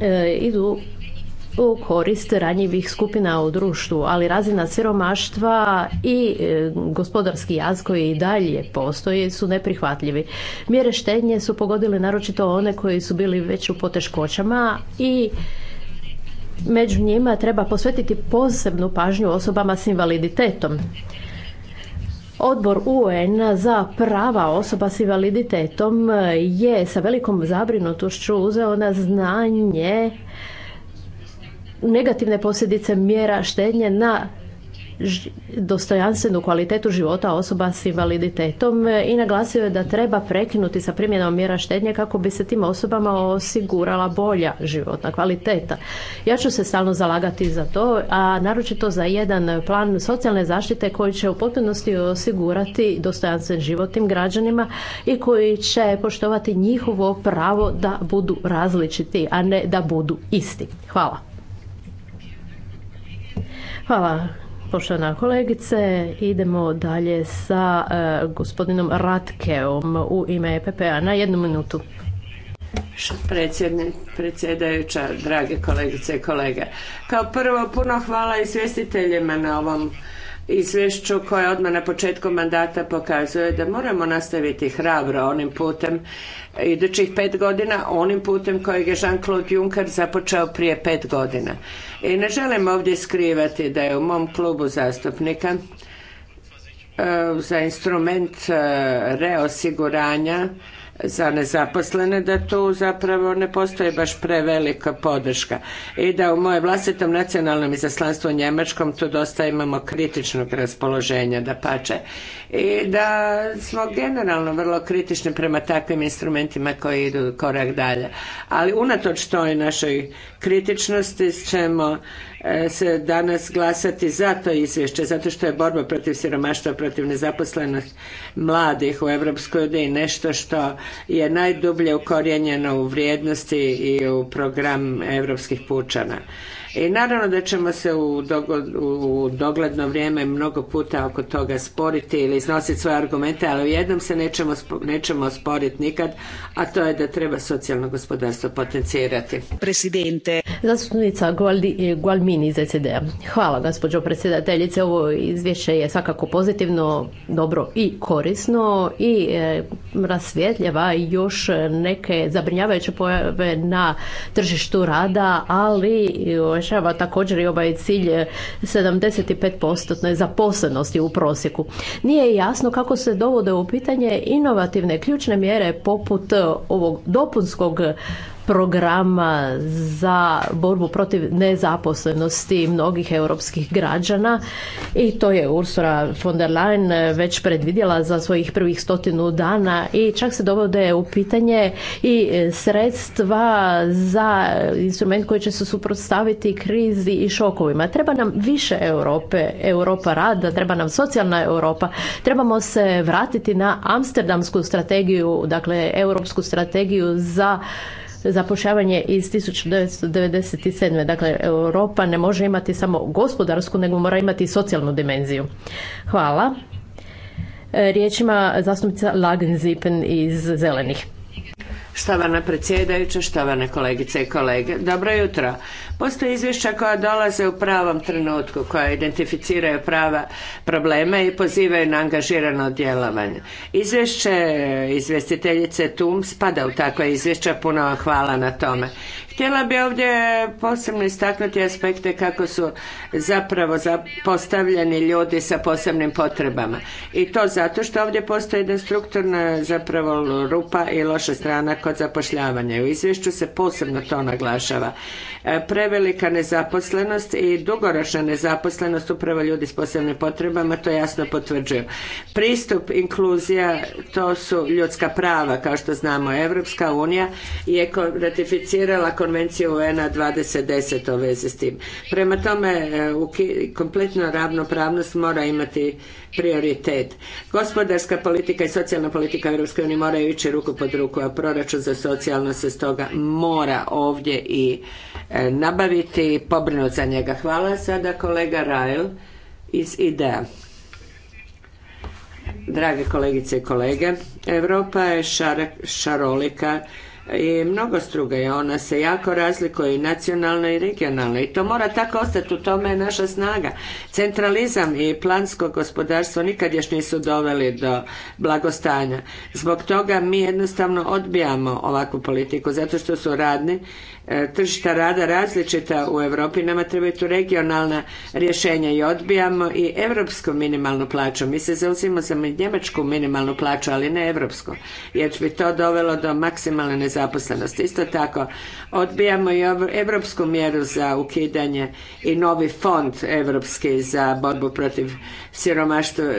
Speaker 2: e, idu u korist ranjivih skupina u društvu, ali razina siromaštva i e, gospodarski jaz koji i dalje postoji su neprihvatljivi. Mjere štednje su pogodile naročito one koji su bili već u poteškoćama i Među njima treba posvetiti posebnu pažnju osobama s invaliditetom. Odbor UN za prava osoba s invaliditetom je sa velikom zabrinutošću uzeo na znanje negativne posljedice mjera štednje na dostojanstvenu kvalitetu života osoba s invaliditetom e, i naglasio je da treba prekinuti sa primjenom mjera štednje kako bi se tim osobama osigurala bolja životna kvaliteta. Ja ću se stalno zalagati za to, a naročito za jedan plan socijalne zaštite koji će u potpunosti osigurati dostojanstven život tim građanima i koji će poštovati njihovo pravo da budu različiti, a ne da budu isti. Hvala. Hvala Poštovana kolegice, idemo dalje sa e, gospodinom Ratkeom u ime EPP-a na jednu minutu.
Speaker 1: predsjedajuća, drage kolegice i kolege. Kao prvo, puno hvala izvjestiteljima na ovom izvješću koje odmah na početku mandata pokazuje da moramo nastaviti hrabro onim putem idućih pet godina, onim putem kojeg je Jean-Claude Juncker započeo prije pet godina. I ne želim ovdje skrivati da je u mom klubu zastupnika e, za instrument e, reosiguranja za nezaposlene da tu zapravo ne postoji baš prevelika podrška i da u mojem vlastitom nacionalnom izaslanstvu u Njemačkom tu dosta imamo kritičnog raspoloženja da pače i da smo generalno vrlo kritični prema takvim instrumentima koji idu korak dalje. Ali unatoč toj našoj kritičnosti ćemo E, se danas glasati za to izvješće, zato što je borba protiv siromaštva, protiv nezaposlenih mladih u Europskoj uniji nešto što je najdublje ukorijenjeno u vrijednosti i u program europskih pučana. I naravno da ćemo se u, dogledno vrijeme mnogo puta oko toga sporiti ili iznositi svoje argumente, ali u jednom se nećemo, nećemo sporiti nikad, a to je da treba socijalno gospodarstvo potencirati. Presidente.
Speaker 2: Zastupnica eh, Gualmini iz ecd Hvala gospođo predsjedateljice. Ovo izvješće je svakako pozitivno, dobro i korisno i e, rasvjetljava još neke zabrinjavajuće pojave na tržištu rada, ali eh, poboljšava također i ovaj cilj 75% eh, zaposlenosti u prosjeku. Nije jasno kako se dovode u pitanje inovativne ključne mjere poput eh, ovog dopunskog programa za borbu protiv nezaposlenosti mnogih europskih građana i to je Ursula von der Leyen već predvidjela za svojih prvih stotinu dana i čak se dovode u pitanje i sredstva za instrument koji će se suprotstaviti krizi i šokovima. Treba nam više Europe, Europa rada, treba nam socijalna Europa, trebamo se vratiti na Amsterdamsku strategiju, dakle europsku strategiju za zapošljavanje iz 1997. Dakle, Europa ne može imati samo gospodarsku, nego mora imati i socijalnu dimenziju. Hvala. E, Riječima zastupnica Lagenzipen iz Zelenih.
Speaker 1: Štovana predsjedajuća, štovane kolegice i kolege, dobro jutro. Postoje izvješća koja dolaze u pravom trenutku, koja identificiraju prava probleme i pozivaju na angažirano djelovanje. Izvješće izvjestiteljice TUM spada u takva izvješća, puno vam hvala na tome. Htjela bi ovdje posebno istaknuti aspekte kako su zapravo postavljeni ljudi sa posebnim potrebama. I to zato što ovdje postoji jedna strukturna zapravo rupa i loša strana kod zapošljavanja. U izvješću se posebno to naglašava. E, prevelika nezaposlenost i dugoročna nezaposlenost upravo ljudi s posebnim potrebama to jasno potvrđuju. Pristup inkluzija to su ljudska prava kao što znamo. Europska unija je ratificirala konvenciju UN-a 2010 u vezi s tim. Prema tome, e, kompletna ravnopravnost mora imati prioritet. Gospodarska politika i socijalna politika Europske unije moraju ići ruku pod ruku, a proračun za socijalno se stoga mora ovdje i e, nabaviti i pobrinuti za njega. Hvala sada kolega Rajl iz IDEA. Drage kolegice i kolege, Europa je šarolika i mnogostruga je, ona se jako razlikuje i nacionalno i regionalno i to mora tako ostati, u tome je naša snaga. Centralizam i plansko gospodarstvo nikad još nisu doveli do blagostanja. Zbog toga mi jednostavno odbijamo ovakvu politiku, zato što su radni E, tržišta rada različita u Europi, nama trebaju tu regionalna rješenja i odbijamo i europsku minimalnu plaću. Mi se zauzimo za njemačku minimalnu plaću, ali ne europsku, jer bi to dovelo do maksimalne nezaposlenosti. Isto tako, odbijamo i europsku mjeru za ukidanje i novi fond europski za borbu protiv siromaštva, e,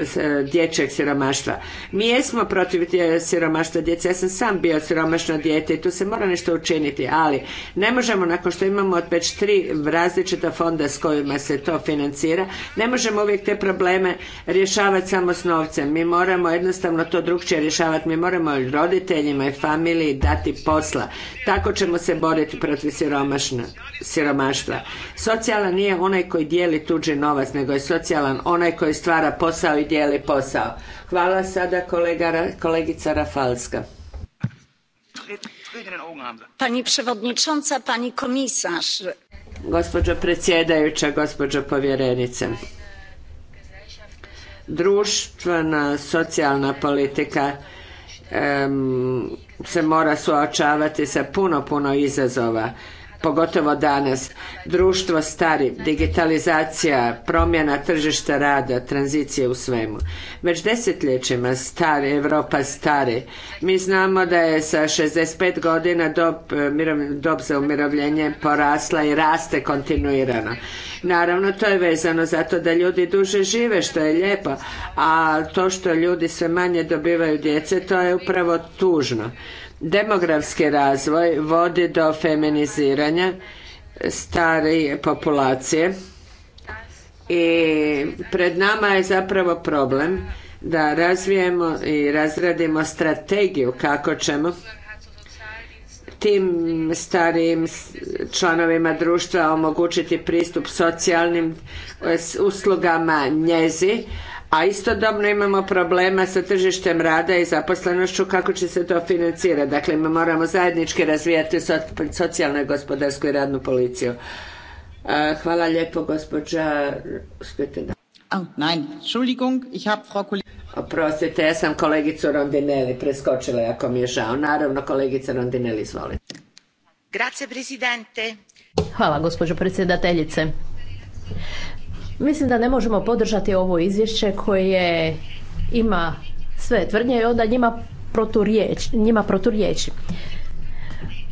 Speaker 1: dječjeg siromaštva. Mi jesmo protiv siromaštva djece, ja sam sam bio siromašno dijete i tu se mora nešto učiniti, ali ne možemo nakon što imamo već tri različita fonda s kojima se to financira, ne možemo uvijek te probleme rješavati samo s novcem. Mi moramo jednostavno to drugčije rješavati. Mi moramo roditeljima i familiji dati posla. Tako ćemo se boriti protiv siromašna, siromaštva. Socijalan nije onaj koji dijeli tuđi novac, nego je socijalan onaj koji stvara posao i dijeli posao. Hvala sada kolegica Rafalska. Pani przewodnicząca, pani komisarz. Gospođo predsjedajuća, gospođo povjerenice. Društvena socijalna politika se mora suočavati sa puno, puno izazova pogotovo danas. Društvo stari, digitalizacija, promjena tržišta rada, tranzicije u svemu. Već desetljećima stari, Europa stari. Mi znamo da je sa 65 godina dob, za umirovljenje porasla i raste kontinuirano. Naravno, to je vezano zato da ljudi duže žive, što je lijepo, a to što ljudi sve manje dobivaju djece, to je upravo tužno. Demografski razvoj vodi do feminiziranja stari populacije i pred nama je zapravo problem da razvijemo i razradimo strategiju kako ćemo tim starijim članovima društva omogućiti pristup socijalnim uslugama njezi, a istodobno imamo problema sa tržištem rada i zaposlenošću kako će se to financirati. Dakle, mi moramo zajednički razvijati socijalnu, gospodarsku i radnu policiju. E, hvala lijepo, gospođa ah, Oprostite, ja sam kolegicu Rondinelli preskočila, jako mi je žao. Naravno, kolegica Rondinelli, izvolite. Grazie, presidente.
Speaker 2: Hvala, gospođo predsjedateljice. Mislim da ne možemo podržati ovo izvješće koje ima sve tvrdnje i onda njima proturječ, njima proturječi.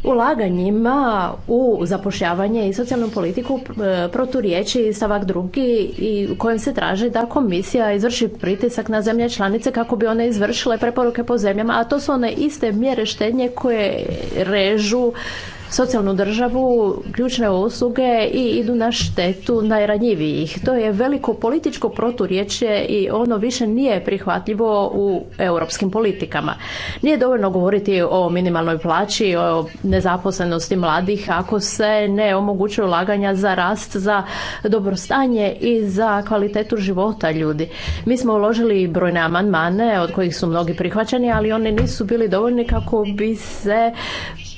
Speaker 2: Ulaganjima u zapošljavanje i socijalnu politiku e, proturječi stavak drugi i u kojem se traži da komisija izvrši pritisak na zemlje članice kako bi one izvršile preporuke po zemljama, a to su one iste mjere štednje koje režu socijalnu državu, ključne usluge i idu na štetu najranjivijih. To je veliko političko proturječje i ono više nije prihvatljivo u europskim politikama. Nije dovoljno govoriti o minimalnoj plaći, o nezaposlenosti mladih ako se ne omogućuju ulaganja za rast, za dobrostanje i za kvalitetu života ljudi. Mi smo uložili brojne amandmane od kojih su mnogi prihvaćeni, ali oni nisu bili dovoljni kako bi se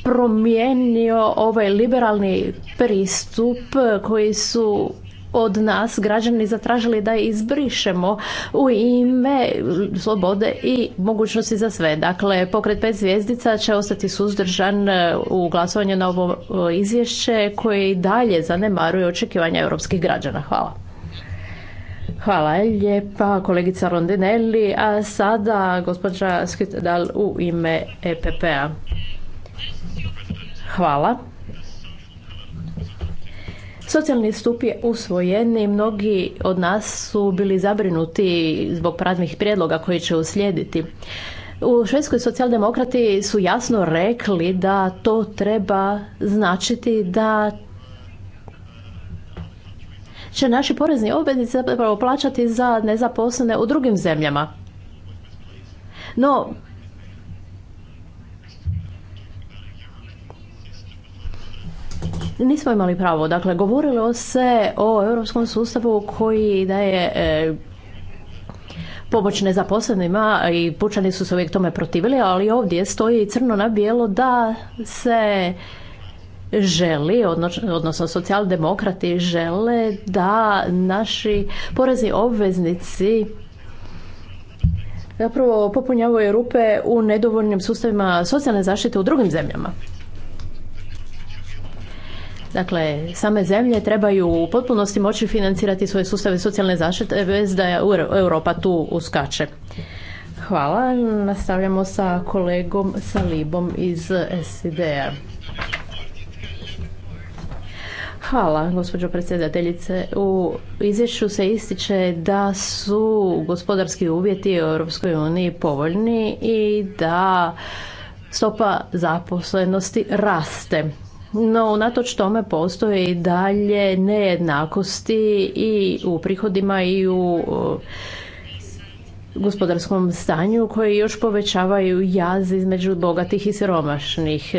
Speaker 2: promijenio ovaj liberalni pristup koji su od nas građani zatražili da izbrišemo u ime slobode i mogućnosti za sve. Dakle, pokret pet zvijezdica će ostati suzdržan u glasovanju na ovo izvješće koje i dalje zanemaruje očekivanja europskih građana. Hvala. Hvala lijepa kolegica Rondinelli, a sada gospođa Skitedal u ime EPP-a. Hvala. Socijalni stup je usvojen i mnogi od nas su bili zabrinuti zbog praznih prijedloga koji će uslijediti. U Švedskoj socijaldemokrati su jasno rekli da to treba značiti da će naši porezni obveznici zapravo plaćati za nezaposlene u drugim zemljama. No, Nismo imali pravo. Dakle, govorilo se o europskom sustavu koji daje e, pomoć nezaposlenima i pučani su se uvijek tome protivili, ali ovdje stoji crno na bijelo da se želi, odnosno socijaldemokrati žele da naši porezni obveznici zapravo popunjavaju rupe u nedovoljnim sustavima socijalne zaštite u drugim zemljama. Dakle, same zemlje trebaju u potpunosti moći financirati svoje sustave socijalne zaštite bez da je Europa tu uskače. Hvala. Nastavljamo sa kolegom Salibom iz SID-a. Hvala, gospođo predsjedateljice. U izvješću se ističe da su gospodarski uvjeti u Europskoj uniji povoljni i da stopa zaposlenosti raste. No, unatoč tome postoje i dalje nejednakosti i u prihodima i u e, gospodarskom stanju koji još povećavaju jaz između bogatih i siromašnih.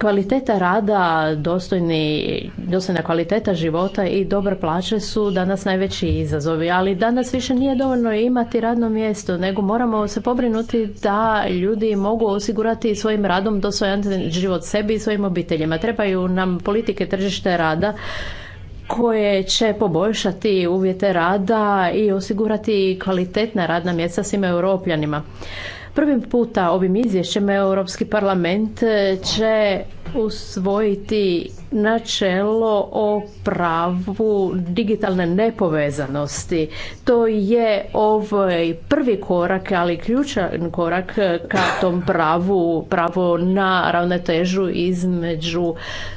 Speaker 2: Kvaliteta rada, dostojni, dostojna kvaliteta života i dobre plaće su danas najveći izazovi, ali danas više nije dovoljno imati radno mjesto, nego moramo se pobrinuti da ljudi mogu osigurati svojim radom dostojan život sebi i svojim obiteljima. Trebaju nam politike tržište rada koje će poboljšati uvjete rada i osigurati kvalitetna radna mjesta svim europljanima. Prvim puta ovim izvješćem Europski parlament e, će usvojiti načelo o pravu digitalne nepovezanosti. To je ovaj prvi korak, ali ključan korak ka tom pravu, pravo na ravnotežu između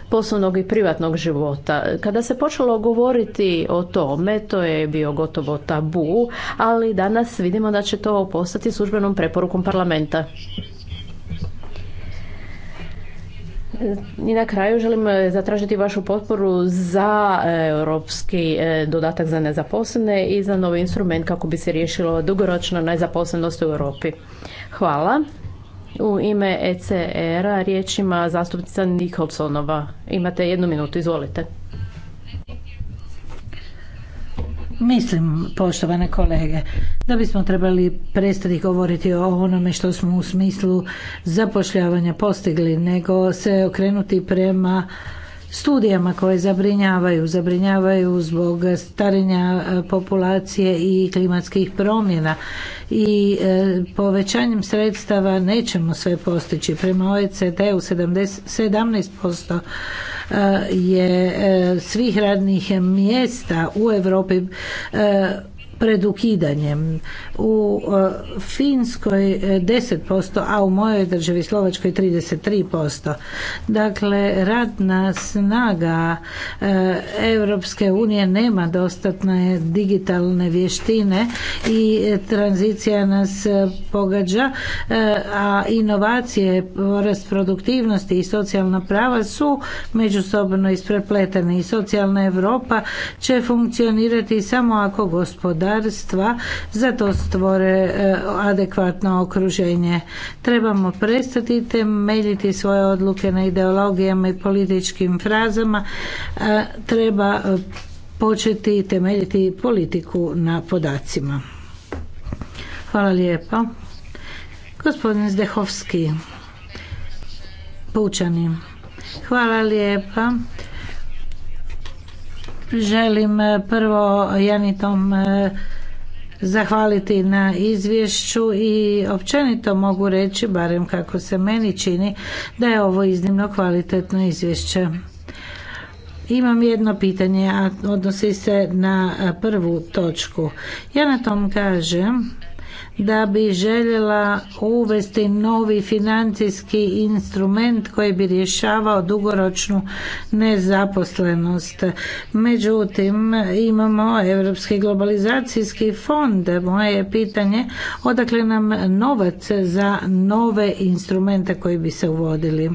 Speaker 2: poslovnog i privatnog života. Kada se počelo govoriti o tome, to je bio gotovo tabu, ali danas vidimo da će to postati službenom preporukom parlamenta. I na kraju želim e, zatražiti vašu potporu za e, europski e, dodatak za nezaposlene i za novi instrument kako bi se riješilo dugoročno nezaposlenost u Europi. Hvala. U ime ECR-a riječima zastupnica Nikolsonova. Imate jednu minutu, izvolite.
Speaker 3: Mislim, poštovane kolege, da bismo trebali prestati govoriti o onome što smo u smislu zapošljavanja postigli, nego se okrenuti prema studijama koje zabrinjavaju. Zabrinjavaju zbog starenja e, populacije i klimatskih promjena i e, povećanjem sredstava nećemo sve postići. Prema OECD-u 17% je e, svih radnih mjesta u Europi e, pred ukidanjem. U e, Finskoj 10%, e, a u mojoj državi Slovačkoj 33%. Dakle, radna snaga e, Europske unije nema dostatne digitalne vještine i tranzicija nas pogađa, a inovacije, porast produktivnosti i socijalna prava su međusobno isprepletene i socijalna Europa će funkcionirati samo ako gospodar gospodarstva za to stvore e, adekvatno okruženje. Trebamo prestati temeljiti svoje odluke na ideologijama i političkim frazama. E, treba e, početi temeljiti politiku na podacima. Hvala lijepa. Gospodin Zdehovski, Pučani. Hvala lijepa. Želim e, prvo Janitom e, zahvaliti na izvješću i općenito mogu reći, barem kako se meni čini, da je ovo iznimno kvalitetno izvješće. Imam jedno pitanje, a odnosi se na e, prvu točku. Ja na tom kažem da bi željela uvesti novi financijski instrument koji bi rješavao dugoročnu nezaposlenost. Međutim, imamo Europski globalizacijski fond. Moje je pitanje odakle nam novac za nove instrumente koji bi se uvodili.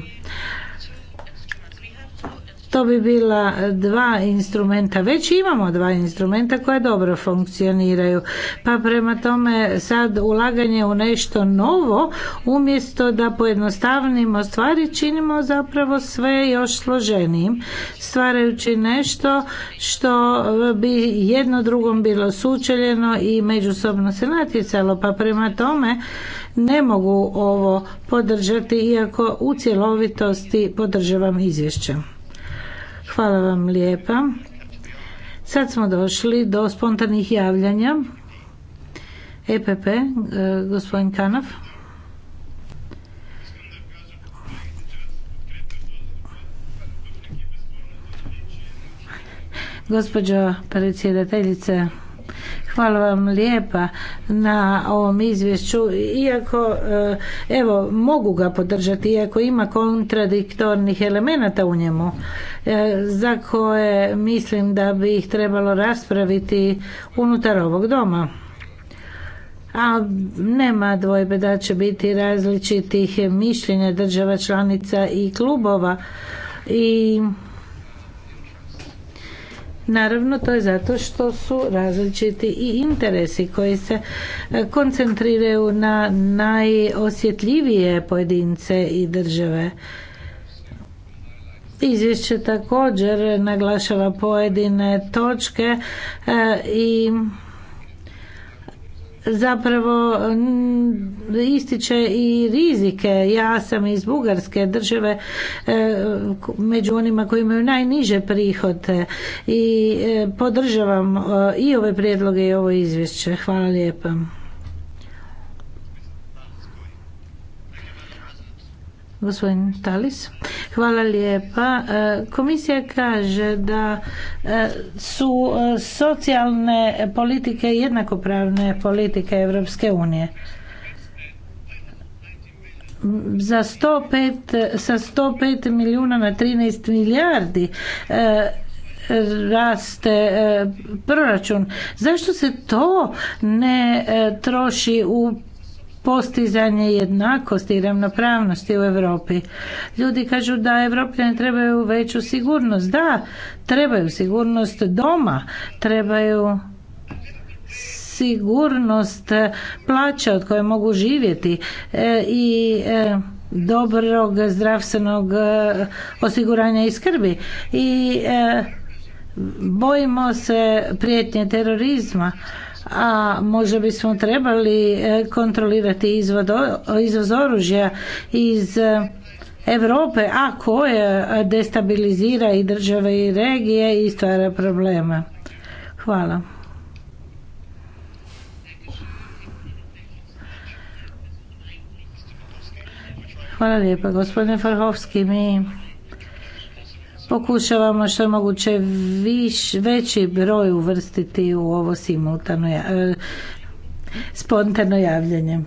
Speaker 3: To bi bila dva instrumenta, već imamo dva instrumenta koja dobro funkcioniraju. Pa prema tome sad ulaganje u nešto novo umjesto da pojednostavnimo stvari činimo zapravo sve još složenijim stvarajući nešto što bi jedno drugom bilo sučeljeno i međusobno se natjecalo pa prema tome ne mogu ovo podržati iako u cjelovitosti podržavam izvješće. Hvala vam lijepa. Sad smo došli do spontanih javljanja. EPP, e, gospodin kanav Gospođo predsjedateljice, Hvala vam lijepa na ovom izvješću. Iako, eh, evo, mogu ga podržati, iako ima kontradiktornih elemenata u njemu, eh, za koje mislim da bi ih trebalo raspraviti unutar ovog doma a nema dvojbe da će biti različitih mišljenja država članica i klubova i Naravno, to je zato što su različiti i interesi koji se e, koncentriraju na najosjetljivije pojedince i države. Izvješće također naglašava pojedine točke e, i zapravo ističe i rizike. Ja sam iz Bugarske države e, među onima koji imaju najniže prihode i e, podržavam e, i ove prijedloge i ovo izvješće. Hvala lijepa. Gospodin Talis. Hvala lijepa. E, komisija kaže da e, su e, socijalne politike jednakopravne politike Europske unije. Za 105, sa 105 milijuna na 13 milijardi raste proračun. Zašto se to ne troši u postizanje jednakosti i ravnopravnosti u Europi. Ljudi kažu da Evropljani trebaju veću sigurnost. Da, trebaju sigurnost doma, trebaju sigurnost plaća od koje mogu živjeti e, i e, dobrog zdravstvenog e, osiguranja i skrbi. I bojimo se prijetnje terorizma a možda bismo trebali e, kontrolirati izvoz oružja iz e, Europe, a koje destabilizira i države i regije i stvara problema. Hvala. Hvala lijepa, gospodine Farhovski. Mi pokušavamo što je moguće viš, veći broj uvrstiti u ovo simultano e, spontano javljanje.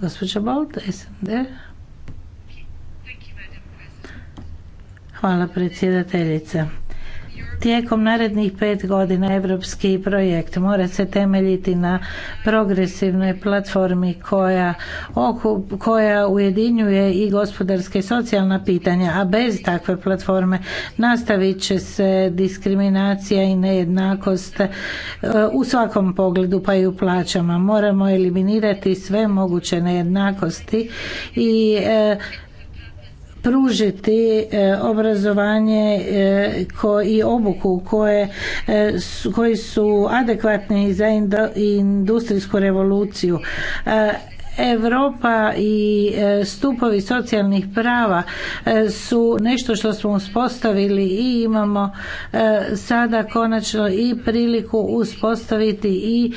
Speaker 3: Gospođa Bolt, SMD. Hvala predsjedateljice. Tijekom narednih pet godina europski projekt mora se temeljiti na progresivnoj platformi koja, ujedinjuje i gospodarske i socijalna pitanja, a bez takve platforme nastavit će se diskriminacija i nejednakost e, u svakom pogledu pa i u plaćama. Moramo eliminirati sve moguće nejednakosti i e, pružiti e, obrazovanje e, i obuku koje, e, koji su adekvatni za industrijsku revoluciju Europa i e, stupovi socijalnih prava e, su nešto što smo uspostavili i imamo e, sada konačno i priliku uspostaviti i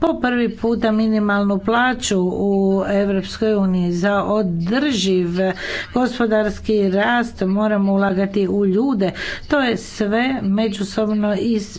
Speaker 3: po prvi puta minimalnu plaću u Europskoj uniji za održiv gospodarski rast moramo ulagati u ljude to je sve međusobno iz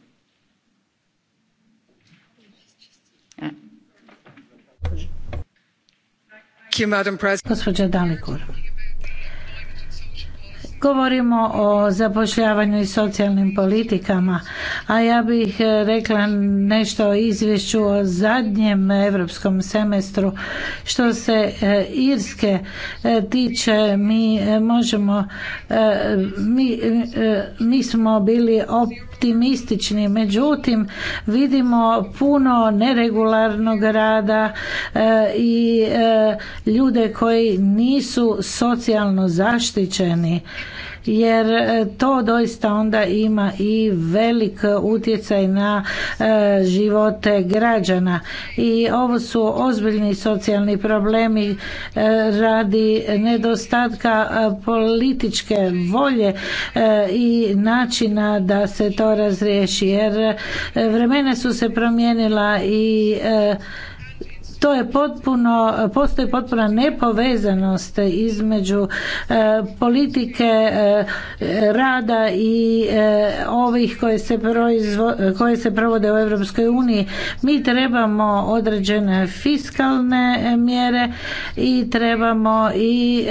Speaker 3: Gospođa Dalikur. Govorimo o zapošljavanju i socijalnim politikama, a ja bih eh, rekla nešto o izvješću o zadnjem europskom semestru. Što se eh, Irske eh, tiče, mi možemo, mi, smo bili op optimistični, međutim vidimo puno neregularnog rada e, i e, ljude koji nisu socijalno zaštićeni jer e, to doista onda ima i velik utjecaj na e, živote građana i ovo su ozbiljni socijalni problemi e, radi nedostatka političke volje i načina da se to razriješi jer vremena su se promijenila i to je potpuno, postoji potpuna nepovezanost između e, politike e, rada i e, ovih koje se, se provode u Europskoj uniji. Mi trebamo određene fiskalne mjere i trebamo i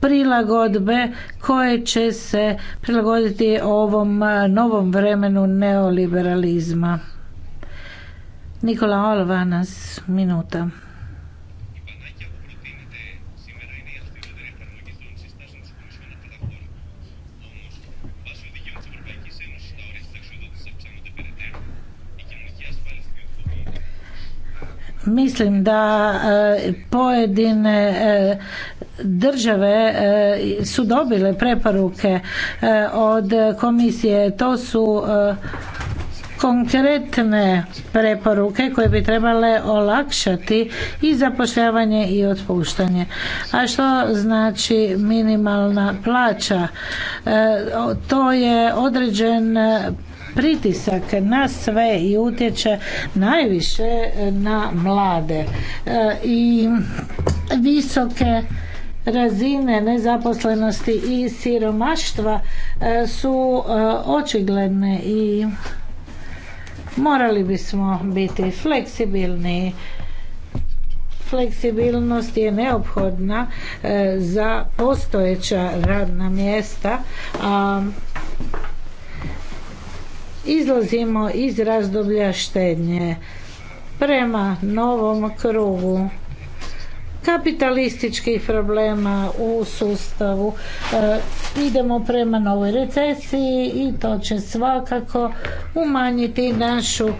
Speaker 3: prilagodbe koje će se prilagoditi ovom novom vremenu neoliberalizma. Nikola Olvanas, minuta. mislim da e, pojedine e, države e, su dobile preporuke od komisije to su konkretne preporuke koje bi trebale olakšati i zapošljavanje i otpuštanje. A što znači minimalna plaća? E, to je određen pritisak na sve i utječe najviše na mlade e, i visoke razine nezaposlenosti i siromaštva e, su očigledne i morali bismo biti fleksibilni fleksibilnost je neophodna e, za postojeća radna mjesta a izlazimo iz razdoblja štednje prema novom krugu kapitalističkih problema u sustavu. E, idemo prema novoj recesiji i to će svakako umanjiti našu e,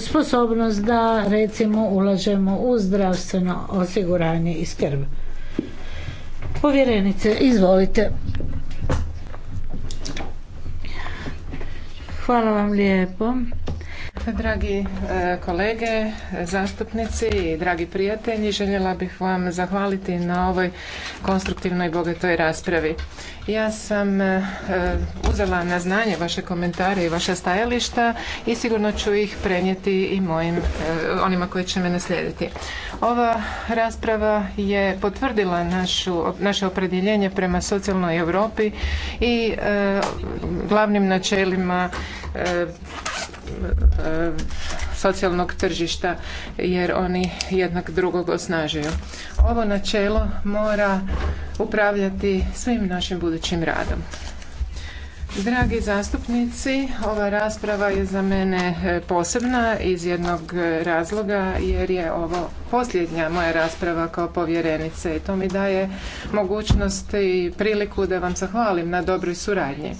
Speaker 3: sposobnost da recimo ulažemo u zdravstveno osiguranje i skrb. Povjerenice, izvolite. Hvala vam lijepo.
Speaker 5: Dragi e, kolege, zastupnici i dragi prijatelji, željela bih vam zahvaliti na ovoj konstruktivnoj i bogatoj raspravi. Ja sam e, uzela na znanje vaše komentare i vaša stajališta i sigurno ću ih prenijeti i mojim, e, onima koji će me naslijediti. Ova rasprava je potvrdila našu, naše opredjeljenje prema socijalnoj Europi i glavnim načelima E, socijalnog tržišta jer oni jednak drugog osnažuju. Ovo načelo mora upravljati svim našim budućim radom. Dragi zastupnici, ova rasprava je za mene e, posebna iz jednog razloga jer je ovo posljednja moja rasprava kao povjerenice i to mi daje mogućnost i priliku da vam zahvalim na dobroj suradnji.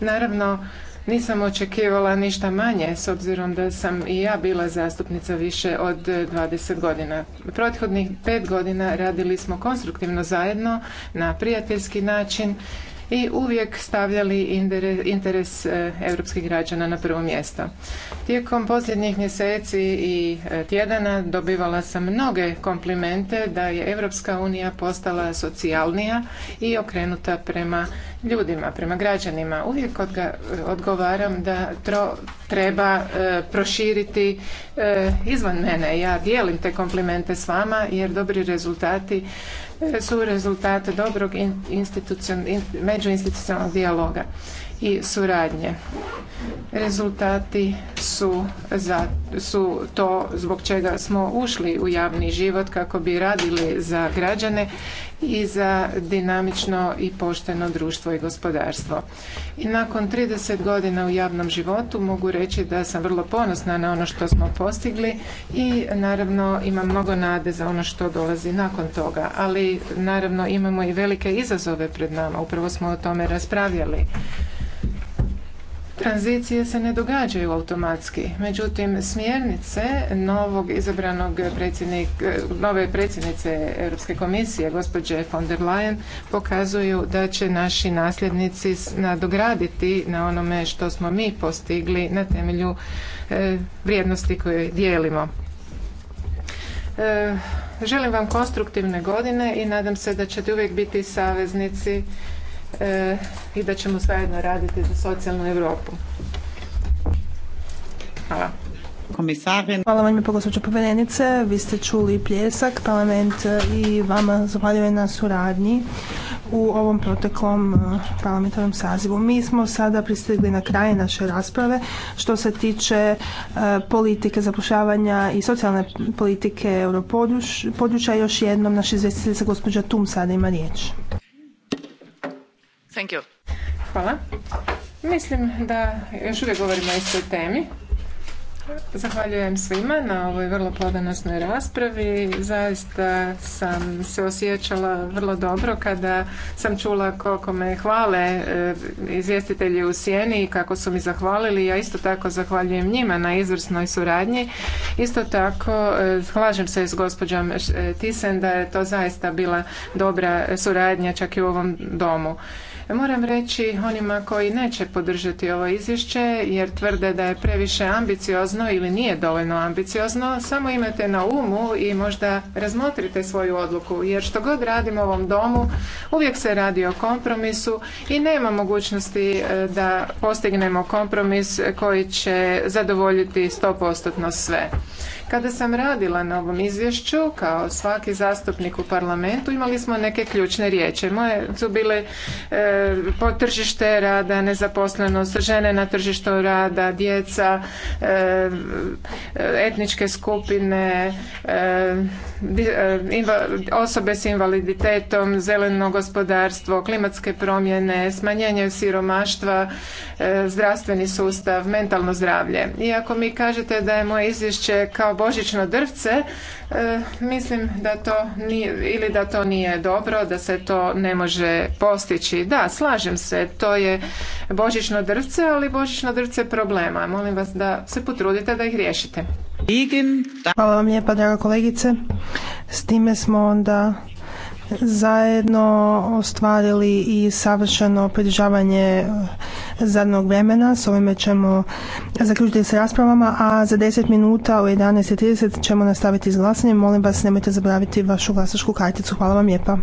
Speaker 5: Naravno, nisam očekivala ništa manje s obzirom da sam i ja bila zastupnica više od 20 godina. Prethodnih pet godina radili smo konstruktivno zajedno na prijateljski način i uvijek stavljali interes europskih građana na prvo mjesto. Tijekom posljednjih mjeseci i e, tjedana dobivala sam mnoge komplimente da je Europska unija postala socijalnija i okrenuta prema ljudima, prema građanima. Uvijek odgovaram da treba e, proširiti e, izvan mene. Ja dijelim te komplimente s vama jer dobri rezultati su rezultate dobrog međuinstitucionalnog dijaloga i suradnje. Rezultati su, za, su to zbog čega smo ušli u javni život kako bi radili za građane i za dinamično i pošteno društvo i gospodarstvo. I nakon 30 godina u javnom životu mogu reći da sam vrlo ponosna na ono što smo postigli i naravno imam mnogo nade za ono što dolazi nakon toga, ali naravno imamo i velike izazove pred nama, upravo smo o tome raspravljali. Tranzicije se ne događaju automatski, međutim smjernice novog izabranog predsjednik, nove predsjednice Europske komisije, gospođe von der Leyen, pokazuju da će naši nasljednici nadograditi na onome što smo mi postigli na temelju e, vrijednosti koje dijelimo. E, želim vam konstruktivne godine i nadam se da ćete uvijek biti saveznici i da ćemo zajedno raditi za socijalnu Europu.
Speaker 6: Hvala. Komisarin. Hvala vam lijepo gospođo povjerenice. Vi ste čuli pljesak, parlament i vama zahvaljujem na suradnji u ovom proteklom e, parlamentarnom sazivu. Mi smo sada pristigli na kraj naše rasprave što se tiče e, politike zapošljavanja i socijalne politike europodručja. Još jednom naš sa gospođa Tum sada ima riječ.
Speaker 5: Thank you. Hvala. Mislim da još uvijek govorimo o istoj temi. Zahvaljujem svima na ovoj vrlo plodonosnoj raspravi. Zaista sam se osjećala vrlo dobro kada sam čula koliko me hvale e, izvjestitelji u Sjeni i kako su mi zahvalili. Ja isto tako zahvaljujem njima na izvrsnoj suradnji. Isto tako e, slažem se s gospođom e, Tisen da je to zaista bila dobra suradnja čak i u ovom domu. Moram reći onima koji neće podržati ovo izvješće jer tvrde da je previše ambiciozno ili nije dovoljno ambiciozno, samo imate na umu i možda razmotrite svoju odluku jer što god radimo u ovom domu uvijek se radi o kompromisu i nema mogućnosti e, da postignemo kompromis koji će zadovoljiti 100% sve. Kada sam radila na ovom izvješću, kao svaki zastupnik u parlamentu, imali smo neke ključne riječi. Moje su bile e, tržište rada, nezaposlenost, žene na tržištu rada, djeca, e, etničke skupine, e, e, osobe s invaliditetom, zeleno gospodarstvo, klimatske promjene, smanjenje siromaštva, zdravstveni sustav, mentalno zdravlje. Iako mi kažete da je moje izvješće kao božićno drvce, e, mislim da to nije, ili da to nije dobro, da se to ne može postići. Da, slažem se, to je božićno drvce, ali božićno drvce problema. Molim vas da se potrudite da ih riješite.
Speaker 6: Hvala vam lijepa, draga kolegice. S time smo onda zajedno ostvarili i savršeno pridržavanje zadnog vremena. S ovime ćemo zaključiti s raspravama, a za 10 minuta u 11.30 ćemo nastaviti s glasanjem. Molim vas, nemojte zaboraviti vašu glasačku karticu. Hvala vam lijepa.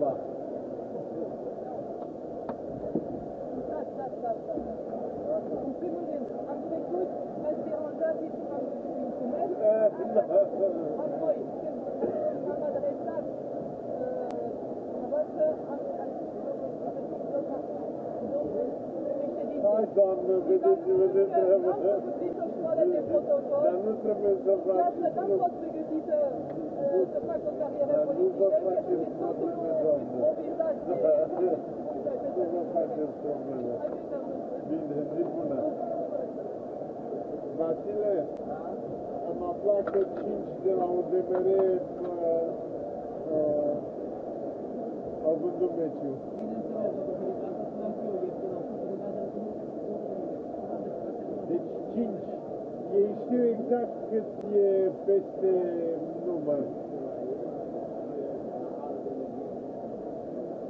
Speaker 7: borba.
Speaker 8: Dar nu trebuie să fac... Dar nu să faceți personne là. bună. Vasile, am aflat că 5 de la UDMR uh, uh, au vândut meciul. Deci
Speaker 4: 5. Ei știu exact cât e peste număr.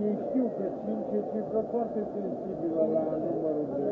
Speaker 8: știu că più foarte sensibilă la numărul de...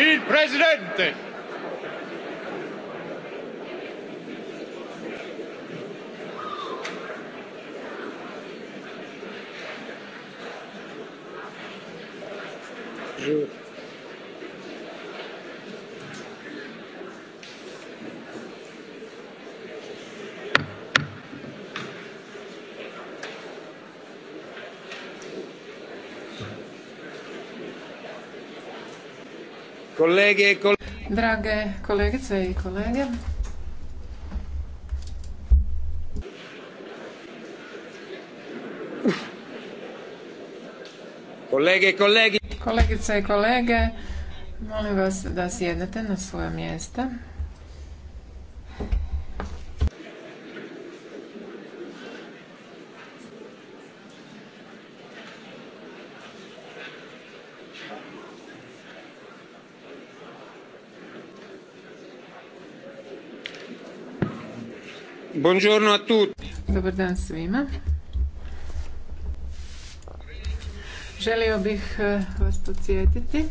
Speaker 4: Il presidente
Speaker 5: Drage kolegice i Kolege i kolege. Kolegice i kolege, molim vas da sjednete na svoja mjesta.
Speaker 9: Buongiorno a tutti.
Speaker 5: Dobar dan svima. Želio bih e, vas podsjetiti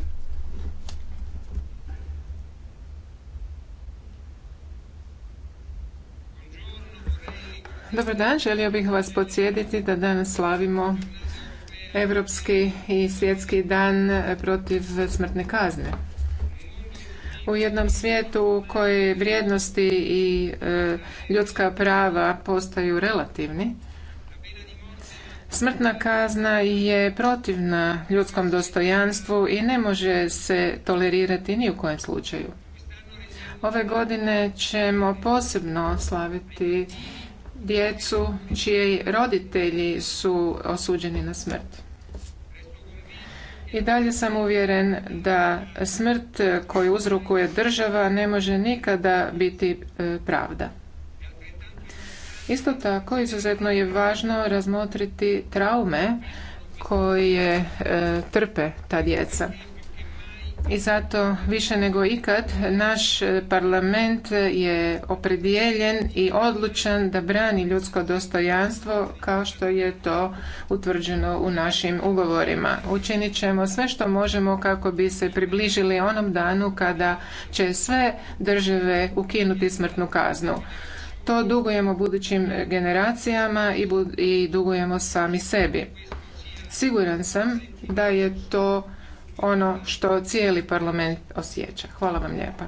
Speaker 5: Dobar dan, želio bih vas podsjetiti da danas slavimo Europski i svjetski dan protiv smrtne kazne u jednom svijetu u kojoj vrijednosti i e, ljudska prava postaju relativni. Smrtna kazna je protivna ljudskom dostojanstvu i ne može se tolerirati ni u kojem slučaju. Ove godine ćemo posebno slaviti djecu čiji roditelji su osuđeni na smrt. I dalje sam uvjeren da smrt koju uzrokuje država ne može nikada biti e, pravda. Isto tako, izuzetno je važno razmotriti traume koje e, trpe ta djeca i zato više nego ikad naš parlament je opredijeljen i odlučan da brani ljudsko dostojanstvo kao što je to utvrđeno u našim ugovorima. Učinit ćemo sve što možemo kako bi se približili onom danu kada će sve države ukinuti smrtnu kaznu. To dugujemo budućim generacijama i, i dugujemo sami sebi. Siguran sam da je to ono što cijeli parlament osjeća. Hvala vam lijepa.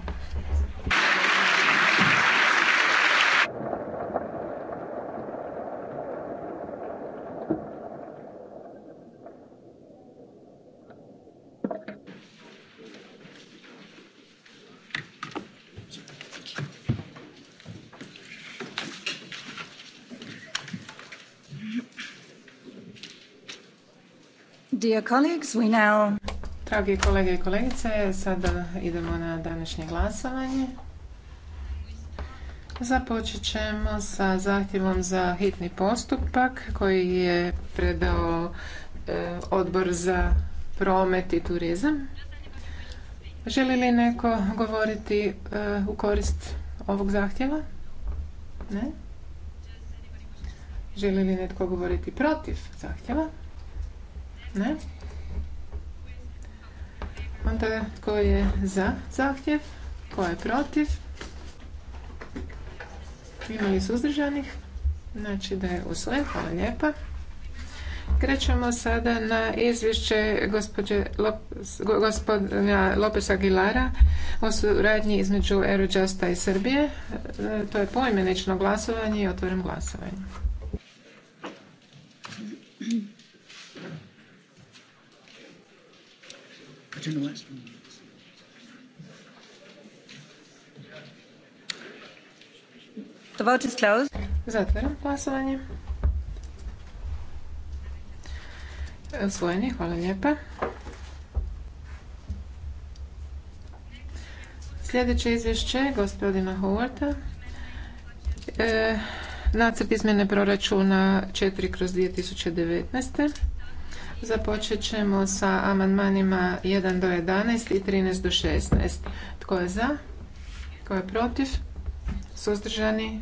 Speaker 3: Dear colleagues, we now Dragi kolege
Speaker 5: i kolegice, sada idemo na današnje glasovanje. Započet ćemo sa zahtjevom za hitni postupak koji je predao e, odbor za promet i turizam. Želi li neko govoriti e, u korist ovog zahtjeva? Ne? Želi li netko govoriti protiv zahtjeva? Ne? Onda tko je za zahtjev? Tko je protiv? li suzdržanih? Znači da je usvojen. Hvala lijepa. Krećemo sada na izvješće gospodina Lopesa Aguilara o suradnji između Eurojusta i Srbije. E, to je poimenično glasovanje i otvorim glasovanje. Zatvaram glasovanje. Usvojen hvala lijepa. Sljedeće izvješće gospodina Howarta. E, nacrt izmjene proračuna 4 kroz 2019. Započet ćemo sa amandmanima 1 do 11 i 13 do 16. Tko je za? Tko je protiv? Suzdržani?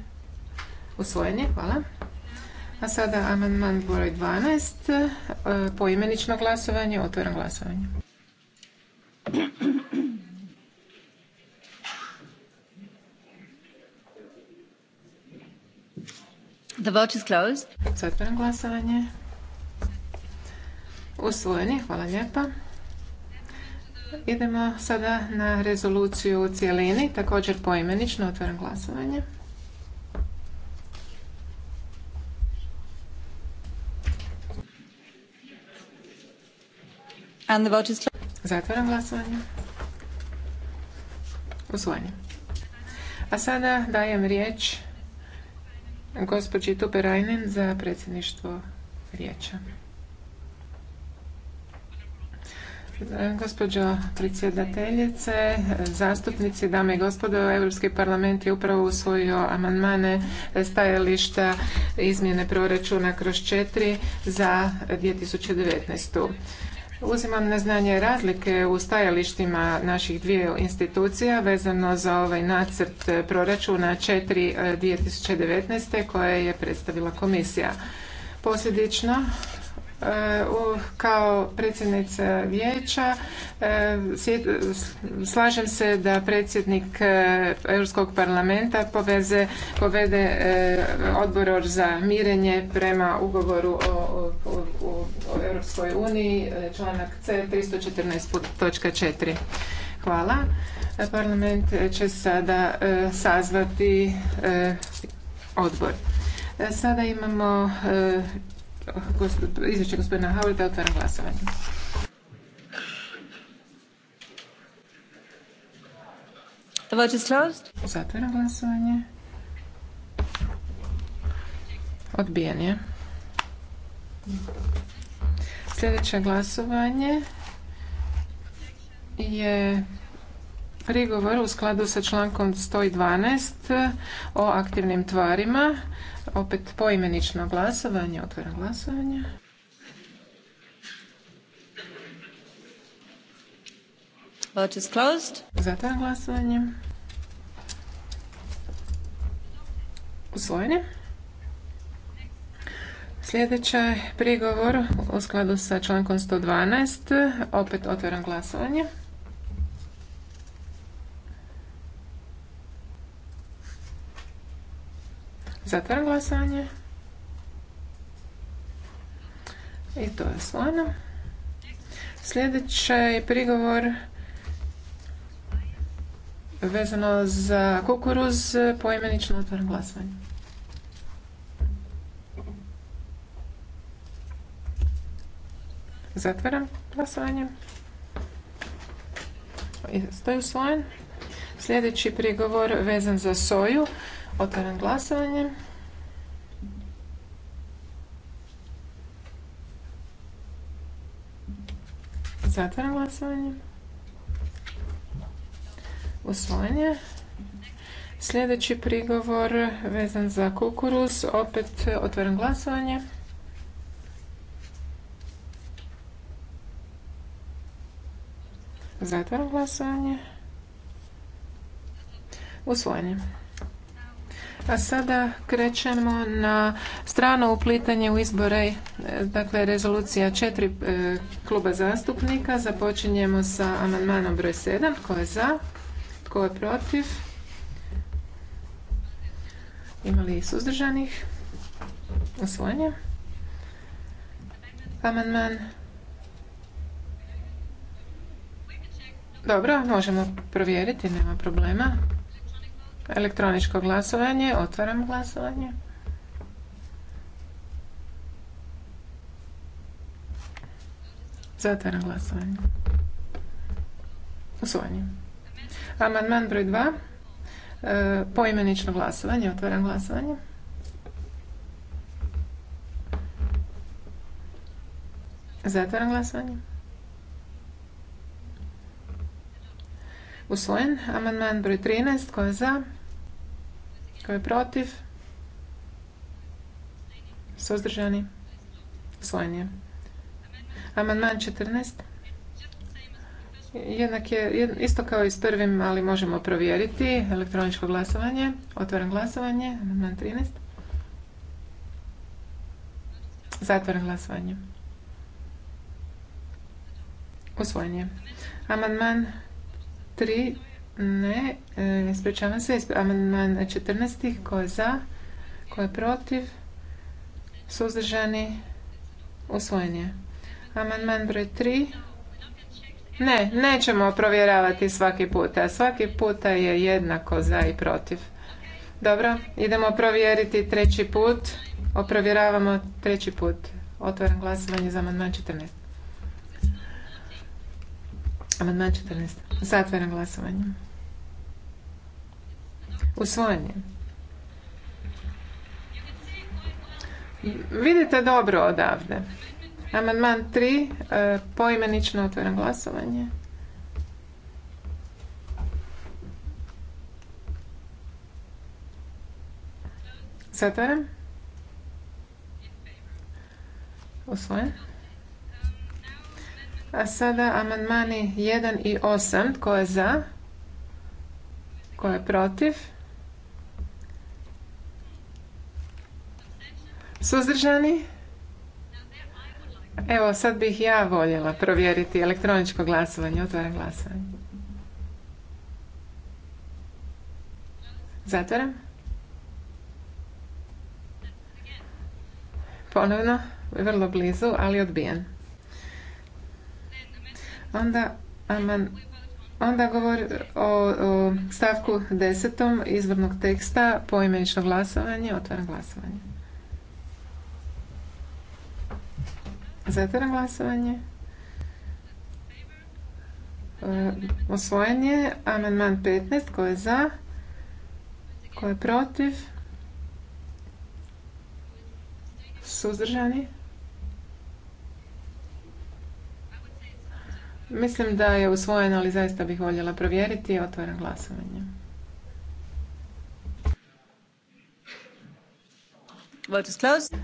Speaker 5: Usvojeni. Hvala. A sada amandman broj 12. E, poimenično glasovanje. otvoren glasovanje. The vote closed. Zatvaram glasovanje. Usvojeni, hvala lijepa. Idemo sada na rezoluciju u cijelini, također poimenično otvaram glasovanje. And the is... Zatvaram glasovanje. Usvojeni. A sada dajem riječ gospođi Tuperajnen za predsjedništvo vijeća. Gospođo predsjedateljice, zastupnici, dame i gospodo, Europski parlament je upravo usvojio amandmane stajališta izmjene proračuna kroz četiri za 2019. Uzimam na znanje razlike u stajalištima naših dvije institucija vezano za ovaj nacrt proračuna 4 2019. Eh, koje je predstavila komisija. Posljedično, E, kao predsjednica vijeća e, slažem se da predsjednik e, Europskog parlamenta povede odbor za mirenje prema ugovoru o, Europskoj uniji članak C 314.4. Hvala. Parlament će sada sazvati odbor. Sada imamo izvješće gospodina Haurita, otvaram glasovanje. Zatvaram glasovanje. Odbijen je. Sljedeće glasovanje je prigovor u skladu sa člankom 112 o aktivnim tvarima. Opet poimenično glasovanje, otvaram glasovanje. Vote is closed. glasovanje. Usvojenim. Sljedeći je prigovor u skladu sa člankom 112. Opet otvaram glasovanje. Zatvaram glasanje. I to je slano. Sljedeći je prigovor vezano za kukuruz poimenično otvaram glasanje. Zatvaram glasanje. Stoji usvojen. Sljedeći prigovor vezan za soju. Otvaram glasovanje. Zatvaram glasovanje. Usvojenje. Sljedeći prigovor vezan za kukuruz. Opet otvaram glasovanje. Zatvaram glasovanje. Usvojen a sada krećemo na strano uplitanje u izbore, e, dakle rezolucija četiri e, kluba zastupnika. Započinjemo sa amandmanom broj 7. Tko je za? Tko je protiv? Ima li suzdržanih? Osvojenje. Amandman dobro, možemo provjeriti, nema problema. Elektroničko glasovanje. Otvaram glasovanje. Zatvaram glasovanje. Usvojenje. Amandman broj 2. E, poimenično glasovanje. Otvaram glasovanje. Zatvaram glasovanje. Usvojen. Amandman broj 13. Ko je za? Tko je protiv? Suzdržani? Usvojen je. Amandman 14. Jednak je isto kao i s prvim, ali možemo provjeriti elektroničko glasovanje. Otvoren glasovanje. Amandman 13. Zatvaram glasovanje. Usvojen je. Amandman 3 ne, ispričavam e, se. Amandman 14. Ko je za? Ko je protiv? Suzdržani? Usvojen je. Amandman broj 3. Ne, nećemo provjeravati svaki a Svaki puta je jednako za i protiv. Dobro, idemo provjeriti treći put. Oprovjeravamo treći put. Otvaram glasovanje za amandman 14. Amandman 14. Zatvaram glasovanje. Usvojen Vidite dobro odavde. Amandman 3, e, poimenično otvoren glasovanje. Zatvaram. Usvojen. A sada amandmani 1 i 8. Tko je za? Tko je protiv? Suzdržani? Evo, sad bih ja voljela provjeriti elektroničko glasovanje. Otvaram glasovanje. Zatvaram. Ponovno, vrlo blizu, ali odbijen. Onda, aman, onda govori o, stavku desetom izvornog teksta poimenično glasovanje. Otvaram glasovanje. Zatvaram glasovanje. Osvojen e, je amandman 15. Ko je za? Ko je protiv? Suzdržani? Mislim da je usvojen, ali zaista bih voljela provjeriti. Otvaram glasovanje.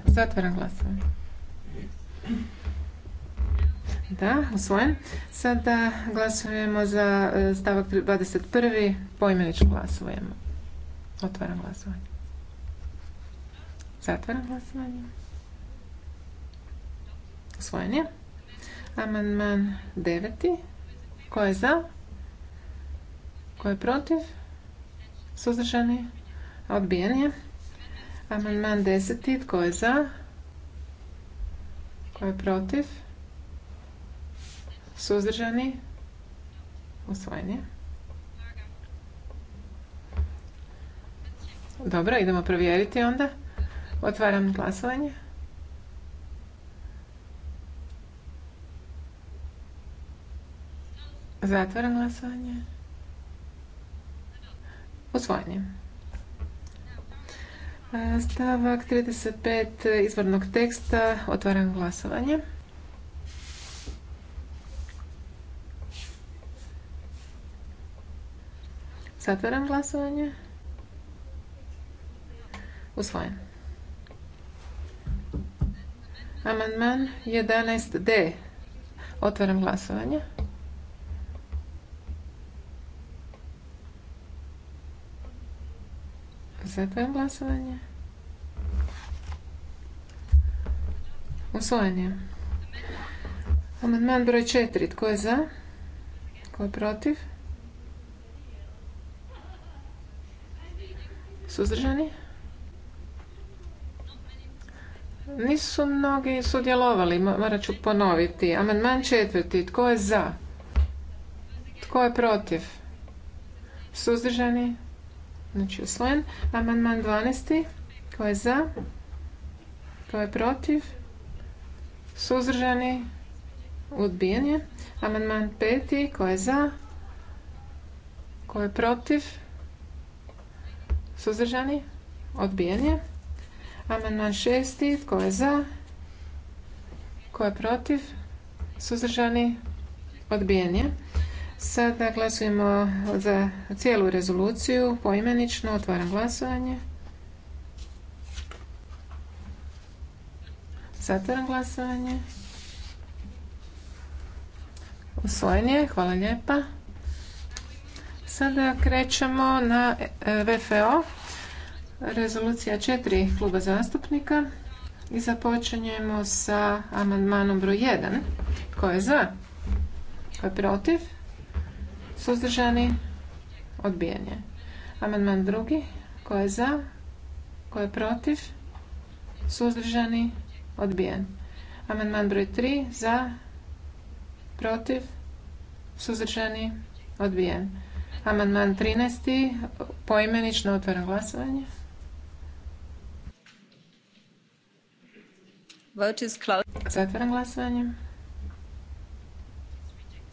Speaker 5: Zatvaram glasovanje. Da, usvojen. Sada glasujemo za e, stavak 21. Poimenično glasujemo. Otvaram glasovanje. Zatvaram glasovanje. Usvojen je. Amandman 9. Ko je za? Ko je protiv? Suzdržani? Odbijen je. Amandman 10. Tko je za? Tko je protiv? Suzdržani? Usvojenje. Dobro, idemo provjeriti onda. Otvaram glasovanje. Zatvaram glasovanje. Usvojenje. Stavak 35 izvornog teksta. Otvaram glasovanje. Zatvaram glasovanje. Usvojen. Amandman 11d. Otvaram glasovanje. Zatvaram glasovanje. Usvojen je. Amandman broj četiri Tko je za? Tko je protiv? Suzdržani? Nisu mnogi sudjelovali, morat ću ponoviti. Amandman četvrti, tko je za? Tko je protiv? Suzdržani? Znači usvojen. Amandman 12. ko je za? Tko je protiv? Suzdržani? Odbijen je. Amandman 5. Tko je za? Tko je protiv? Suzdržani? Odbijen je. Amandman 6. Tko je za? Tko je protiv? Suzdržani? Odbijen je. Sada glasujemo za cijelu rezoluciju poimenično. Otvaram glasovanje. Zatvaram glasovanje. Usvojen je. Hvala lijepa. Sada krećemo na e, VFO. Rezolucija četiri kluba zastupnika. I započinjemo sa amandmanom broj 1. Ko je za? Ko je protiv? Suzdržani? Odbijen je. Amandman drugi. Ko je za? Ko je protiv? Suzdržani? Odbijen. Amandman broj 3. Za? Protiv? Suzdržani? Odbijen. Amandman 13. Poimenično otvaram glasovanje. Zatvaram glasovanje.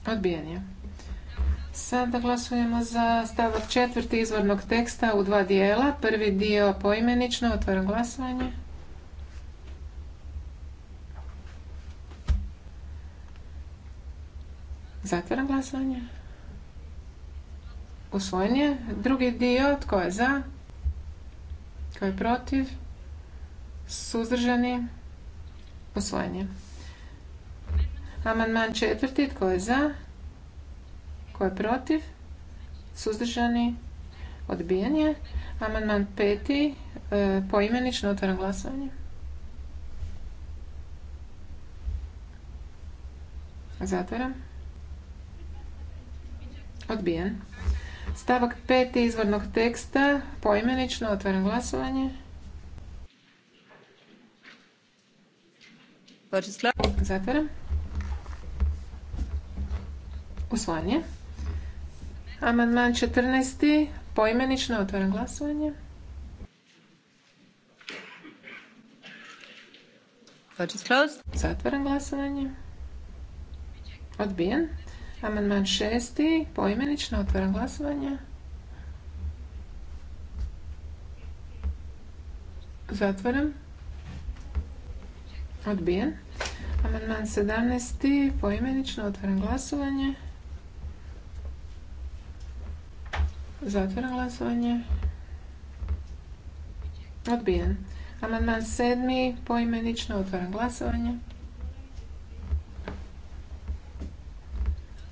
Speaker 5: Odbijen je. Sada glasujemo za stavak četvrti izvornog teksta u dva dijela. Prvi dio poimenično, otvaram glasovanje. Zatvaram glasovanje. Usvojen je. Drugi dio, tko je za? Tko je protiv? Suzdržani? Usvojen je. Amandman četvrti, tko je za? Tko je protiv? Suzdržani? Odbijen je. Amandman peti, e, poimenično otvaram glasovanje. Zatvaram. Odbijen. Stavak peti izvornog teksta, poimenično otvaram glasovanje. Zatvaram. Usvajanje. Amandman 14. Poimenično otvaram glasovanje. Zatvaram glasovanje. Odbijen. Amandman 6. Poimenično otvaram glasovanje. Zatvaram. Odbijen. Amandman 17. Poimenično otvaram glasovanje. Zatvoram glasovanje. Odbijen. Amandman sedmi, poimenično otvaram glasovanje.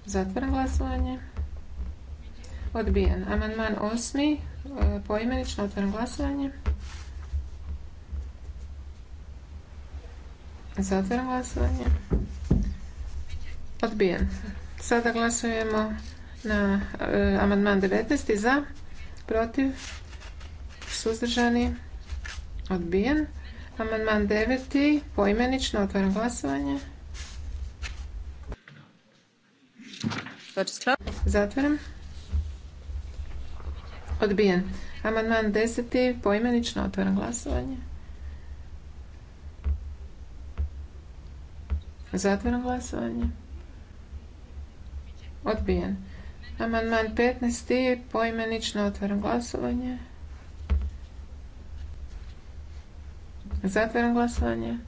Speaker 5: Zatvaram glasovanje. Odbijen. Amandman osmi, e, poimenično otvaram glasovanje. Zatvaram glasovanje. Odbijen. Sada glasujemo na e, amandman 19. za, protiv, suzdržani, odbijen. Amandman 9. poimenično otvaram glasovanje. Zatvaram. Odbijen. Amandman 10. poimenično otvaram glasovanje. Zatvaram glasovanje. Odbijen. Amandman 15. poimenično otvaram glasovanje. Zatvaram glasovanje.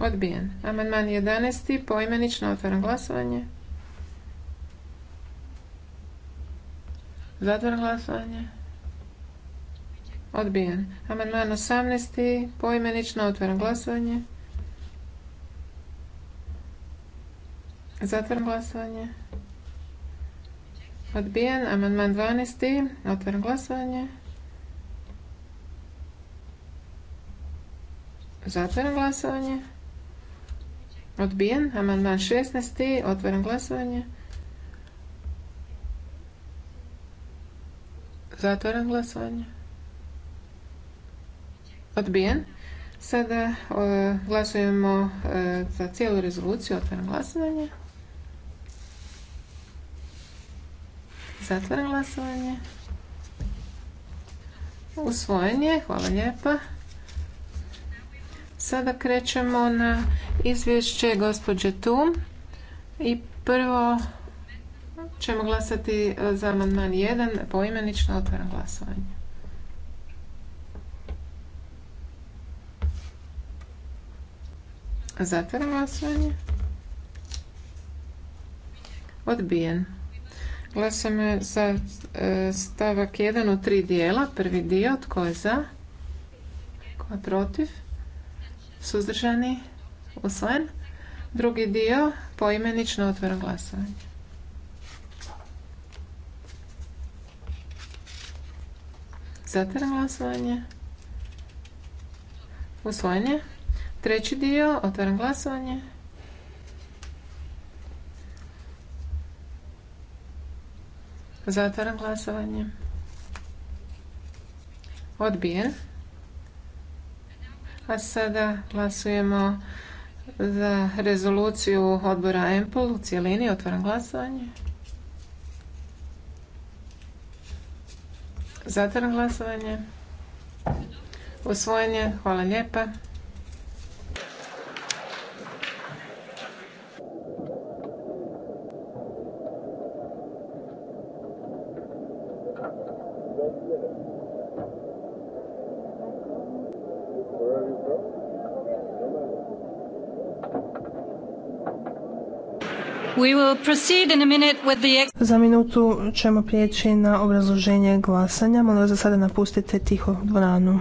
Speaker 5: Odbijen. Amandman 11. poimenično otvaram glasovanje. Zatvaram glasovanje. Odbijen. Amandman 18. poimenično otvaram glasovanje. Zatvaram glasovanje. Odbijen. Amandman 12. Otvaram glasovanje. Zatvaram glasovanje. Odbijen. Amandman 16. Otvaram glasovanje. Zatvaram glasovanje. Odbijen. Sada glasujemo e, za cijelu rezoluciju. Otvaram glasovanje. Zatvaram glasovanje. Usvojen je. Hvala lijepa. Sada krećemo na izvješće gospođe Tum. I prvo ćemo glasati za amandman 1 poimenično otvaram glasovanje. Zatvaram glasovanje. Odbijen glasujemo za e, stavak 1 u tri dijela. Prvi dio, tko je za? Tko je protiv? Suzdržani? Usvojen. Drugi dio, poimenično otvaram glasovanje. Zatvaram glasovanje. Usvojen je. Treći dio, otvaram glasovanje. Zatvaram glasovanje. Odbijen. A sada glasujemo za rezoluciju odbora EMPOL u cijelini. Otvaram glasovanje. Zatvaram glasovanje. Usvojen je. Hvala lijepa.
Speaker 6: Za minutu ćemo prijeći na obrazloženje glasanja. Molim vas da sada napustite tiho dvoranu.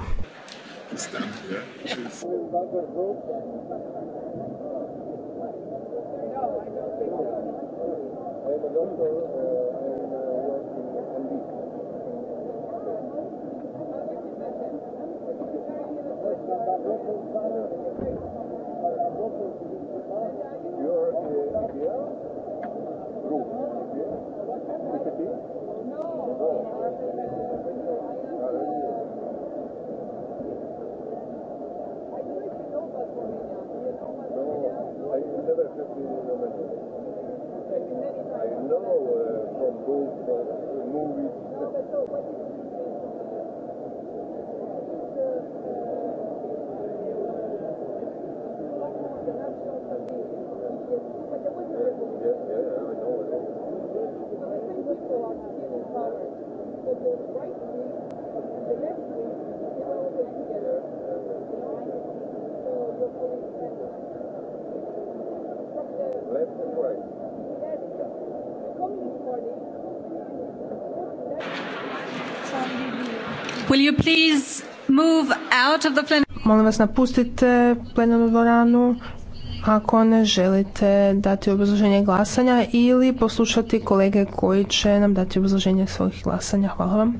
Speaker 6: Molim vas napustite plenarnu dvoranu ako ne želite dati obrazloženje glasanja ili poslušati kolege koji će nam dati obrazloženje svojih glasanja. Hvala vam.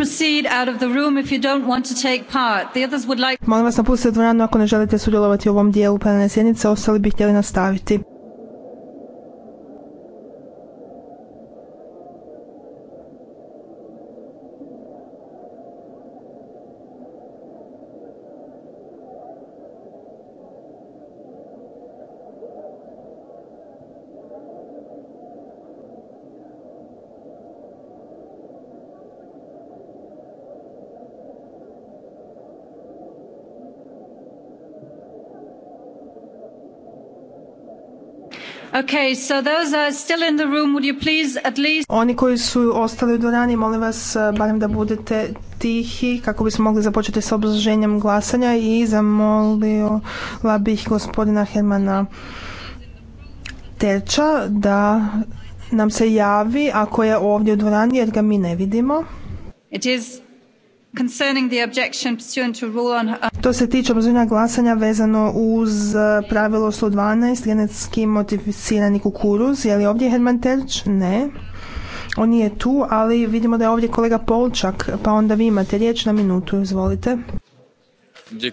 Speaker 6: proceed Molim vas napustite dvoranu ako ne želite sudjelovati u ovom dijelu plenarne sjednice, ostali bi htjeli nastaviti.
Speaker 3: Okay, so those are still in the room, would you please at least...
Speaker 6: Oni koji su ostali u dvorani, molim vas e, barem da budete tihi kako bismo mogli započeti s obrazloženjem glasanja i zamolila bih gospodina Hermana Terča da nam se javi ako je ovdje u dvorani jer ga mi ne vidimo to se tiče obzirna glasanja vezano uz uh, pravilo 112, genetski modificirani kukuruz. Je li ovdje Herman Terč? Ne. On nije tu, ali vidimo da je ovdje kolega Polčak, pa onda vi imate riječ na minutu, izvolite.
Speaker 10: za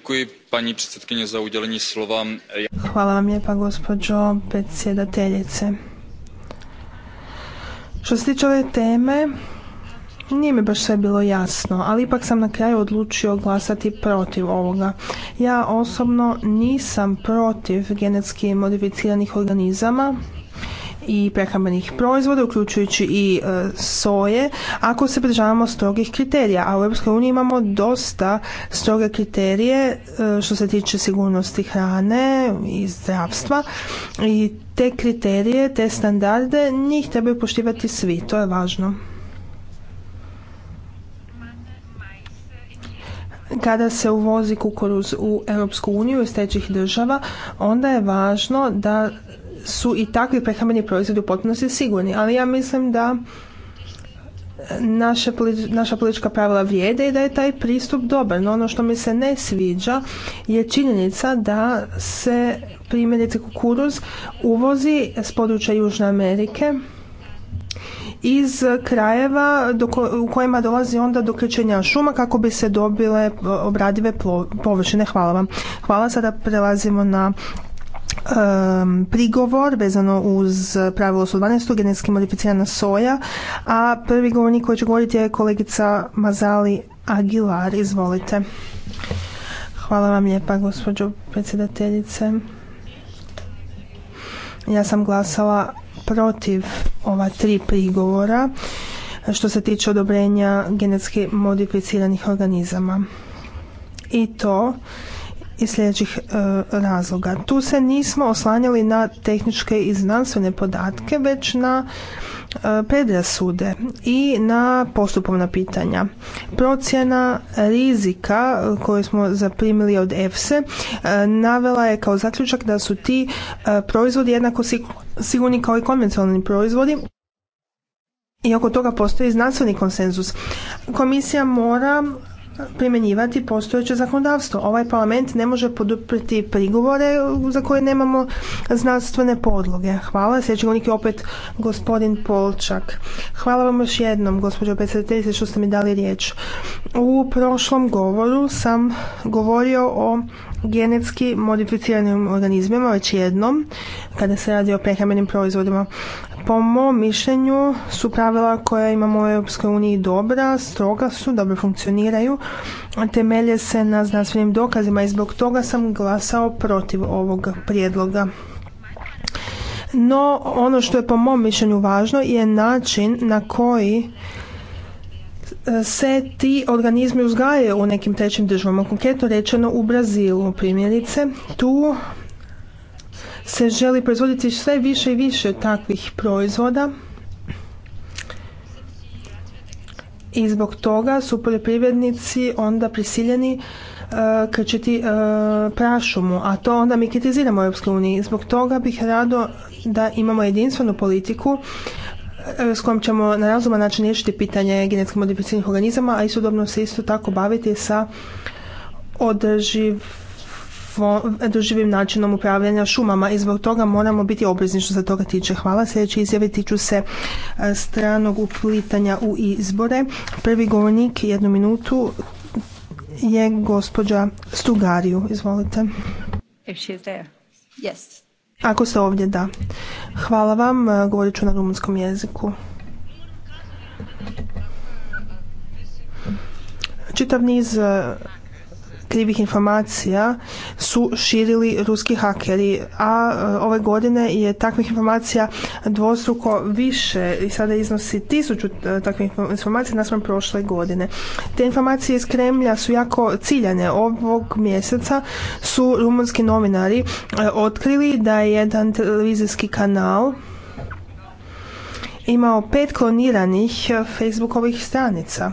Speaker 10: slova. Hvala
Speaker 6: vam lijepa, gospođo predsjedateljice. Što se tiče ove teme, nije mi baš sve bilo jasno, ali ipak sam na kraju odlučio glasati protiv ovoga. Ja osobno nisam protiv genetski modificiranih organizama, i prehrambenih proizvoda, uključujući i e, soje, ako se pridržavamo strogih kriterija. A u EU imamo dosta stroge kriterije e, što se tiče sigurnosti hrane i zdravstva i te kriterije, te standarde, njih trebaju poštivati svi, to je važno. kada se uvozi kukuruz u Europsku uniju iz trećih država, onda je važno da su i takvi prehrambeni proizvodi u potpunosti sigurni. Ali ja mislim da naše, naša politička pravila vrijede i da je taj pristup dobar. No ono što mi se ne sviđa je činjenica da se primjerice kukuruz uvozi s područja Južne Amerike iz krajeva u kojima dolazi onda do krčenja šuma kako bi se dobile e, obradive površine. Hvala vam. Hvala, sada prelazimo na prigovor vezano uz pravilo 112. genetski modificirana soja, a prvi govornik koji će govoriti je kolegica Mazali Aguilar. Izvolite. Hvala vam lijepa, gospođo predsjedateljice. Ja sam glasala protiv ova tri prigovora što se tiče odobrenja genetski modificiranih organizama. I to iz sljedećih e, razloga. Tu se nismo oslanjali na tehničke i znanstvene podatke, već na e, predrasude i na postupovna pitanja. Procjena rizika koju smo zaprimili od EFSE e, navela je kao zaključak da su ti proizvodi jednako sigurni sigurni kao i konvencionalni proizvodi i oko toga postoji znanstveni konsenzus. Komisija mora primjenjivati postojeće zakonodavstvo. Ovaj parlament ne može poduprijeti prigovore za koje nemamo znanstvene podloge. Hvala. Sljedeći govornik je opet gospodin Polčak. Hvala vam još jednom, gospođo predsjedateljice, što ste mi dali riječ. U prošlom govoru sam govorio o genetski modificiranim organizmima već jednom kada se radi o prehrambenim proizvodima. Po mom mišljenju su pravila koja imamo u Europskoj uniji dobra, stroga su, dobro funkcioniraju, temelje se na znanstvenim dokazima i zbog toga sam glasao protiv ovog prijedloga. No, ono što je po mom mišljenju važno je način na koji se ti organizmi uzgajaju u nekim trećim državama, konkretno rečeno u Brazilu primjerice. Tu se želi proizvoditi sve više i više takvih proizvoda i zbog toga su poljoprivrednici onda prisiljeni e, krčiti e, prašumu, a to onda mi kritiziramo u EU. Zbog toga bih rado da imamo jedinstvenu politiku E, s kojom ćemo na razuman način riješiti pitanje genetski modificiranih organizama, a istodobno se isto tako baviti sa održiv održivim načinom upravljanja šumama i zbog toga moramo biti obvezni što se toga tiče. Hvala. Sljedeće izjavi tiču se e, stranog uplitanja u izbore. Prvi govornik, jednu minutu, je gospođa Stugariju. Izvolite. If ako ste ovdje, da. Hvala vam, e, govorit ću na rumunskom jeziku. Čitav niz e, krivih informacija su širili ruski hakeri, a e, ove godine je takvih informacija dvostruko više i sada iznosi tisuću e, takvih informacija naspram prošle godine. Te informacije iz Kremlja su jako ciljane. Ovog mjeseca su rumunski novinari e, otkrili da je jedan televizijski kanal imao pet kloniranih Facebookovih stranica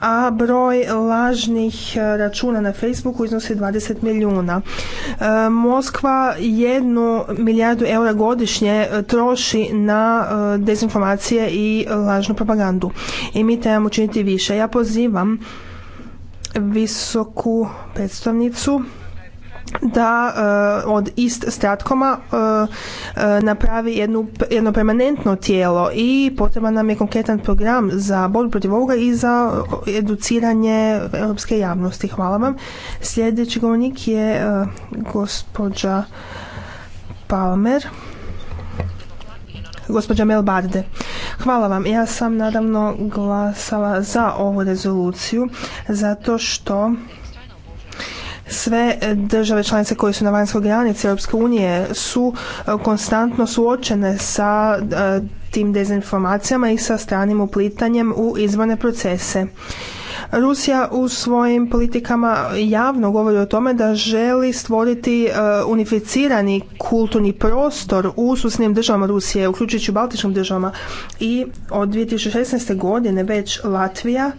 Speaker 6: a broj lažnih e, računa na Facebooku iznosi 20 milijuna. E, Moskva jednu milijardu eura godišnje e, troši na dezinformacije i lažnu propagandu. I mi trebamo činiti više. Ja pozivam visoku predstavnicu da eh, od ist stratkoma eh, eh, napravi jednu, jedno permanentno tijelo i potreban nam je konkretan program za borbu protiv ovoga i za educiranje europske javnosti. Hvala vam. Sljedeći govornik je gospođa Palmer gospođa Melbarde. Hvala vam. Ja sam nadavno glasala za ovu rezoluciju zato što sve države članice koje su na vanjskoj granici Europske unije su e, konstantno suočene sa e, tim dezinformacijama i sa stranim uplitanjem u izborne procese. Rusija u svojim politikama javno govori o tome da želi stvoriti e, unificirani kulturni prostor u susnim državama Rusije, uključujući u baltičkim državama i od 2016. godine već Latvija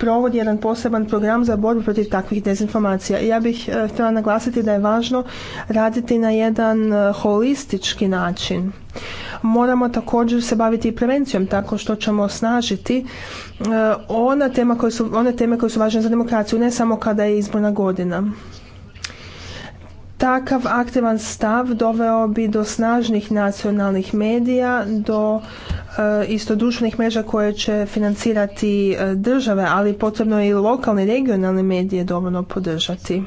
Speaker 6: provodi jedan poseban program za borbu protiv takvih dezinformacija. Ja bih e, htjela naglasiti da je važno raditi na jedan e, holistički način. Moramo također se baviti i prevencijom tako što ćemo osnažiti e, tema su, one teme koje su važne za demokraciju, ne samo kada je izborna godina. Takav aktivan stav doveo bi do snažnih nacionalnih medija, do e, istodušnih mreža koje će financirati e, države, ali potrebno je i lokalne i regionalne medije dovoljno podržati.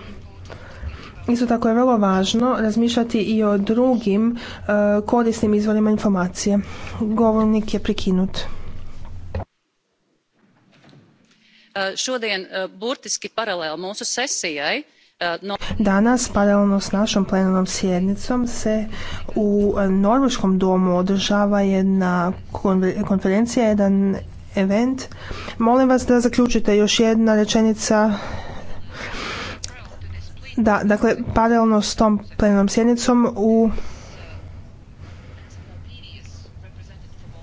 Speaker 6: Isto tako je vrlo važno razmišljati i o drugim e, korisnim izvorima informacije. Govornik je prekinut.
Speaker 10: Šodien burtiski paralēli mūsu sesijai
Speaker 6: Danas, paralelno s našom plenarnom sjednicom, se u e, Norveškom domu održava jedna konferencija, jedan event. Molim vas da zaključite još jedna rečenica da, dakle, paralelno s tom plenarnom sjednicom u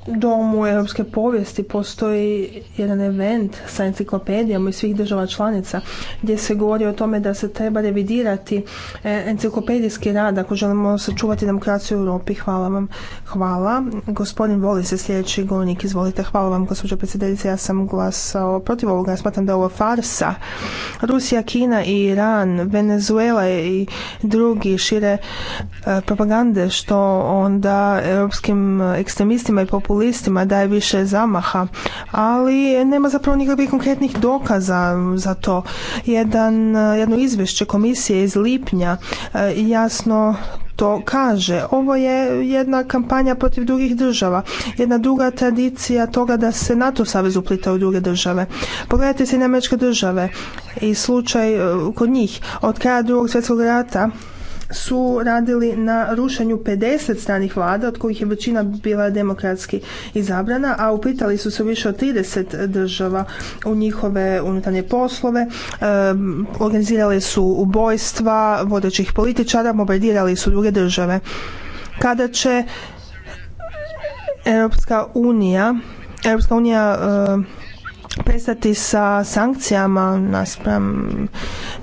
Speaker 6: domu europske povijesti postoji jedan event sa enciklopedijom iz svih država članica gdje se govori o tome da se treba revidirati e, enciklopedijski rad ako želimo sačuvati demokraciju u Europi. Hvala vam. Hvala. Gospodin Voli se sljedeći govornik. Izvolite. Hvala vam, gospođo predsjedateljice. Ja sam glasao protiv ovoga. smatram da je ovo farsa. Rusija, Kina i Iran, Venezuela i drugi šire e, propagande što onda europskim e, ekstremistima i populacijama populistima daje više zamaha, ali nema zapravo nikakvih konkretnih dokaza za to. Jedan, jedno izvješće komisije iz lipnja e, jasno to kaže. Ovo je jedna kampanja protiv drugih država, jedna duga tradicija toga da se NATO savez uplita u druge države. Pogledajte se i države i slučaj e, kod njih. Od kraja drugog svjetskog rata su radili na rušenju 50 stranih vlada, od kojih je većina bila demokratski izabrana, a upitali su se više od 30 država u njihove unutarnje poslove, organizirali su ubojstva vodećih političara, bombardirali su druge države. Kada će Europska unija, Europska unija prestati sa sankcijama naspram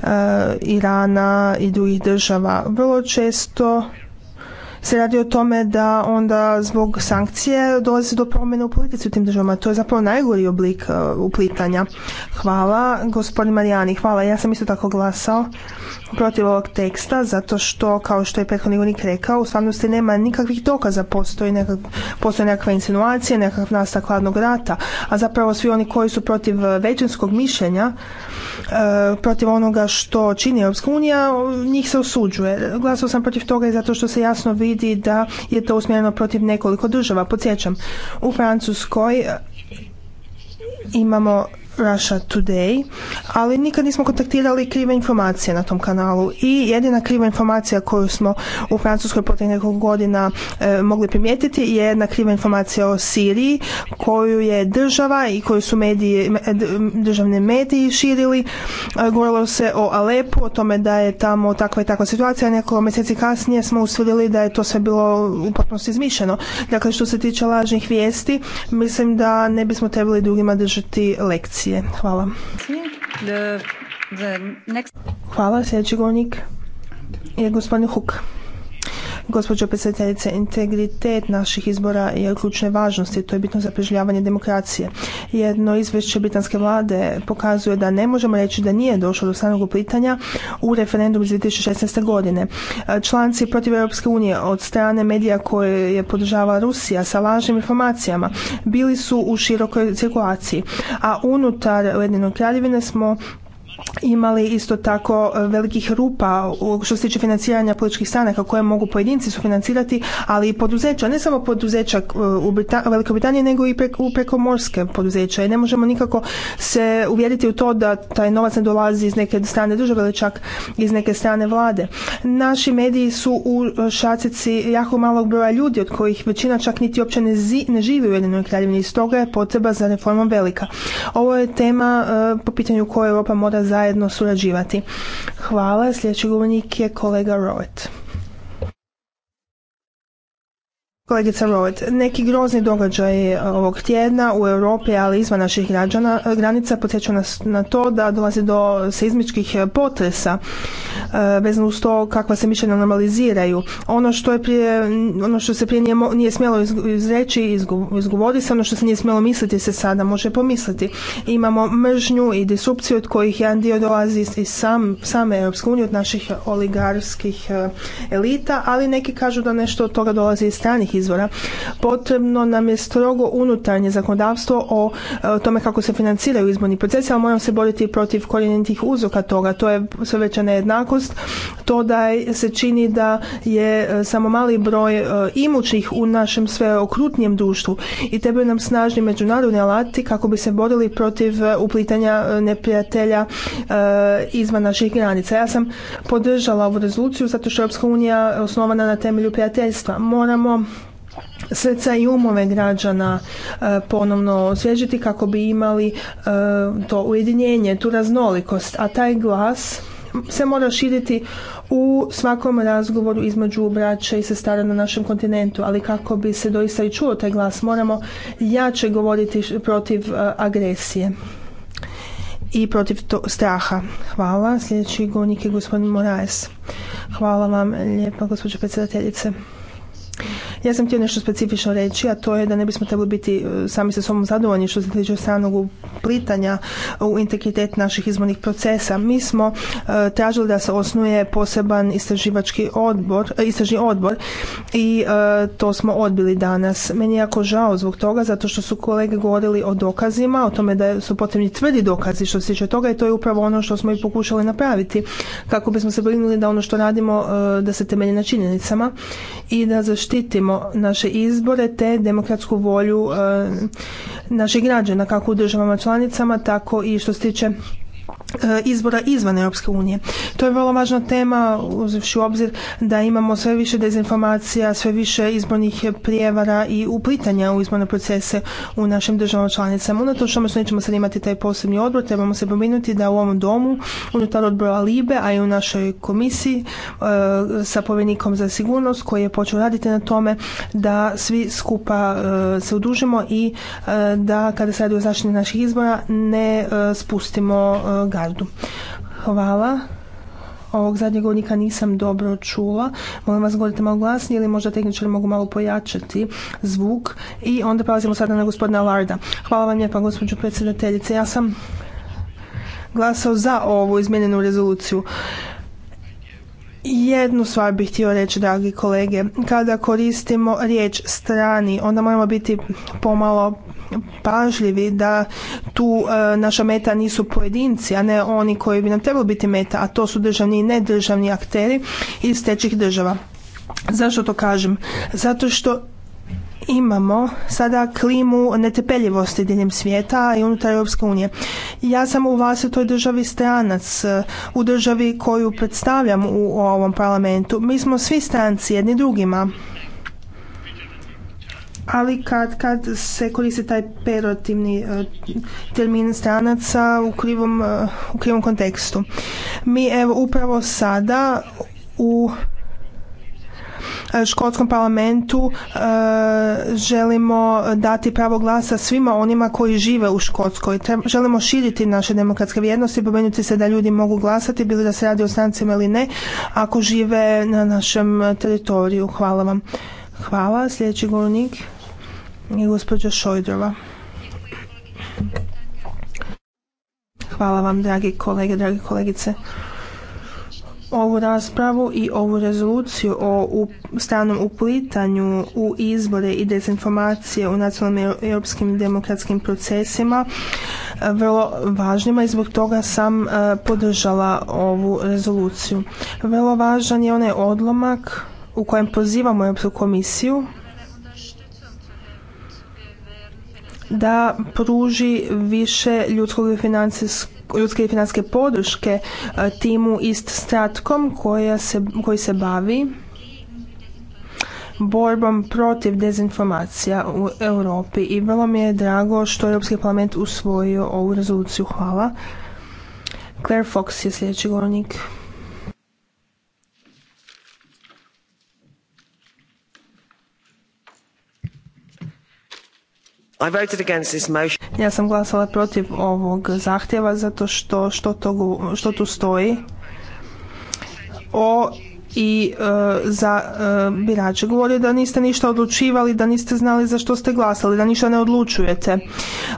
Speaker 6: E, Irana i drugih država. Vrlo često se radi o tome da onda zbog sankcije dolazi do promjene u politici u tim državama. To je zapravo najgori oblik e, uplitanja. Hvala, gospodin Marijani, hvala. Ja sam isto tako glasao protiv ovog teksta, zato što, kao što je prethodni unik rekao, u stvarnosti nema nikakvih dokaza, postoji nekak, postoje nekakve insinuacije, nekakav nastak hladnog rata, a zapravo svi oni koji su protiv većinskog mišljenja, E, protiv onoga što čini Europska unija, njih se osuđuje. Glasao sam protiv toga i zato što se jasno vidi da je to usmjereno protiv nekoliko država. Podsjećam, u Francuskoj imamo Russia Today, ali nikad nismo kontaktirali krive informacije na tom kanalu i jedina kriva informacija koju smo u Francuskoj protiv nekoliko godina e, mogli primijetiti je jedna kriva informacija o Siriji koju je država i koju su mediji, državni mediji širili. E, govorilo se o Alepu, o tome da je tamo takva i takva situacija. Nekoliko mjeseci kasnije smo ustvrdili da je to sve bilo u potpunosti izmišljeno. Dakle, što se tiče lažnih vijesti, mislim da ne bismo trebali drugima držati lekcije komisije. Hvala. Hvala, sljedeći govornik je gospodin Huk. Gospođo predsjedateljice, integritet naših izbora je ključne važnosti, to je bitno za preživljavanje demokracije. Jedno izvješće britanske vlade pokazuje da ne možemo reći da nije došlo do samog pitanja u referendum iz 2016. godine. Članci protiv Europske unije od strane medija koje je podržava Rusija sa lažnim informacijama bili su u širokoj cirkulaciji, a unutar Ujedinjene kraljevine smo imali isto tako e, velikih rupa što se tiče financiranja političkih stranaka koje mogu pojedinci sufinancirati, ali i poduzeća, ne samo poduzeća e, u Velikoj Britaniji nego i preko, u prekomorske poduzeća i ne možemo nikako se uvjeriti u to da taj novac ne dolazi iz neke strane države ili čak iz neke strane vlade. Naši mediji su u šacici jako malog broja ljudi od kojih većina čak niti uopće ne, ne živi u Jedinoj Kraljevini i stoga je potreba za reformom velika. Ovo je tema e, po pitanju koje Europa mora zajedno surađivati. Hvala. Sljedeći govornik je kolega Rowett. Kolegica Rovet, neki grozni događaj e, ovog tjedna u Europi, ali izvan naših građana, e, granica potječu nas na to da dolazi do seizmičkih e, potresa vezano uz to kakva se mišljenja normaliziraju. Ono što, je prije, ono što se prije nije, smjelo izreći i izgovoriti se, ono što se nije smjelo misliti se sada može pomisliti. Imamo mržnju i disrupciju od kojih jedan dio dolazi iz sam, same Europske unije, od naših oligarskih elita, ali neki kažu da nešto od toga dolazi iz stranih izvora. Potrebno nam je strogo unutarnje zakonodavstvo o, tome kako se financiraju izborni procesi, ali moramo se boriti protiv korijenitih uzroka toga. To je sve veća nejednakost, to da se čini da je e, samo mali broj e, imućnih u našem sve okrutnijem društvu i trebaju nam snažni međunarodni alati kako bi se borili protiv e, uplitanja neprijatelja izvan naših granica. Ja sam podržala ovu rezoluciju zato što je Europska unija osnovana na temelju prijateljstva. Moramo srca i umove građana e, ponovno osvježiti kako bi imali e, to ujedinjenje, tu raznolikost, a taj glas se mora širiti u svakom razgovoru između braća i sestara na našem kontinentu, ali kako bi se doista i čuo taj glas, moramo jače govoriti protiv e, agresije i protiv straha. Hvala. Sljedeći govornik je gospodin Moraes. Hvala vam lijepa, gospođo predsjedateljice. Ja sam htio nešto specifično reći, a to je da ne bismo trebali biti e, sami sa sobom zadovoljni što se tiče stranog uplitanja u integritet naših izbornih procesa. Mi smo e, tražili da se osnuje poseban istraživački odbor, e, istražni odbor i to smo odbili danas. Meni je jako žao zbog toga zato što su kolege govorili o dokazima, o tome da su potrebni tvrdi dokazi što se tiče toga i to je upravo ono što smo i pokušali napraviti kako bismo se brinuli da ono što radimo da se temelji na činjenicama i da zaštitimo naše izbore te demokratsku volju e, naših građana kako u državama članicama tako i što se tiče E, izbora izvan Europske unije. To je vrlo važna tema uzivši u obzir da imamo sve više dezinformacija, sve više izbornih prijevara i uplitanja u izborne procese u našim državama članicama. Unatoč to što nećemo sad imati taj posebni odbor, trebamo se pominuti da u ovom domu, unutar odbora Libe, a i u našoj komisiji e, sa povjerenikom za sigurnost koji je počeo raditi na tome da svi skupa e, se udužimo i da kada se radi o zaštiti naših izbora ne spustimo Hvala. Ovog zadnjeg govornika nisam dobro čula. Molim vas govorite malo glasnije ili možda tehničari mogu malo pojačati zvuk. I onda prelazimo sada na gospodina Larda. Hvala vam lijepa gospođo predsjedateljice. Ja sam glasao za ovu izmijenjenu rezoluciju. Jednu stvar bih htio reći, dragi kolege. Kada koristimo riječ strani, onda moramo biti pomalo pažljivi da tu e, naša meta nisu pojedinci, a ne oni koji bi nam trebali biti meta, a to su državni i nedržavni akteri iz trećih država. Zašto to kažem? Zato što imamo sada klimu netepeljivosti diljem svijeta i unutar Europske unije. Ja sam u toj državi stranac, e, u državi koju predstavljam u ovom parlamentu. Mi smo svi stranci jedni drugima ali kad, kad se koristi taj perotivni e, termin stranaca u krivom, e, u kontekstu. Mi evo upravo sada u e, škotskom parlamentu želimo dati pravo glasa svima onima koji žive u Škotskoj. želimo širiti naše demokratske vrijednosti, pomenuti se da ljudi mogu glasati, bilo da se radi o strancima ili ne, ako žive na našem teritoriju. Hvala vam. Hvala. Sljedeći govornik i gospođa Šojdrova. Hvala vam, dragi kolege, dragi kolegice. Ovu raspravu i ovu rezoluciju o stranom uplitanju u izbore i dezinformacije u nacionalnim e, europskim demokratskim procesima e, vrlo važnima i zbog toga sam e, podržala ovu rezoluciju. Vrlo važan je onaj odlomak u kojem pozivamo Europsku komisiju da pruži više ljudskog ljudske i financijske podrške e, timu East Stratkom koja se, koji se bavi borbom protiv dezinformacija u Europi i vrlo mi je drago što je Europski parlament usvojio ovu rezoluciju. Hvala. Claire Fox je sljedeći govornik. I Ja sam glasala protiv ovog zahtjeva zato što, to, što tu stoji o i e, za e, birače. Govorio da niste ništa odlučivali, da niste znali za što ste glasali, da ništa ne odlučujete.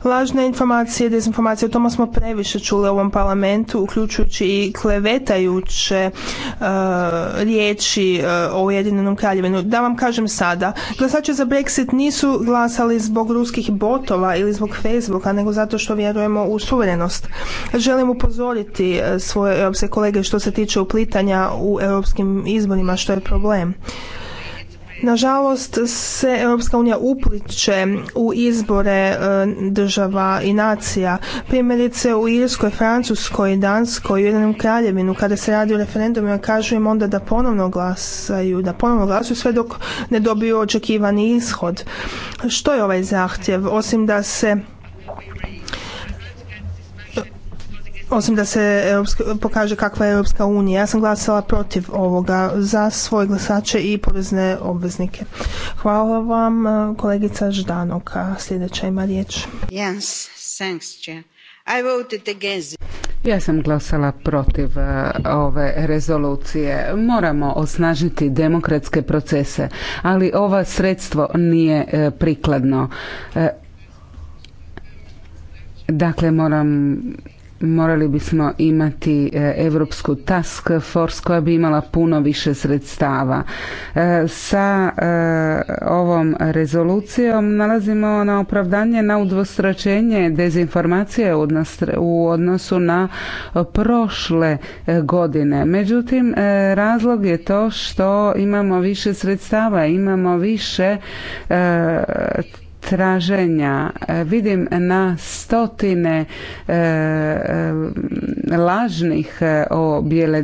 Speaker 6: Lažne informacije dezinformacije, o tome smo previše čuli u ovom parlamentu, uključujući i klevetajuće e, riječi o Ujedinjenom kraljevinu. Da vam kažem sada, glasači za Brexit nisu glasali zbog ruskih botova ili zbog Facebooka, nego zato što vjerujemo u suverenost. Želim upozoriti svoje europske kolege što se tiče uplitanja u europskim izborima, što je problem. Nažalost se Europska unija upliče u izbore e, država i nacija. Primjerice u Irskoj, Francuskoj, Danskoj, i Ujedinom kraljevinu kada se radi o referendumima kažu im onda da ponovno glasaju, da ponovno glasuju sve dok ne dobiju očekivani ishod. Što je ovaj zahtjev? Osim da se osim da se pokaže kakva je Europska unija. Ja sam glasala protiv ovoga za svoje glasače i porezne obveznike. Hvala vam, e, kolegica Ždanoka. Sljedeća ima riječ. Yes, thanks, I voted against. Ja sam glasala protiv e, ove
Speaker 9: rezolucije. Moramo osnažiti demokratske procese, ali ova sredstvo nije e, prikladno. Dakle, moram morali bismo imati europsku task force koja bi imala puno više sredstava. E, sa e, ovom rezolucijom nalazimo na opravdanje na udvostračenje dezinformacije u odnosu na prošle e, godine. Međutim, razlog je to što imamo više sredstava, imamo više traženja e, vidim na stotine e, e, lažnih o bijele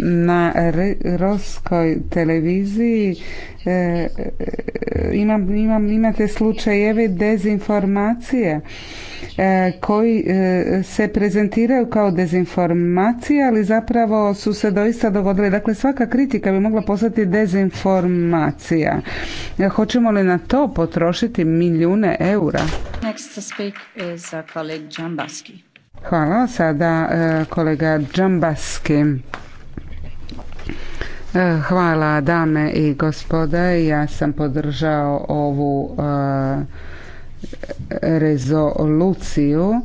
Speaker 9: na roskoj televiziji E, e, imam, imate slučajeve dezinformacije e, koji e, se prezentiraju kao dezinformacije, ali zapravo su se doista dogodile. Dakle, svaka kritika bi mogla postati dezinformacija. Hoćemo li na to potrošiti milijune eura?
Speaker 3: Uh,
Speaker 9: Hvala. Sada kolega Džambaski. E, hvala dame i gospoda. Ja sam podržao ovu e, rezoluciju.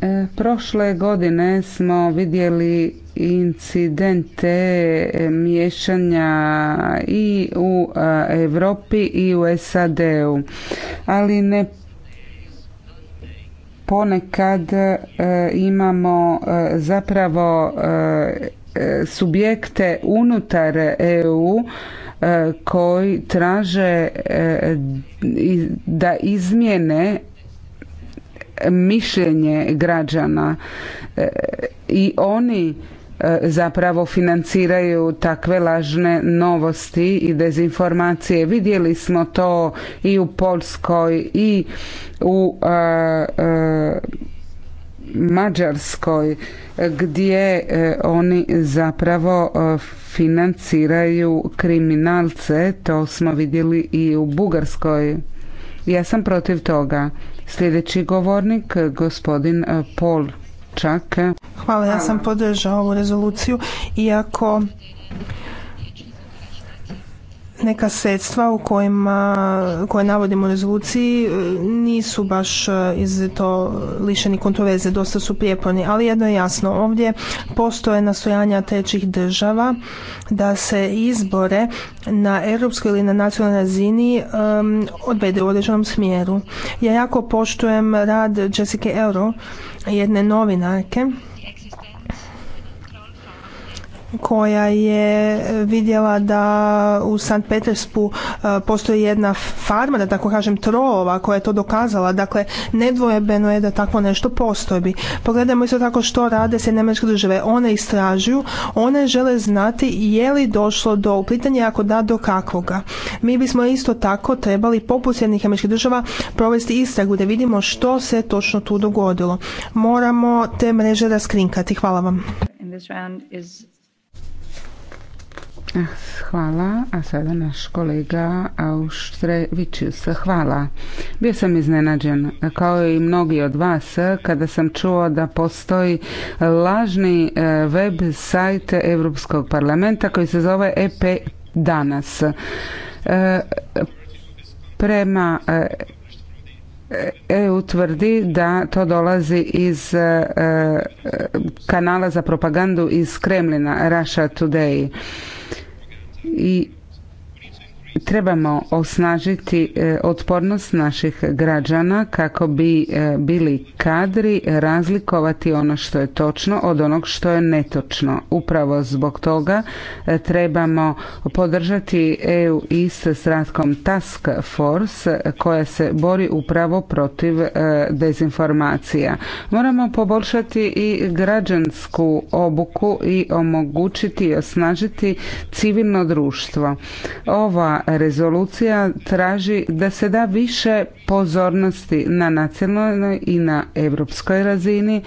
Speaker 9: E, prošle godine smo vidjeli incidente miješanja i u Europi i u SAD-u, ali ne ponekad imamo zapravo E, subjekte unutar EU e, koji traže e, da izmjene mišljenje građana i oni zapravo financiraju takve lažne novosti i dezinformacije. Vidjeli smo to i u Poljskoj i u Mađarskoj gdje e, oni zapravo e, financiraju kriminalce, to smo vidjeli i u Bugarskoj. Ja sam protiv toga. Sljedeći govornik, e, gospodin Pol Čak.
Speaker 6: Hvala, ja sam podržao ovu rezoluciju, iako neka sredstva u kojima, koje navodimo u rezoluciji e, nisu baš e, to lišeni kontroverze, dosta su prijeporni, ali jedno je jasno, ovdje postoje nastojanja trećih država da se izbore na europskoj ili na nacionalnoj razini um, odvede u određenom smjeru. Ja jako poštujem rad Jessica Euro, jedne novinarke, koja je e, vidjela da u Sankt Peterspu e, postoji jedna farma, da tako kažem trova, koja je to dokazala. Dakle, nedvojbeno je da takvo nešto postoji. Pogledajmo isto tako što rade se nemečke države. One istražuju, one žele znati je li došlo do uplitanja, ako da, do kakvoga. Mi bismo isto tako trebali poput jednih američkih država provesti istragu da vidimo što se točno tu dogodilo. Moramo te mreže raskrinkati. Hvala vam.
Speaker 9: Hvala, a sada naš kolega Auštrevičius. Hvala. Bio sam iznenađen, kao i mnogi od vas, kada sam čuo da postoji lažni eh, web sajt Europskog parlamenta koji se zove EP Danas. Eh, prema eh, EU tvrdi da to dolazi iz kanala za propagandu iz Kremlina, Russia Today i Trebamo osnažiti e, otpornost naših građana kako bi e, bili kadri razlikovati ono što je točno od onog što je netočno. Upravo zbog toga e, trebamo podržati EU i s ratkom Task Force koja se bori upravo protiv dezinformacija. Moramo poboljšati i građansku obuku i omogućiti i osnažiti civilno društvo. Ova rezolucija traži da se da više pozornosti na nacionalnoj i na europskoj razini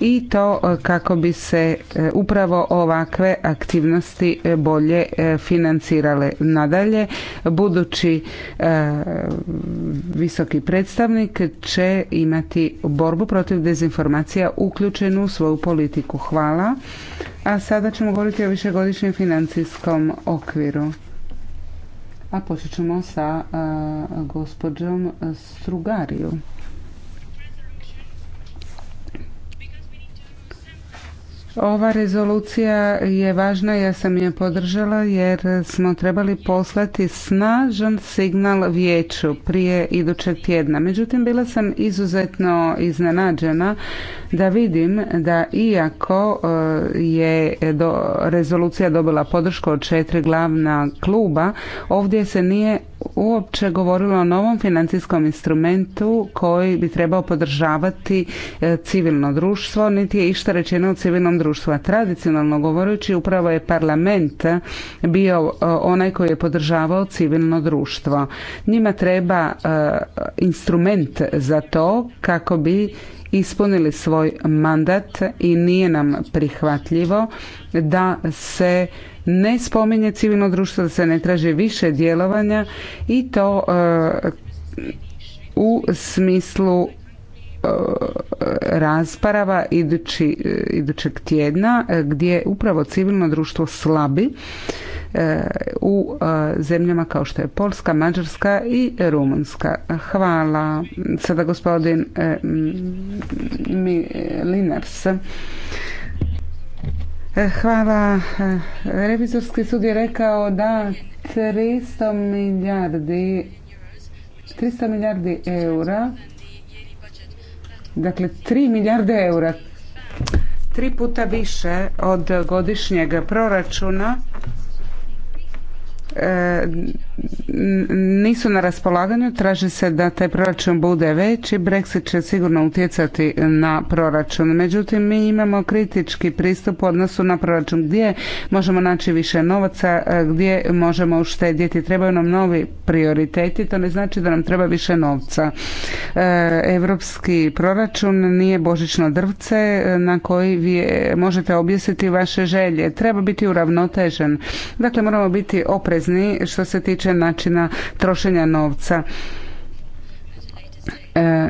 Speaker 9: i to e, kako bi se e, upravo ovakve aktivnosti e, bolje financirale. Nadalje, budući visoki predstavnik će imati borbu protiv dezinformacija uključenu u svoju politiku. Hvala. A sada ćemo govoriti o višegodišnjem financijskom okviru a počet ćemo sa e, gospođom Strugariju. Ova rezolucija je važna, ja sam je podržala jer smo trebali poslati snažan signal vijeću prije idućeg tjedna. Međutim, bila sam izuzetno iznenađena da vidim da iako e, je do, rezolucija dobila podršku od četiri glavna kluba, ovdje se nije uopće govorilo o novom financijskom instrumentu koji bi trebao podržavati e, civilno društvo, niti je išta rečeno o civilnom društvu. A tradicionalno govoreći upravo je parlament bio e, onaj koji je podržavao civilno društvo. Njima treba instrument za to kako bi ispunili svoj mandat i nije nam prihvatljivo da se ne spominje civilno društvo, da se ne traži više djelovanja i to e, u smislu rasprava idući, idućeg tjedna e, gdje upravo civilno društvo slabi e, u e, zemljama kao što je Polska, Mađarska i Rumunska. Hvala. Sada gospodin Linars. Hvala. Revizorski sud je rekao da 300 milijardi 300 milijardi eura Dakle, 3 milijarde eura. Tri puta više od godišnjeg proračuna E, nisu na raspolaganju, traži se da taj proračun bude veći, Brexit će sigurno utjecati na proračun. Međutim, mi imamo kritički pristup u odnosu na proračun gdje možemo naći više novaca, e, gdje možemo uštedjeti. Trebaju nam novi prioriteti, to ne znači da nam treba više novca. Europski proračun nije božično drvce e, na koji vi možete objesiti vaše želje. Treba biti uravnotežen. Dakle, moramo biti oprezni oprezni što se tiče načina trošenja novca. E,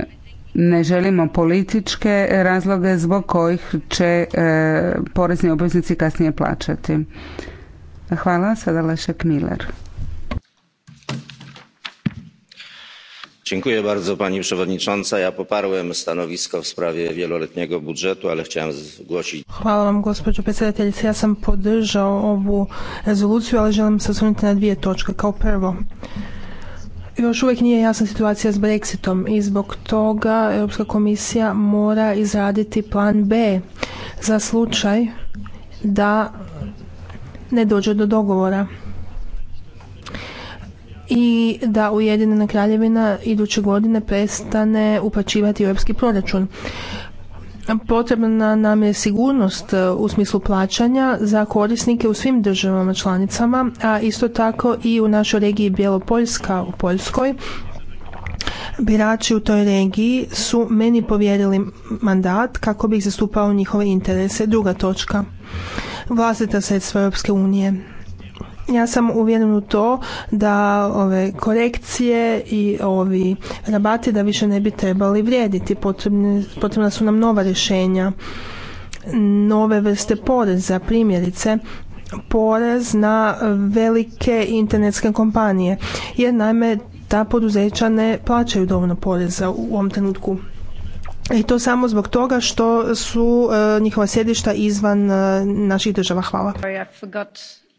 Speaker 9: ne želimo političke razloge zbog kojih će e, porezni obveznici kasnije plaćati. Hvala, sada Lešek Miller.
Speaker 4: pani przewodnicząca! ja poparłem stanowisko w sprawie wieloletniego budżetu ale chciałem zgłosić.
Speaker 6: hvala vam gospođo predsjedateljice ja sam podržao ovu rezoluciju ali želim se osvrnuti na dvije točke kao prvo još uvijek nije jasna situacija s Brexitom i zbog toga Europska komisija mora izraditi plan B za slučaj da ne dođe do dogovora i da Ujedinjena kraljevina iduće godine prestane uplaćivati europski proračun. Potrebna nam je sigurnost uh, u smislu plaćanja za korisnike u svim državama članicama, a isto tako i u našoj regiji Bjelopoljska u Poljskoj. Birači u toj regiji su meni povjerili mandat kako bih zastupao njihove interese. Druga točka. Vlastita sredstva Europske unije ja sam uvjeren u to da ove korekcije i ovi rabati da više ne bi trebali vrijediti. potrebna su nam nova rješenja, nove vrste poreza, primjerice porez na velike internetske kompanije, jer naime ta poduzeća ne plaćaju dovoljno poreza u ovom trenutku. I to samo zbog toga što su e, njihova sjedišta izvan e, naših država. Hvala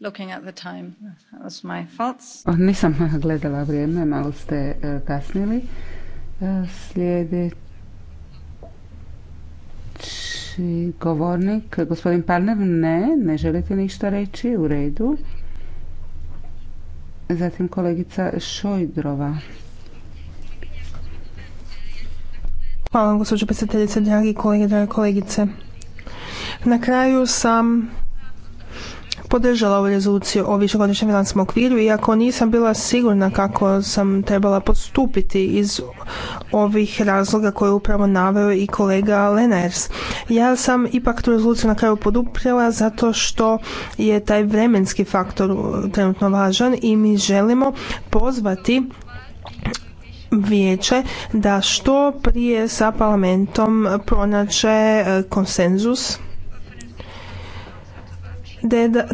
Speaker 3: looking at the time. That was my fault. Pa,
Speaker 9: nisam gledala vrijeme, malo ste e, kasnili. E, sljedeći govornik, gospodin Parnev, ne, ne želite ništa reći, u redu. Zatim kolegica Šojdrova.
Speaker 6: Hvala vam, gospođo predsjedateljice, dragi kolege, drage kolegice. Na kraju sam podržala ovu rezoluciju o višegodišnjem financijskom okviru, iako nisam bila sigurna kako sam trebala postupiti iz ovih razloga koje upravo naveo i kolega Leners. Ja sam ipak tu rezoluciju na kraju poduprela zato što je taj vremenski faktor trenutno važan i mi želimo pozvati vijeće da što prije sa parlamentom pronađe e, konsenzus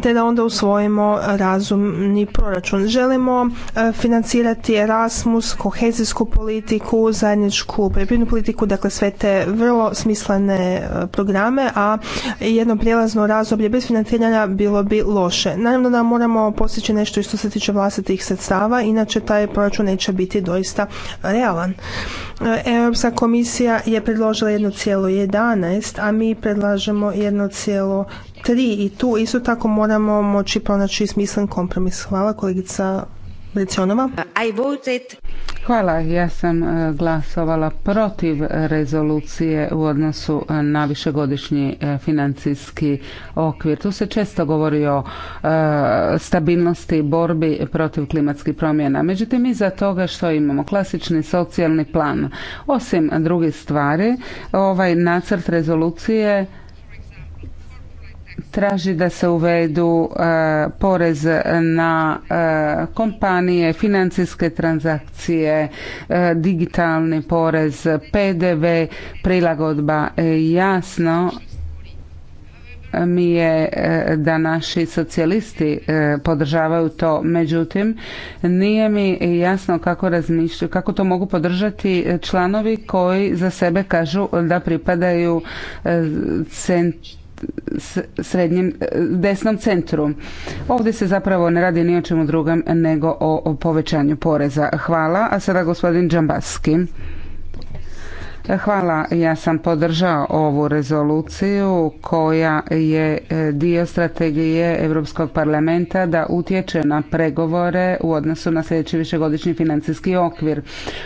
Speaker 6: te da onda usvojimo razumni proračun. Želimo e, financirati Erasmus, kohezijsku politiku, zajedničku poljoprivrednu politiku, dakle sve te vrlo smislene e, programe, a jedno prijelazno razdoblje bez financiranja bilo bi loše. Naravno da moramo postići nešto što se tiče vlastitih sredstava, inače taj proračun neće biti doista realan. E, Europska komisija je predložila 1,11, a mi predlažemo 1,3 i tu isto isto tako moramo moći pronaći smislen kompromis. Hvala kolegica Lecionova. Hvala, ja sam e, glasovala
Speaker 9: protiv rezolucije u odnosu e, na višegodišnji e, financijski okvir. Tu se često govori o stabilnosti borbi protiv klimatskih promjena. Međutim, iza toga što imamo klasični socijalni plan. Osim drugih stvari, ovaj nacrt rezolucije traži da se uvedu e, porez na e, kompanije, financijske transakcije, e, digitalni porez, PDV, prilagodba. Jasno mi je da naši socijalisti podržavaju to, međutim nije mi jasno kako razmišljaju, kako to mogu podržati članovi koji za sebe kažu da pripadaju centru srednjem e, desnom centru. Ovdje se zapravo ne radi ni o čemu drugom nego o povećanju poreza. Hvala. A sada gospodin Džambaski. Hvala, ja sam podržao ovu rezoluciju koja je e, dio strategije Europskog parlamenta da utječe na pregovore u odnosu na sljedeći višegodišnji financijski okvir.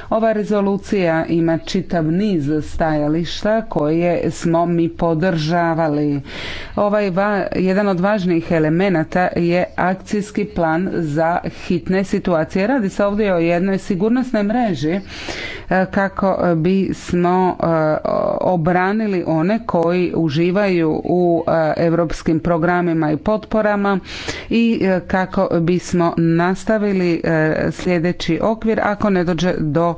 Speaker 9: Ova rezolucija ima čitav niz stajališta koje smo mi podržavali. Ovaj jedan od važnijih elemenata je akcijski plan za hitne situacije. Radi se ovdje o jednoj sigurnosnoj mreži e, kako bismo E, obranili one koji uživaju u europskim programima i potporama i e, kako bismo nastavili e, sljedeći okvir ako ne dođe do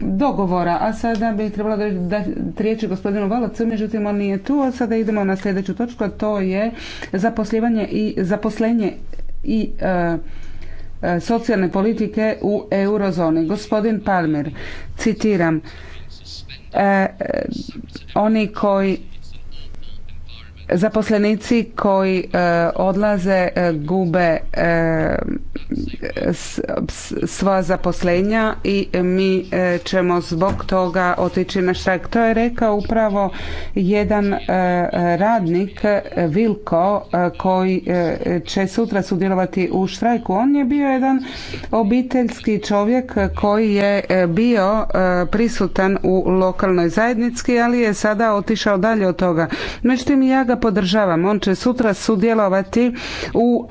Speaker 9: dogovora. A sada bi trebalo da, riječi gospodinu Valacu, međutim on nije tu, a sada idemo na sljedeću točku, a to je zapošljavanje i zaposlenje i E, socijalne politike u eurozoni. Gospodin Palmer, citiram, e, e, oni koji zaposlenici koji e, odlaze e, gube e, sva zaposlenja i mi ćemo zbog toga otići na štrajk. To je rekao upravo jedan radnik Vilko koji će sutra sudjelovati u štrajku. On je bio jedan obiteljski čovjek koji je bio prisutan u lokalnoj zajednici, ali je sada otišao dalje od toga. Međutim, ja ga podržavam. On će sutra sudjelovati u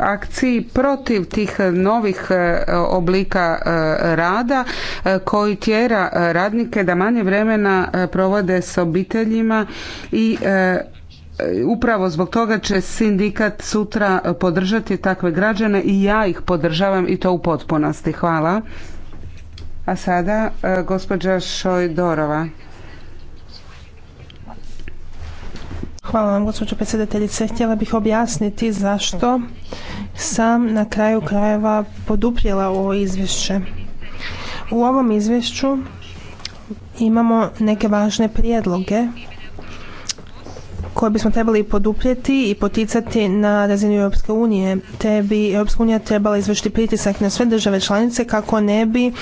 Speaker 9: akciji protiv tih novih e, oblika e, rada e, koji tjera radnike da manje vremena provode s obiteljima i upravo zbog toga će sindikat sutra podržati takve građane i ja ih podržavam i to u potpunosti. Hvala. A sada gospođa Šojdorova.
Speaker 6: Hvala vam, gospođo predsjedateljice. Htjela bih objasniti zašto sam na kraju krajeva poduprijela ovo izvješće. U ovom izvješću imamo neke važne prijedloge koje bismo trebali poduprijeti i poticati na razini Europske unije, te bi Europska unija trebala izvršiti pritisak na sve države članice kako ne bi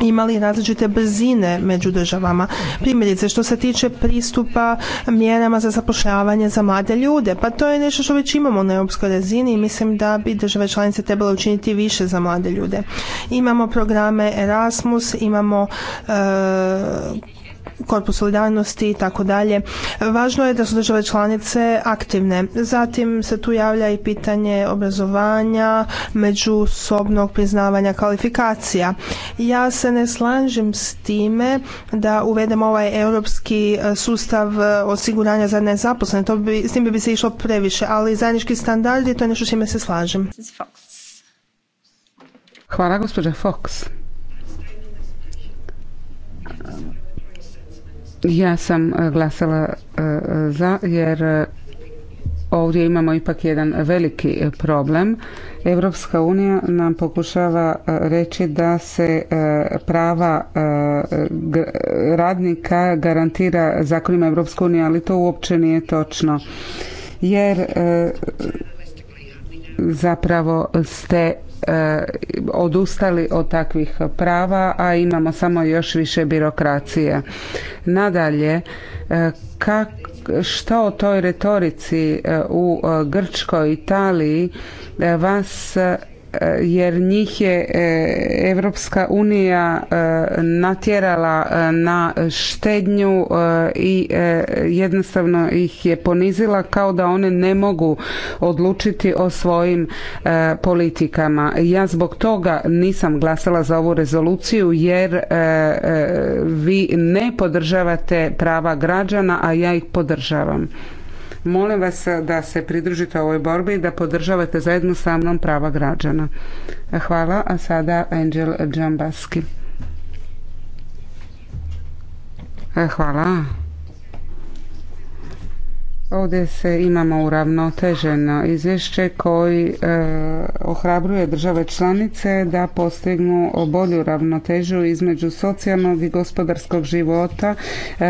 Speaker 6: imali različite brzine među državama. Primjerice, što se tiče pristupa mjerama za zapošljavanje za mlade ljude, pa to je nešto što već imamo na europskoj razini i mislim da bi države članice trebale učiniti više za mlade ljude. Imamo programe Erasmus, imamo e, korpus solidarnosti i tako dalje. Važno je da su države članice aktivne. Zatim se tu javlja i pitanje obrazovanja, međusobnog priznavanja kvalifikacija. Ja se ne slažem s time da uvedemo ovaj europski e, sustav e, osiguranja za nezaposlene. To bi, s tim bi se išlo previše, ali zajednički standardi to nešto s čime se slažem.
Speaker 9: Hvala gospođa Fox. Ja sam e, glasala e, za jer e, ovdje imamo ipak jedan veliki problem. Europska unija nam pokušava reći da se prava radnika garantira zakonima Evropske unije, ali to uopće nije točno. Jer zapravo ste E, odustali od takvih prava, a imamo samo još više birokracije. Nadalje, e, kak, što o toj retorici e, u Grčkoj, Italiji vas Eh, jer njih je Europska eh, unija eh, natjerala na štednju i jednostavno ih je ponizila kao da one ne mogu odlučiti o svojim politikama. Ja zbog toga nisam glasala za ovu rezoluciju jer vi ne podržavate prava građana, a ja ih podržavam. Molim vas da se pridružite ovoj borbi i da podržavate zajedno sa mnom prava građana. Hvala, a sada Angel Džambaski. Hvala. Ovdje se imamo uravnoteženo izvješće koji e, ohrabruje države članice da postignu bolju ravnotežu između socijalnog i gospodarskog života, e,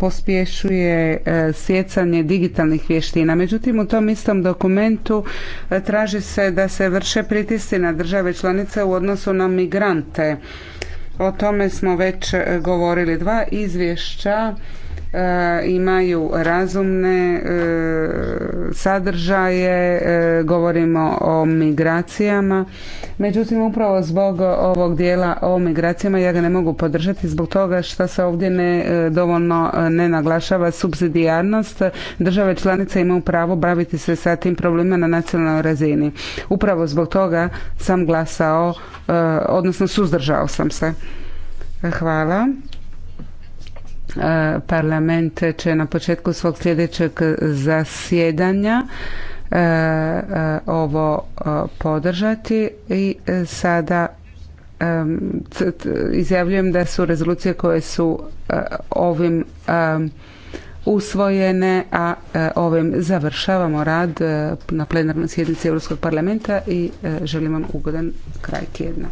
Speaker 9: pospješuje e, sjecanje digitalnih vještina. Međutim, u tom istom dokumentu e, traži se da se vrše pritisci na države članice u odnosu na migrante. O tome smo već e, govorili dva izvješća E, imaju razumne e, sadržaje, e, govorimo o migracijama. Međutim, upravo zbog ovog dijela o migracijama ja ga ne mogu podržati zbog toga što se ovdje ne dovoljno ne naglašava subsidijarnost. Države članice imaju pravo baviti se sa tim problemima na nacionalnoj razini. Upravo zbog toga sam glasao, odnosno suzdržao sam se. Hvala. E, parlament će na početku svog sljedećeg zasjedanja e, e, ovo podržati i sada izjavljujem da su rezolucije koje su ovim usvojene, a ovim završavamo rad na plenarnoj sjednici Europskog parlamenta i želim vam ugodan kraj tjedna.